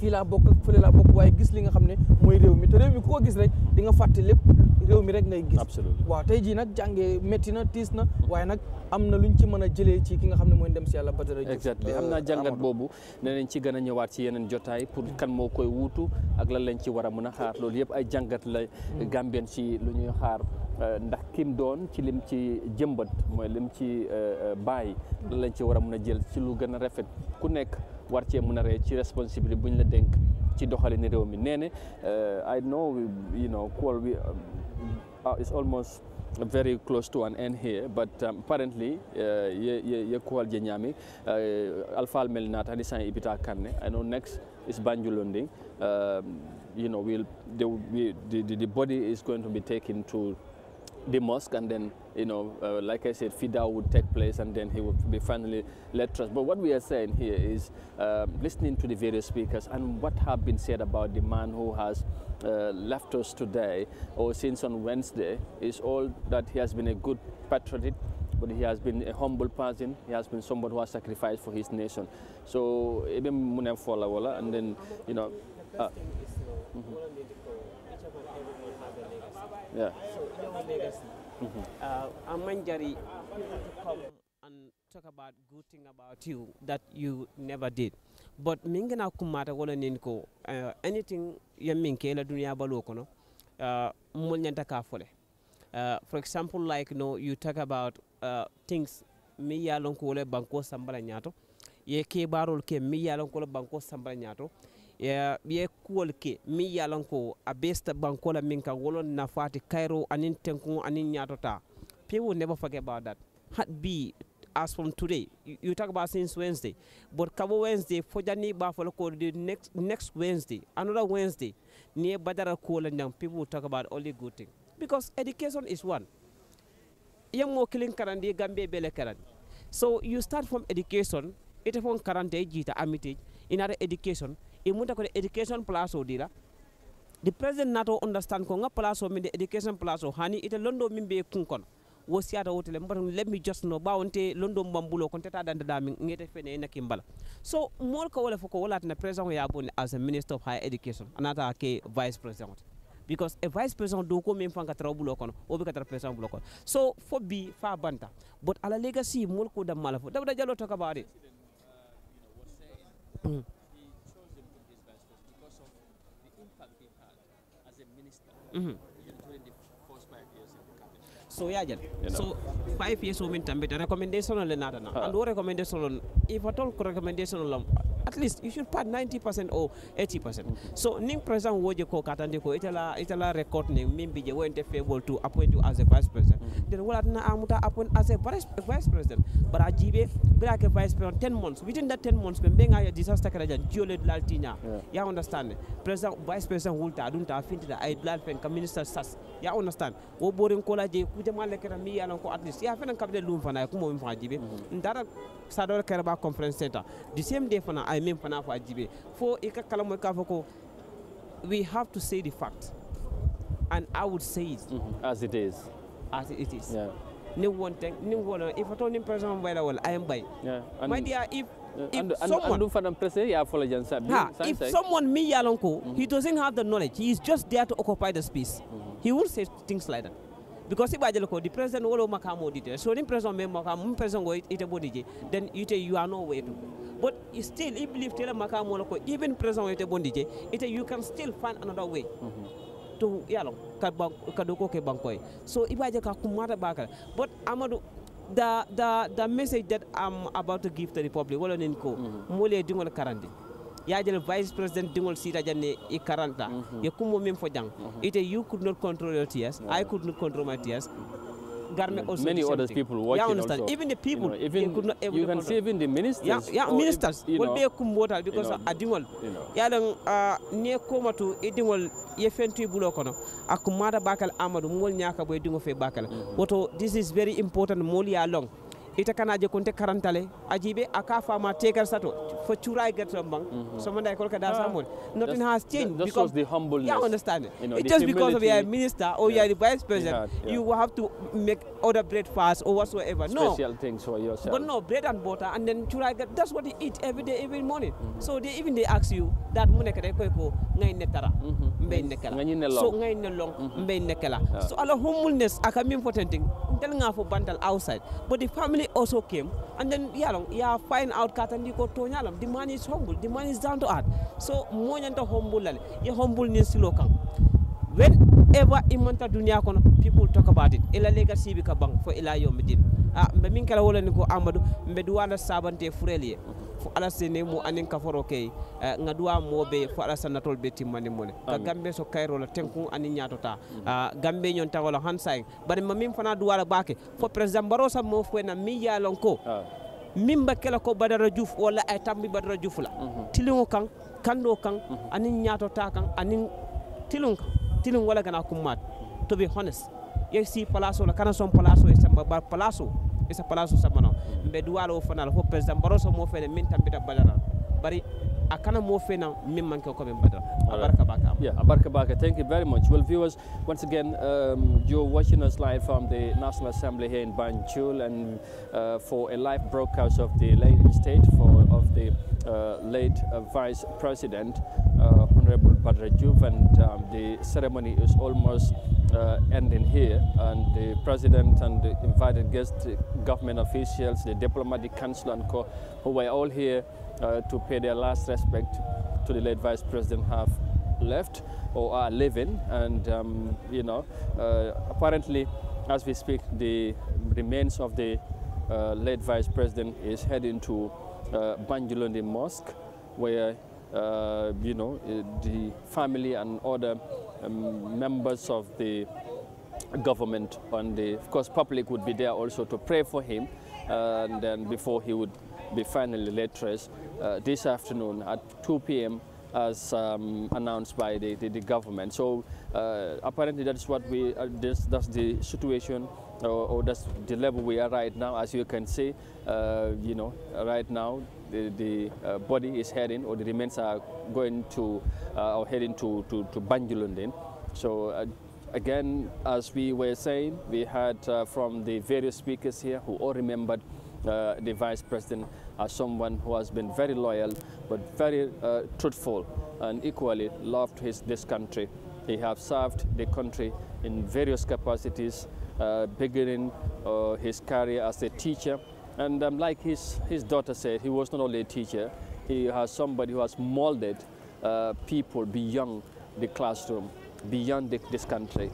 fii laa bokk ak fële laa waaye gis li nga xam ne mooy réew mi te réew mi ku ko gis rek di nga fàtte lépp réew mi rek ngay gis waaw te jii nag jàngee métti na tiis na waaye nag am na luñ ci mën a jëlee ci ki nga xam ne mooy dem si yàlla Badara Diouf exactement am euh, jàngat boobu nañ ci gën a ñëwaat ci yeneen jotaay pour kan moo koy wuutu ak lan lañ ci war a mën a xaar loolu yëpp ay jàngat la hmm. gambien ci lu ñuy xaar euh, ndax kim doon ci lim ci jëmbat mooy lim ci euh, bàyyi lan lañ ci war a mën a jël ci lu gën a rafet ku nekk war ci responsabilité la dénk ci réew mi euh, I know we you know call we um, uh, is almost very close to an end here, but um, apparently, Yekual uh, Jenyami, Alfal Melnat, and Isan Ibita I know next is Banjulunding. Um, you know, we'll, the, we, the, the body is going to be taken to the mosque and then you know, uh, like I said, FIDA would take place and then he would be finally let trust. But what we are saying here is um, listening to the various speakers and what have been said about the man who has uh, left us today or since on Wednesday is all that he has been a good patriot, but he has been a humble person. He has been somebody who has sacrificed for his nation. So even Munem Folawala, and then you know. Uh, mm -hmm. Yeah. So, mm -hmm. uh, Amanjari come and talk about good thing about you that you never did but mingina kumata wala ninko uh, anything ya minke la dunia balo kono uh, mol nyanta ka fole uh, for example like no you talk about uh, things mi ya lon ko wala banko sambala nyato ye ke barol ke mi ya lon ko banko sambala nyato Yeah, kuwol ke min ye lon ko a best bankola minka min ka wolon nafaati kayro anin tenkuŋo anin people will never forget about that had be as from today you, you talk about since wednesday but kabo wednesday for ba folo ko the next next wednesday another wednesday near badara cool and young people will talk about only good thing because education is one Young mo killing karandi gambe bele so you start from education it upon karante jita amite in other education e munta ko education place o dira the president nato understand ko nga place o min de education place o hani ite londo min be kun kono wo siyata wotele mbaton let me just know bawonte londo mbambulo kon teta dande da min ngete fene na kimbala so mol ko wala foko wala na president o yabon as a minister of higher education anata ke vice president because a vice president do ko min fanka tara bulo kono o be ka tara president bulo kono so fo bi fa banta but ala legacy mol ko dam mala fo dabda jalo to kabare mm. Mm-hmm. So jale so five years women tambita recommendation le natana huh. and wo recommendation if at all recommendation lam at least you should pay 90% or 80%. Mm -hmm. So ning president woje ko katande ko itala itala record ne mimbi je wente fable to appoint you as a vice president. Mm -hmm. Then wala na amuta appoint as a vice, vice president. But ajibe black vice president 10 months. Within that 10 months when benga ya disaster kala jan jole daltinya. Yeah. Ya understand. President vice president wulta dunta finta ay dal fen ka minister sas. Ya understand. Wo boring kola je ku kera mi ko at least ya kabde lum fana ko mom fana jibe mm. ndara kera ba conference center du same day fana ay fana fa jibe fo e ka kala ka fako we have to say the fact and i would say it mm -hmm. as it is as it is yeah ni won tank ni if ato ni person wala wala i am yeah and my dear if if someone if someone me yalanko mm-hmm. he doesn't have the knowledge he is just there to occupy the space mm -hmm. he will say things like that because if ibajele ko the president will wolo makamo dite so the president me makamo president go ite bodije then you ite you are no way to but still i believe tele makamo ko even president ite bodije ite you can still find another way mm -hmm. to yalo ka bank ka do ko ke bankoy so I ka kumata bakal but amadu the the the message that i'm about to give to the public I wolo nin ko mm-hmm. mole dingol karandi yajel vice president dingol sita janne i 40 ans mhm. ye kummo min fo jang mhm. ite you could not control your tears i could not control my tears Garment mm. also many other thing. people watching yeah, understand. Also, even the people, you know, even could not able you can see even the ministers. Yeah, yeah ministers. Even, will know, be a kumbota because you know, adingol. Uh, you know. Yeah, then uh, ne koma eh, bulo kono akumada bakal amadu mol nyaka boy dingo fe bakal. Mhm. Woto this is very important mol ya long. ita kana je kunte karantale ajibe aka fama teker sato for churai get some bang mm -hmm. someone that call kada ah, someone nothing has changed that, because the humbleness yeah understand it, you know, it just humility. because of your minister or yeah. your vice president had, yeah. you have to make other breakfast or whatsoever special no special things for yourself but no bread and butter and then churai get that's what they eat every day every morning mm -hmm. so they even they ask you that mune kada ko ko ngay netara mhm. mbay nekala so ngay nelong mhm. mbay nekala so ala humbleness aka important thing. tel nga fo bandal outside but the family family also came. And then, yeah, yeah, find out katandi ko tonyalam. The man is humble. The man is down to earth. So, mo nyanta humble lale. Ye humble ni silo kang. Whenever imanta dunia kono, people talk about it. Ila lega sibi kabang for ila yomidin. Ah, mbe minkala wala niko amadu, mbe duwala sabante fureliye fo ala sene mo ka foro kay eh, nga duwa mobe fo ala sanatol be timmani mo ne ka gambe so kayro la tenku ani nyatota ah, gambe nyon han say bari mamim fana duwa la bake fo president barosa mo fo na mi yalon ko ah. min ba ko badara juuf wala ay tambi badara juuf la mhm. tilingo kan kando kan mhm. ani ñaatotaa kan aniŋ tilung tilung wala gana kumat to be honest yesi si palaso la kana son palaso e samba palaso isa place samano mbe duwalo fanal ho president baroso mo fene min tambita badara bari akana mo fena min manke ko min badara abarka baka yeah abarka baka thank you very much well viewers once again um, you're watching us live from the national assembly here in banjul and uh, for a live broadcast of the late state for of the uh, late uh, vice president uh, Honorable and um, the ceremony is almost uh, ending here. And the president and the invited guests, government officials, the diplomatic council, and co, who were all here uh, to pay their last respect to the late Vice President, have left or are leaving. And um, you know, uh, apparently, as we speak, the remains of the uh, late Vice President is heading to uh, Banjulundi Mosque, where uh, you know, uh, the family and other um, members of the government on the, of course, public would be there also to pray for him, uh, and then before he would be finally laid rest uh, this afternoon at 2 p.m. as um, announced by the, the, the government. So uh, apparently that's what we, uh, this, that's the situation or, or that's the level we are right now. As you can see, uh, you know, right now the, the uh, body is heading or the remains are going to uh, or heading to, to, to Banjulunden. So uh, again, as we were saying, we heard uh, from the various speakers here who all remembered uh, the vice president as someone who has been very loyal but very truthful and equally loved his, this country. He has served the country in various capacities uh, beginning uh, his career as a teacher. And um, like his, his daughter said, he was not only a teacher, he has somebody who has molded uh, people beyond the classroom, beyond the, this country.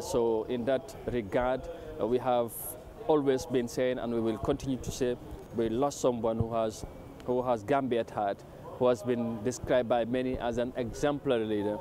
so in that regard, we have always been saying and we will continue to say we lost someone who has who has Gambia at heart, who has been described by many as an exemplary leader,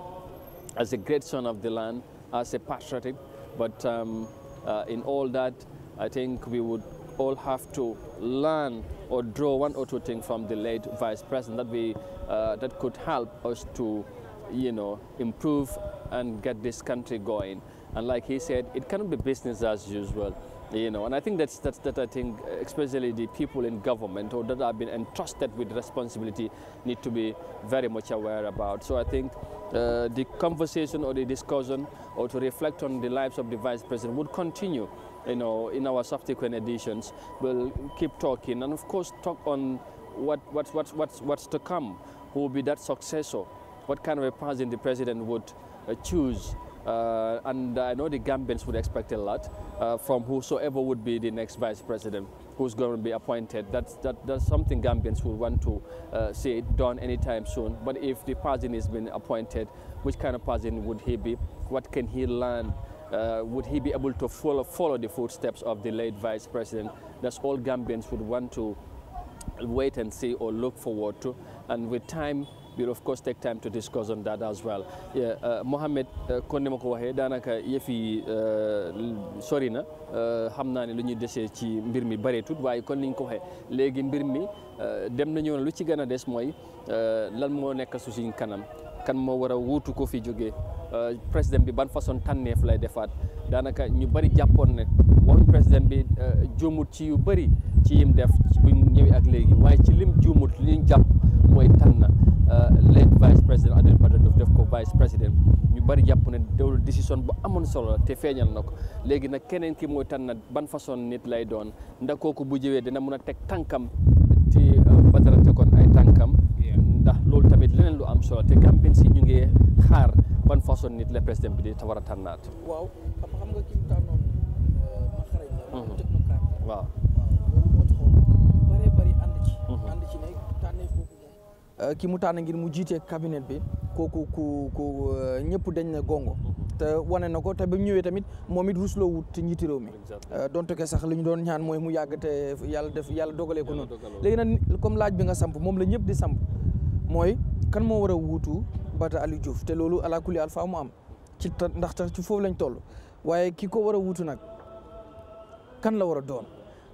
as a great son of the land, as a patriotic, but um, uh, in all that, I think we would all have to learn or draw one or two things from the late vice president that we uh, that could help us to, you know, improve and get this country going. And like he said, it cannot be business as usual, you know. And I think that's that's that I think especially the people in government or that have been entrusted with responsibility need to be very much aware about. So I think uh, the conversation or the discussion or to reflect on the lives of the vice president would continue you know in our subsequent editions we'll keep talking and of course talk on what what's what what's, what's to come who will be that successor what kind of a person the president would uh, choose uh, and I know the Gambians would expect a lot uh, from whosoever would be the next vice president who's going to be appointed. That's, that, that's something Gambians will want to uh, see done anytime soon. But if the person has been appointed, which kind of person would he be? What can he learn? Uh, would he be able to follow, follow the footsteps of the late vice president? That's all Gambians would want to wait and see or look forward to. And with time, we'll of course take time to discuss on that as well uh, Mohamed uh, kon ni ma ko waxee daanaka yëf yi uh, sori na xam naa ne lu ñuy desee ci mbir mi bareetut waaye kon ni ñu ko waxee léegi mbir mi dem nañu lu ci gën a des mooy lan moo nekk su suñ kanam kan moo war a wuutu ko fi jógee président bi ban façon tànneef lay defaat daanaka ñu bëri jàppoon ne waxuñ président bi juumut ci yu bëri ci yim def bu ñëwee ak léegi waaye ci lim juumut li ñu jàpp mooy tànn Euh, late vice président Abdoulaye Badara Diouf def ko vice président ñu bari jàpp ne loolu décision bu amoon solo la te feeñal na ko léegi nag keneen ki mooy tànn ban façon nit lay doon ndax kooku bu jëwee dina mën a teg tànkam ci euh, Badara tegoon ay tànkam ndax loolu tamit leneen lu am solo te Gambien si ñu ngi xaar ban façon nit la président bi di war a tànnaat. waaw. Euh, ki mu tànn ngir mu jiitee cabinet bi kooku ku ku euh, ñëpp dañ na gongo mhm. te wane na ko te ba ñëwee tamit moom it rusloo wut njiiti réew mi euh, donte ke sax li ñu doon ñaan mooy mu yàgg te yàlla def yàlla dogalee ko noonu léegi nag comme laaj bi nga samp moom la ñëpp di samp mooy kan moo war a wuutu Bata Aliou Diouf te loolu ala kulli al faa mu am ci ndax tax ci foofu lañ toll waaye ki ko war a wuutu nag kan la war a doon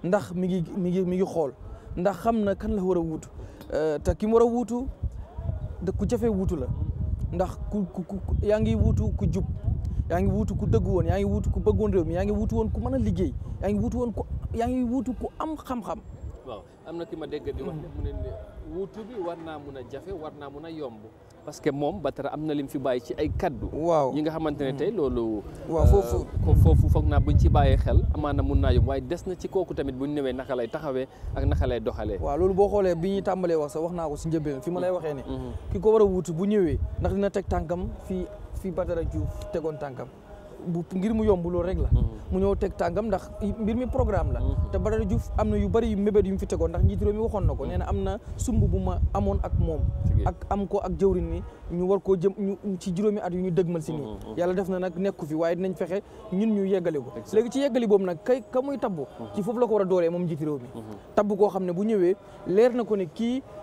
ndax mi ngi mi ngi mi ngi xool ndax xam na kan la war a wuutu Euh, te ki mu war a wuutu da ku jafe wuutu la ndax ku ku yaa ngi wuutu ku jub yaa ngi wuutu ku dëgg woon yaa ngi wuutu ku bëggoon réew mi yaa ngi wuutu woon ku mën a liggéey yaa wuutu woon ku yaa ngi wuutu ku am xam-xam. am na ki ma dégg di wax ne mu ne wuutu bi war naa mun a jafe war naa mun a yomb. parce que moom Batara am na lim fi bàyyi ci ay kaddu. waaw ñi nga xamante ne tey mm. loolu. waaw foofu euh, foofu foog naa buñ ci bàyyee xel amaana mun naa yomb waaye des na ci kooku tamit bu ñëwee newee lay taxawee ak naka lay doxalee. waaw loolu boo xoolee bi ñuy tàmbalee wax sa wax naa ko si njëlbeen fi ma lay waxee ne. Mm-hmm. ki ko war a wuutu bu ñëwee ndax dina teg tànkam fii fii Batara Diouf tegoon tànkam. bu ngir mu yomb loolu rek mm-hmm. mu ñëw teg tàngam ndax mbir mi programme la mm-hmm. te Badara Diouf am na yu bari yu mébét yu mu fi tegoon ndax njiit mi waxoon na ko mm-hmm. nee na am na sumb war koo jëm ñu ci juróomi at yu ñu dëgmal si nii yàlla def na nag nekku fi waaye dinañ fexe ñun ñu yeggali ko léegi ci yeggali boobu nag kay ka muy ci foofu la ko war a doolee moom njiit réew mi tabb koo xam ne bu ñëwee leer na ko ne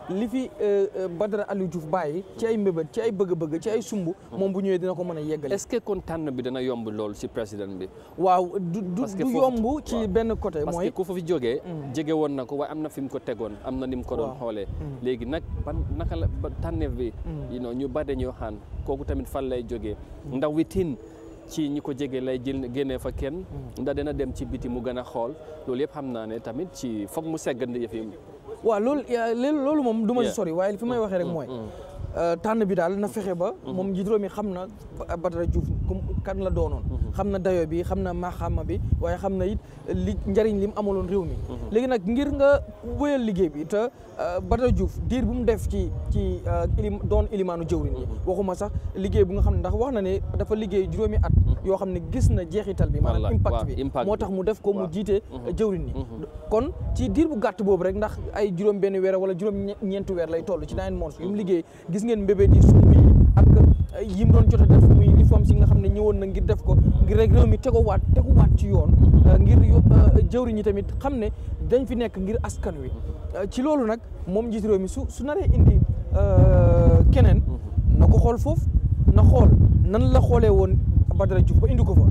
li fi euh, euh, Badara Aliou Diouf bàyyi ci ay mbébét ci ay bëgg-bëgg ci ay sumb moom bu ñëwee dina ko mën a yeggali est-ce que kon tànn bi dana yomb lool ci président bi waaw du du yomb ci benn côté mooy parce que ku fa fi jógee mm. jege woon na ko waaye am na fi mu ko tegoon am na ni mu ko doon xoolee mm. léegi nag ba naka la tànneef bi mm. you know ñu bade ñoo xaan kooku tamit fan lay jógee ndax witin ci ñi ko jege lay jël génnee fa kenn ndax dana dem ci biti mu gën a xool loolu yëpp xam naa ne tamit ci foog mu seggandi yëf yi waaw euh, loolu loolu moom du ma si sori waaye fi may mm. waxee rek mm. mooy mm. Euh, tànn bi daal na fexe ba mhm. moom njiit mi xam na Badara Diouf kan la doonoon mhm. xam na dayo bi xam na maaxaama bi waaye xam na it li njëriñ li mu amaloon réew mi mhm. léegi nag ngir nga wéyal liggéey bi te euh, Badara Diouf diir bu mu def ci ci euh, doon ilimaanu jëwriñ yi waxuma sax liggéey bu nga xam ne ndax wax na ne dafa liggéey juróomi at yoo xam ne gis na jeexital bi maanaam impact bi moo tax mu def ko mu jiite jëwriñ kon ci diir bu gàtt boobu rek ndax ay juróom benn weer wala juróom ñeenti weer lay toll ci nine months yu mu liggéey gis ngeen mbébét yi sumb yi ak euh, yi mu doon jot a def muy réforme si nga xam ne ñëwoon na ngir def ko ngir rek réew mi teguwaat teguwaat ci yoon euh, ngir euh, jëwri ñi tamit xam ne dañ fi nekk ngir askan wi ci loolu nag moom njiit réew mi su su naree indi keneen na ko xool foofu na xool nan la xoolee woon Badara Diouf ba indi ko fa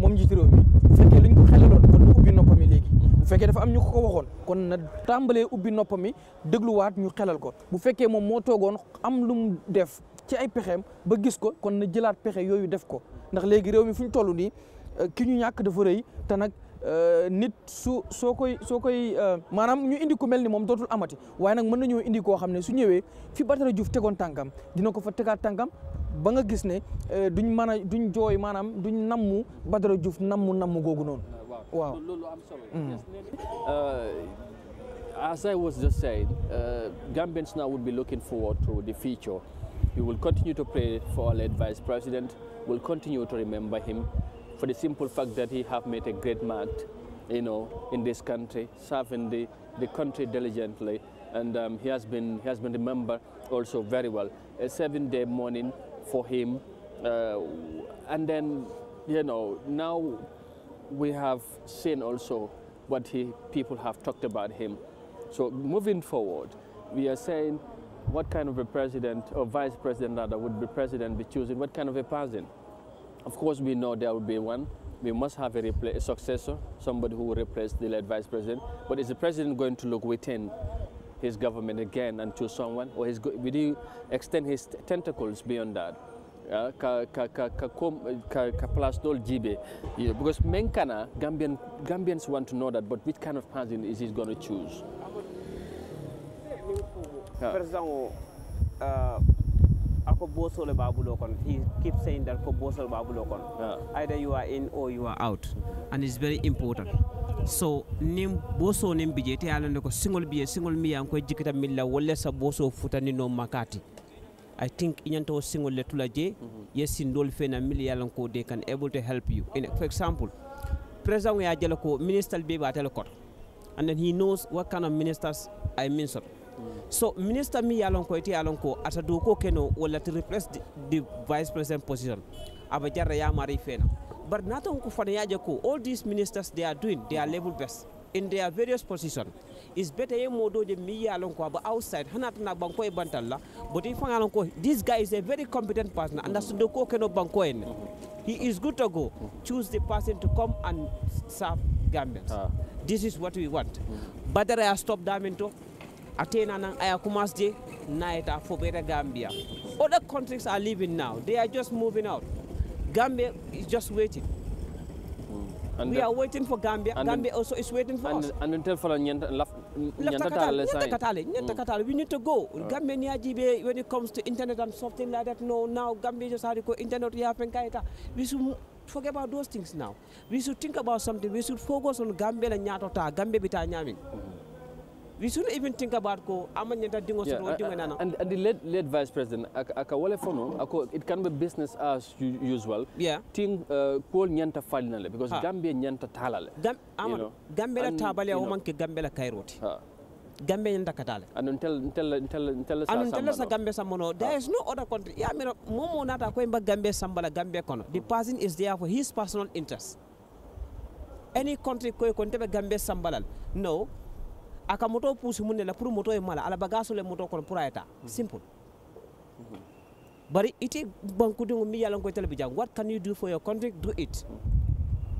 moom njiit réew mi fekkee luñ ko xelaloon kon ubbi noppam yi léegi fekkee dafa am ñu ko waxoon kon na tàmbalee ubbi noppam mi dégluwaat ñu xelal ko bu fekkee moom moo toogoon am lu mu def ci ay pexeem ba gis ko kon na jëlaat pexe yooyu def ko ndax léegi réew mi fu ñu toll nii euh, ki ñu ñàkk dafa rëy te nag euh, nit su soo koy soo koy euh, maanaam ñu indi ku mel ni moom dootul amati waaye nag mën nañoo indi koo xam ne su ñëwee fi batara Diouf tegoon tànkam dina ko fa tegaat tànkam ba nga gis ne duñ mën a duñ jooy maanaam duñ nammu Badara juuf nammu nammu googu noonu. Wow. Lulu, I'm sorry. Mm. Uh, as I was just saying, uh, Gambians now would be looking forward to the future. We will continue to pray for our late Vice President. We'll continue to remember him for the simple fact that he have made a great mark, you know, in this country, serving the, the country diligently. And um, he, has been, he has been remembered also very well. A seven-day mourning for him. Uh, and then, you know, now we have seen also what he, people have talked about him. So moving forward, we are saying what kind of a president or vice president rather would the president be choosing? What kind of a person? Of course, we know there will be one. We must have a, a successor, somebody who will replace the late vice president. But is the president going to look within his government again and choose someone, or is, will he extend his tentacles beyond that? ka ka ka ka ka, ka plus dol jibe you know, because menkana gambian gambians want to know that but which kind of person is he going to choose president o ako bosole babulo kon he keeps saying that ko bosol babulo kon either you are in or you are out and it's very important so nin boso nin bije te alande ko single biye single miyan ko jikita milla wala sa boso futani no makati I think inyanto single tula je mm-hmm. yes in fe na mili yalanko they can able to help you. In, for example, president we ajele ko minister be batele kot. And then he knows what kind of ministers I mean sort. Mm-hmm. So minister mi yalanko ite yalanko atadu ko keno wala to replace the, vice president position. aba Abajara ya mari fena. But nato ko fana yaje ko all these ministers they are doing they are level best. in their various position is better ye modo de mi yalon ko ba outside hanat na banko e bantal la but if ngalon ko this guy is a very competent person and understand ko keno banko en he is good to go choose the person to come and serve Gambians ah. this is what we want mm. badara I stop damento atena nan aya kumas je naita for better Gambia other countries are leaving now they are just moving out Gambia is just waiting and we are waiting for Gambia. Gambia also is waiting for and us. And until for Nyantakatale, mm. we need to go. Right. Uh. Gambia Niajibe, when it comes to internet and something like that, no, now Gambia just had to go internet, we have We should forget about those things now. We should think about something. We should focus on Gambia and Nyatota, Gambia Bita Nyamin. Mm -hmm we shouldn't even think about go amanyenda dingo yeah, so uh, dingo nana and, and the late late vice president aka wale fono it can be business as usual yeah thing uh, ko nyanta falinale because ha. gambia nyanta talale Gam, you know? gambia tabale o manke gambia kairoti ha. Gambia nyanta katale. Anu ntel ntel ntel ntel sa Anu ntel sa Gambia samono. There is no other country. Ya mira momo nata ko imba Gambia sambala Gambia kono. The hmm. person is there for his personal interest. Any country ko ko ntebe Gambia sambalal. No, aka moto pousse mun ne la pour moto ye mala ala bagaso le moto kono pour a mhm. simple mhm. bari iti bankudiŋo miŋ ye a loŋ ko ite bi jaŋ what can you do for your country do it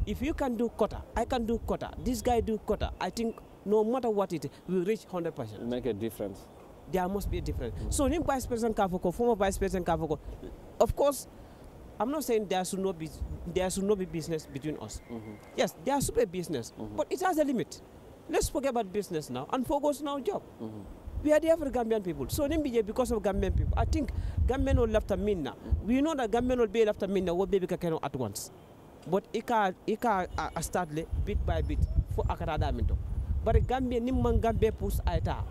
if you can do quota i can do quota this guy do quota i think no matter what it will reach 100 percent make a difference there must be a difference mm -hmm. so niŋ vice president ka fo ko former vice president ka of course i'm not saying there should not be there should not be business between us mm -hmm. yes there should be business mm -hmm. but it has a limit let's forget about business now and focus on our job. Mm -hmm. We are there for the Gambian people. So Nimbije, because of Gambian people, I think Gambian will left a minna. We know that Gambian will be left a minna, what baby can at once. But it can, it can uh, uh start bit by bit for Akarada Minto. But Gambia, Nimman Gambia push Aita.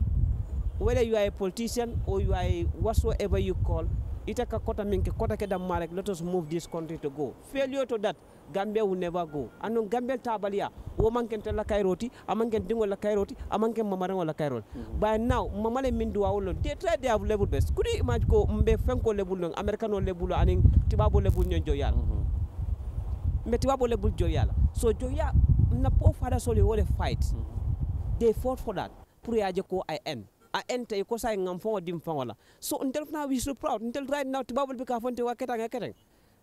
Whether you are a politician or you are a whatsoever you call, ita ka kota min ke kota ke damma rek let us move this country to go failure to that gambia will never go anon gambia tabaliya wo manken tella kairoti amanken dingo la kairoti amanken mamarango la kairol mm -hmm. by now mamale min duwa wolon they try they have level best kudi image ko mbe fenko level non americano level anin tibabo level nyon joyal mm -hmm. mbe tibabo level joyal so joya na po fada soli wole fight mm -hmm. they fought for that pour yaje ko i end a enta e kosa e ngam fo dim fo wala so untel na we so proud untel right now tibabul be ka fonte wa ketang ketang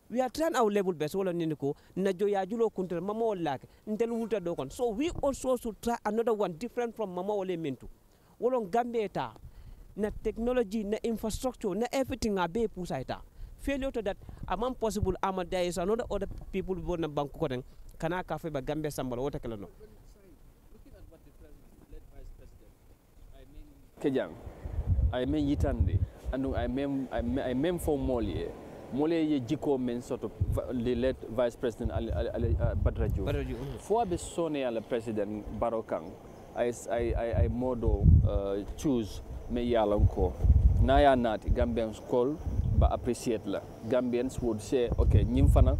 we are trying our level best wala nini ko na jo ya julo kuntel mama wala untel wulta do kon so we also to try another one different from mama wala e mentu wolon gambe ta na technology na infrastructure na everything abe pusa ita failure to that among possible ama there is other people born na bank ko kana ka fe ba gambe sambal wota no. kejang ay yitande andum ay mem ay mem fo molie mole ye jiko men soto le vice president ali ali badrajo badrajo fo president barokan ay ay ay ay modo choose me yalan ko na ya nati gambians ba appreciate la gambians would say okay nyim fana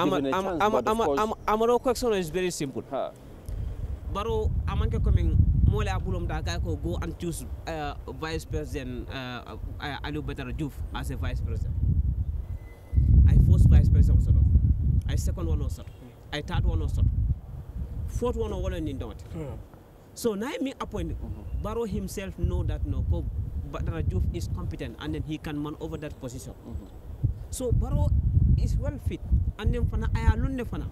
ama, give it a chance ama, but ama, of course mole abulomda kay ko go and choose uh, vice president uh, uh Aliou Badara as a vice president I first vice president soto I second one soto I third one soto fourth one wala ni ndonte hmm. so now me appoint Barrow himself know that no ko Badara is competent and then he can man over that position hmm. so Barrow is well fit and then fana aya lunde fana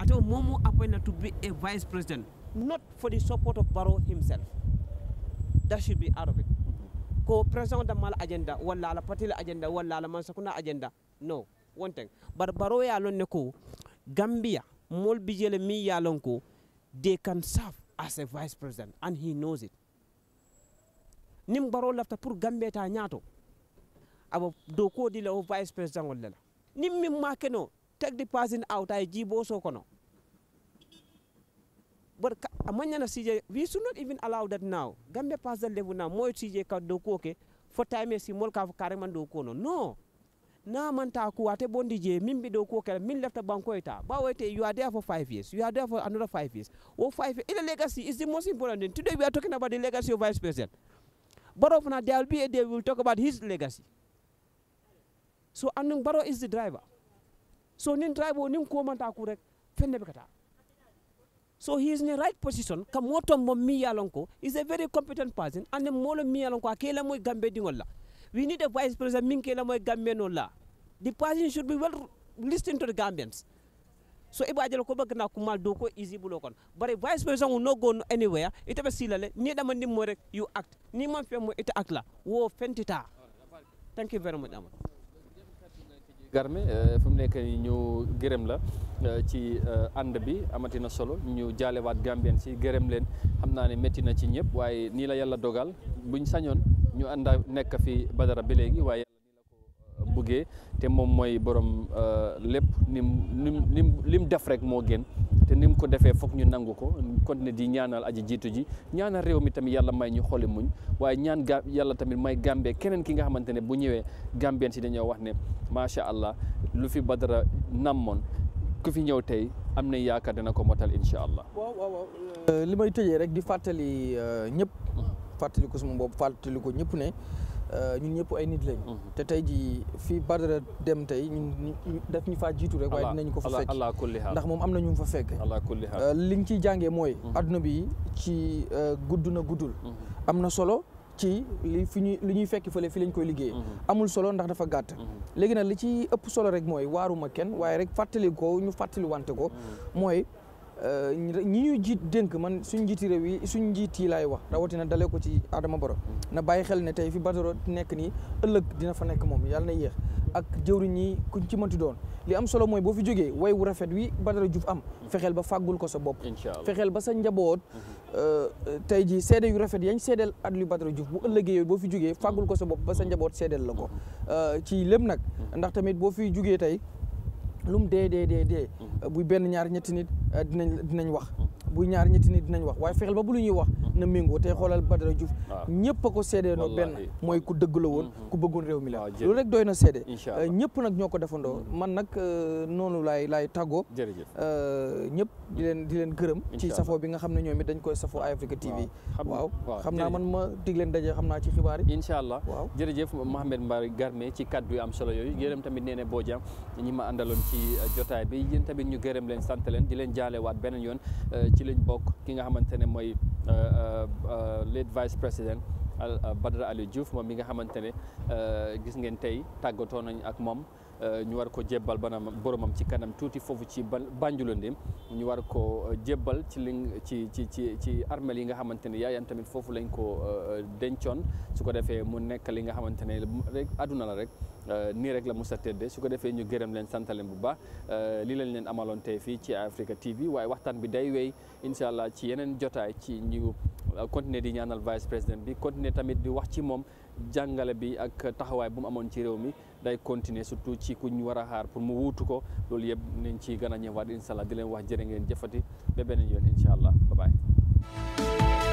ato momo appointed to be a vice president not for the support of Barrow himself. That should be out of it. Mm-hmm. Ko president mal agenda, wala la patil agenda, wala la mansakuna agenda. No, one thing. But Barrow ya lon ko Gambia, mol bijele mi ya lon ko, they can serve as a vice president and he knows it. Nim Barrow lafta pour Gambia ta nyato. Aba doko di la vice president wala la. Nim mi makeno, take the person out ay jibo so kono. but amanyana CJ, we should not even allow that now. Gambia past that level now. Moyo CJ ka doko ke for time si mol ka kareman doko no. No. Na manta ku ate bondi je min bi doko ke min left banko eta. Ba wete you are there for 5 years. You are there for another 5 years. Oh 5 years. The legacy is the most important thing. Today we are talking about the legacy of vice president. But of now there will be a day we will talk about his legacy. So Anung Baro is the driver. So nin driver nin ko manta ku rek fenne be kata. So he is in the right position. Kamoto mo is a very competent person, and molo miyalonko akela mo gambe dingola. We need a vice president minkela mo gambe nola. The person should be well listening to the Gambians. So if I ko bag na kumal doko easy bulokon. But a vice president will not go anywhere. It is ever silale. Ni man mandi mo you act. Ni man fe mo it act la. Wo fentita. Thank you very much. Garmi euh, fu mu nekk ñu gërëm la euh, ci euh, ànd bi amati na solo ñu jaalewaat Gambien si gërëm leen xam naa ne métti na ci ñëpp waaye nii la yàlla dogal buñ sañoon ñu ànda nekk fi Badara ba léegi waaye. bëggee te moom mooy borom euh, lépp nim nim lim lim def rek moo gën te nim ko defee foog ñu nangu ko continuer di ñaanal aji jiitu ji ñaanal réew mi tamit yàlla may ñu xooli muñ waaye ñaan ga yàlla tamit may Gambie keneen ki nga xamante ne bu ñëwee Gambien si dañoo wax ne macha allah lu fi Badara nammoon ku fi ñëw tey am na yaakaar dina ko motal incha allah. waaw waaw euh, li may tëjee rek di fàttali euh, ñëpp hmm. fàttali ko suma bopp fàttali ko ñëpp ne. Euh, ñun ñëpp ay nit lañ. Mhm. te tey jii fii Badara dem tey ñun daf ñu faa jiitu rek. waaye nañu ko fa fekk ndax moom am na ñu fa fekk. li nga ciy jàngee mooy. Mhm. adduna bi ci euh, gudd na guddul. Mhm. am na solo ci li fi ñuy li ñuy fekk fële fi lañ koy liggéey amul solo ndax dafa gàtt. léegi nag li ci ëpp solo rek mooy waaruma kenn waaye rek fàttali ko ñu fàttali wante ko mooy. Euh, ñi ñu jiit dénk man suñ njiiti réew yi suñ njiit yi laay wax rawatina dalee ko ci Adama Baro na bàyyi xel ne tey fi Badara nekk nii ëllëg dina fa nekk moom yàlla na yéex ak jëwriñ ñi kuñ ci mënti doon li am solo mooy boo fi jógee way wu rafet wi Badara Diouf am fexeel ba fàggul ko sa bopp fexeel ba sa njaboot euh, tey ji seede yu rafet yañ seedeel at lu Badara Diouf bu ëllëgee boo fi jógee fàggul ko sa bopp ba sa njaboot seedeel la ko euh, ci lépp nag ndax tamit boo fi jógee tey lu mu dee de dee dee mm. buy benn ñaar ñetti nit euh, dinañ dinañ wax buy ñaar ñetti nit dinañ wax waaye fexeel ba bu lu ñuy wax mm. na méngoo te xoolal Badara Diouf ñëpp a ko seedeendoo benn mooy ku dëgg la woon mm-hmm. ku bëggoon réew mi la loolu rek doy na seede euh, ñëpp nag ñoo ko defandoo mm-hmm. man nag euh, noonu laay laay tàggoo ñëpp di leen di leen gërëm ci safoo bi nga xam ne ñoom it dañ koy safoo Eye Africa TV waaw xam naa man ma dig leen daje xam naa ci xibaar yi incha allah waaw jërëjëf Mohamed Mbar Garmé ci kaddu am solo yooyu gërëm tamit nee ne boo jam ñi ma àndaloon ci euh, jotaay bi yéen tamit ñu gërëm leen sant leen di leen jaalewaat beneen yoon euh, ci lañ bokk ki nga xamante ne mooy euh, late vice président Badara Alieu Diouf moom mi nga xamante ne gis ngeen tey tàggatoo nañ ak moom. Euh, ñu war ko jébbal banam boromam ci kanam tuuti foofu ci Banjulande ñu war ko euh, jébbal ci li ci ci ci ci armel yi nga xamante ne yaayam tamit foofu lañ ko euh, dencoon su ko defee mu nekk li nga xamante ne rek àdduna la rek nii rek la mos a su ko defee ñu gërëm leen santaleem leen bu baax lii lañ leen amaloon tey fii ci Africa TV waaye waxtaan bi day wéy incha allah ci yeneen jotaay ci ñu continuer di ñaanal vice président bi continuer tamit di wax ci moom jàngale bi ak taxawaay bu amoon ci réew mi. day e continue surtout cikuñ wara haar pour mo wuutu ko loolu yëpp nen ci gën a ñëwaat inchallah di leen wax jërë ngeen jëfati ba beneen yoon inchallah ba baye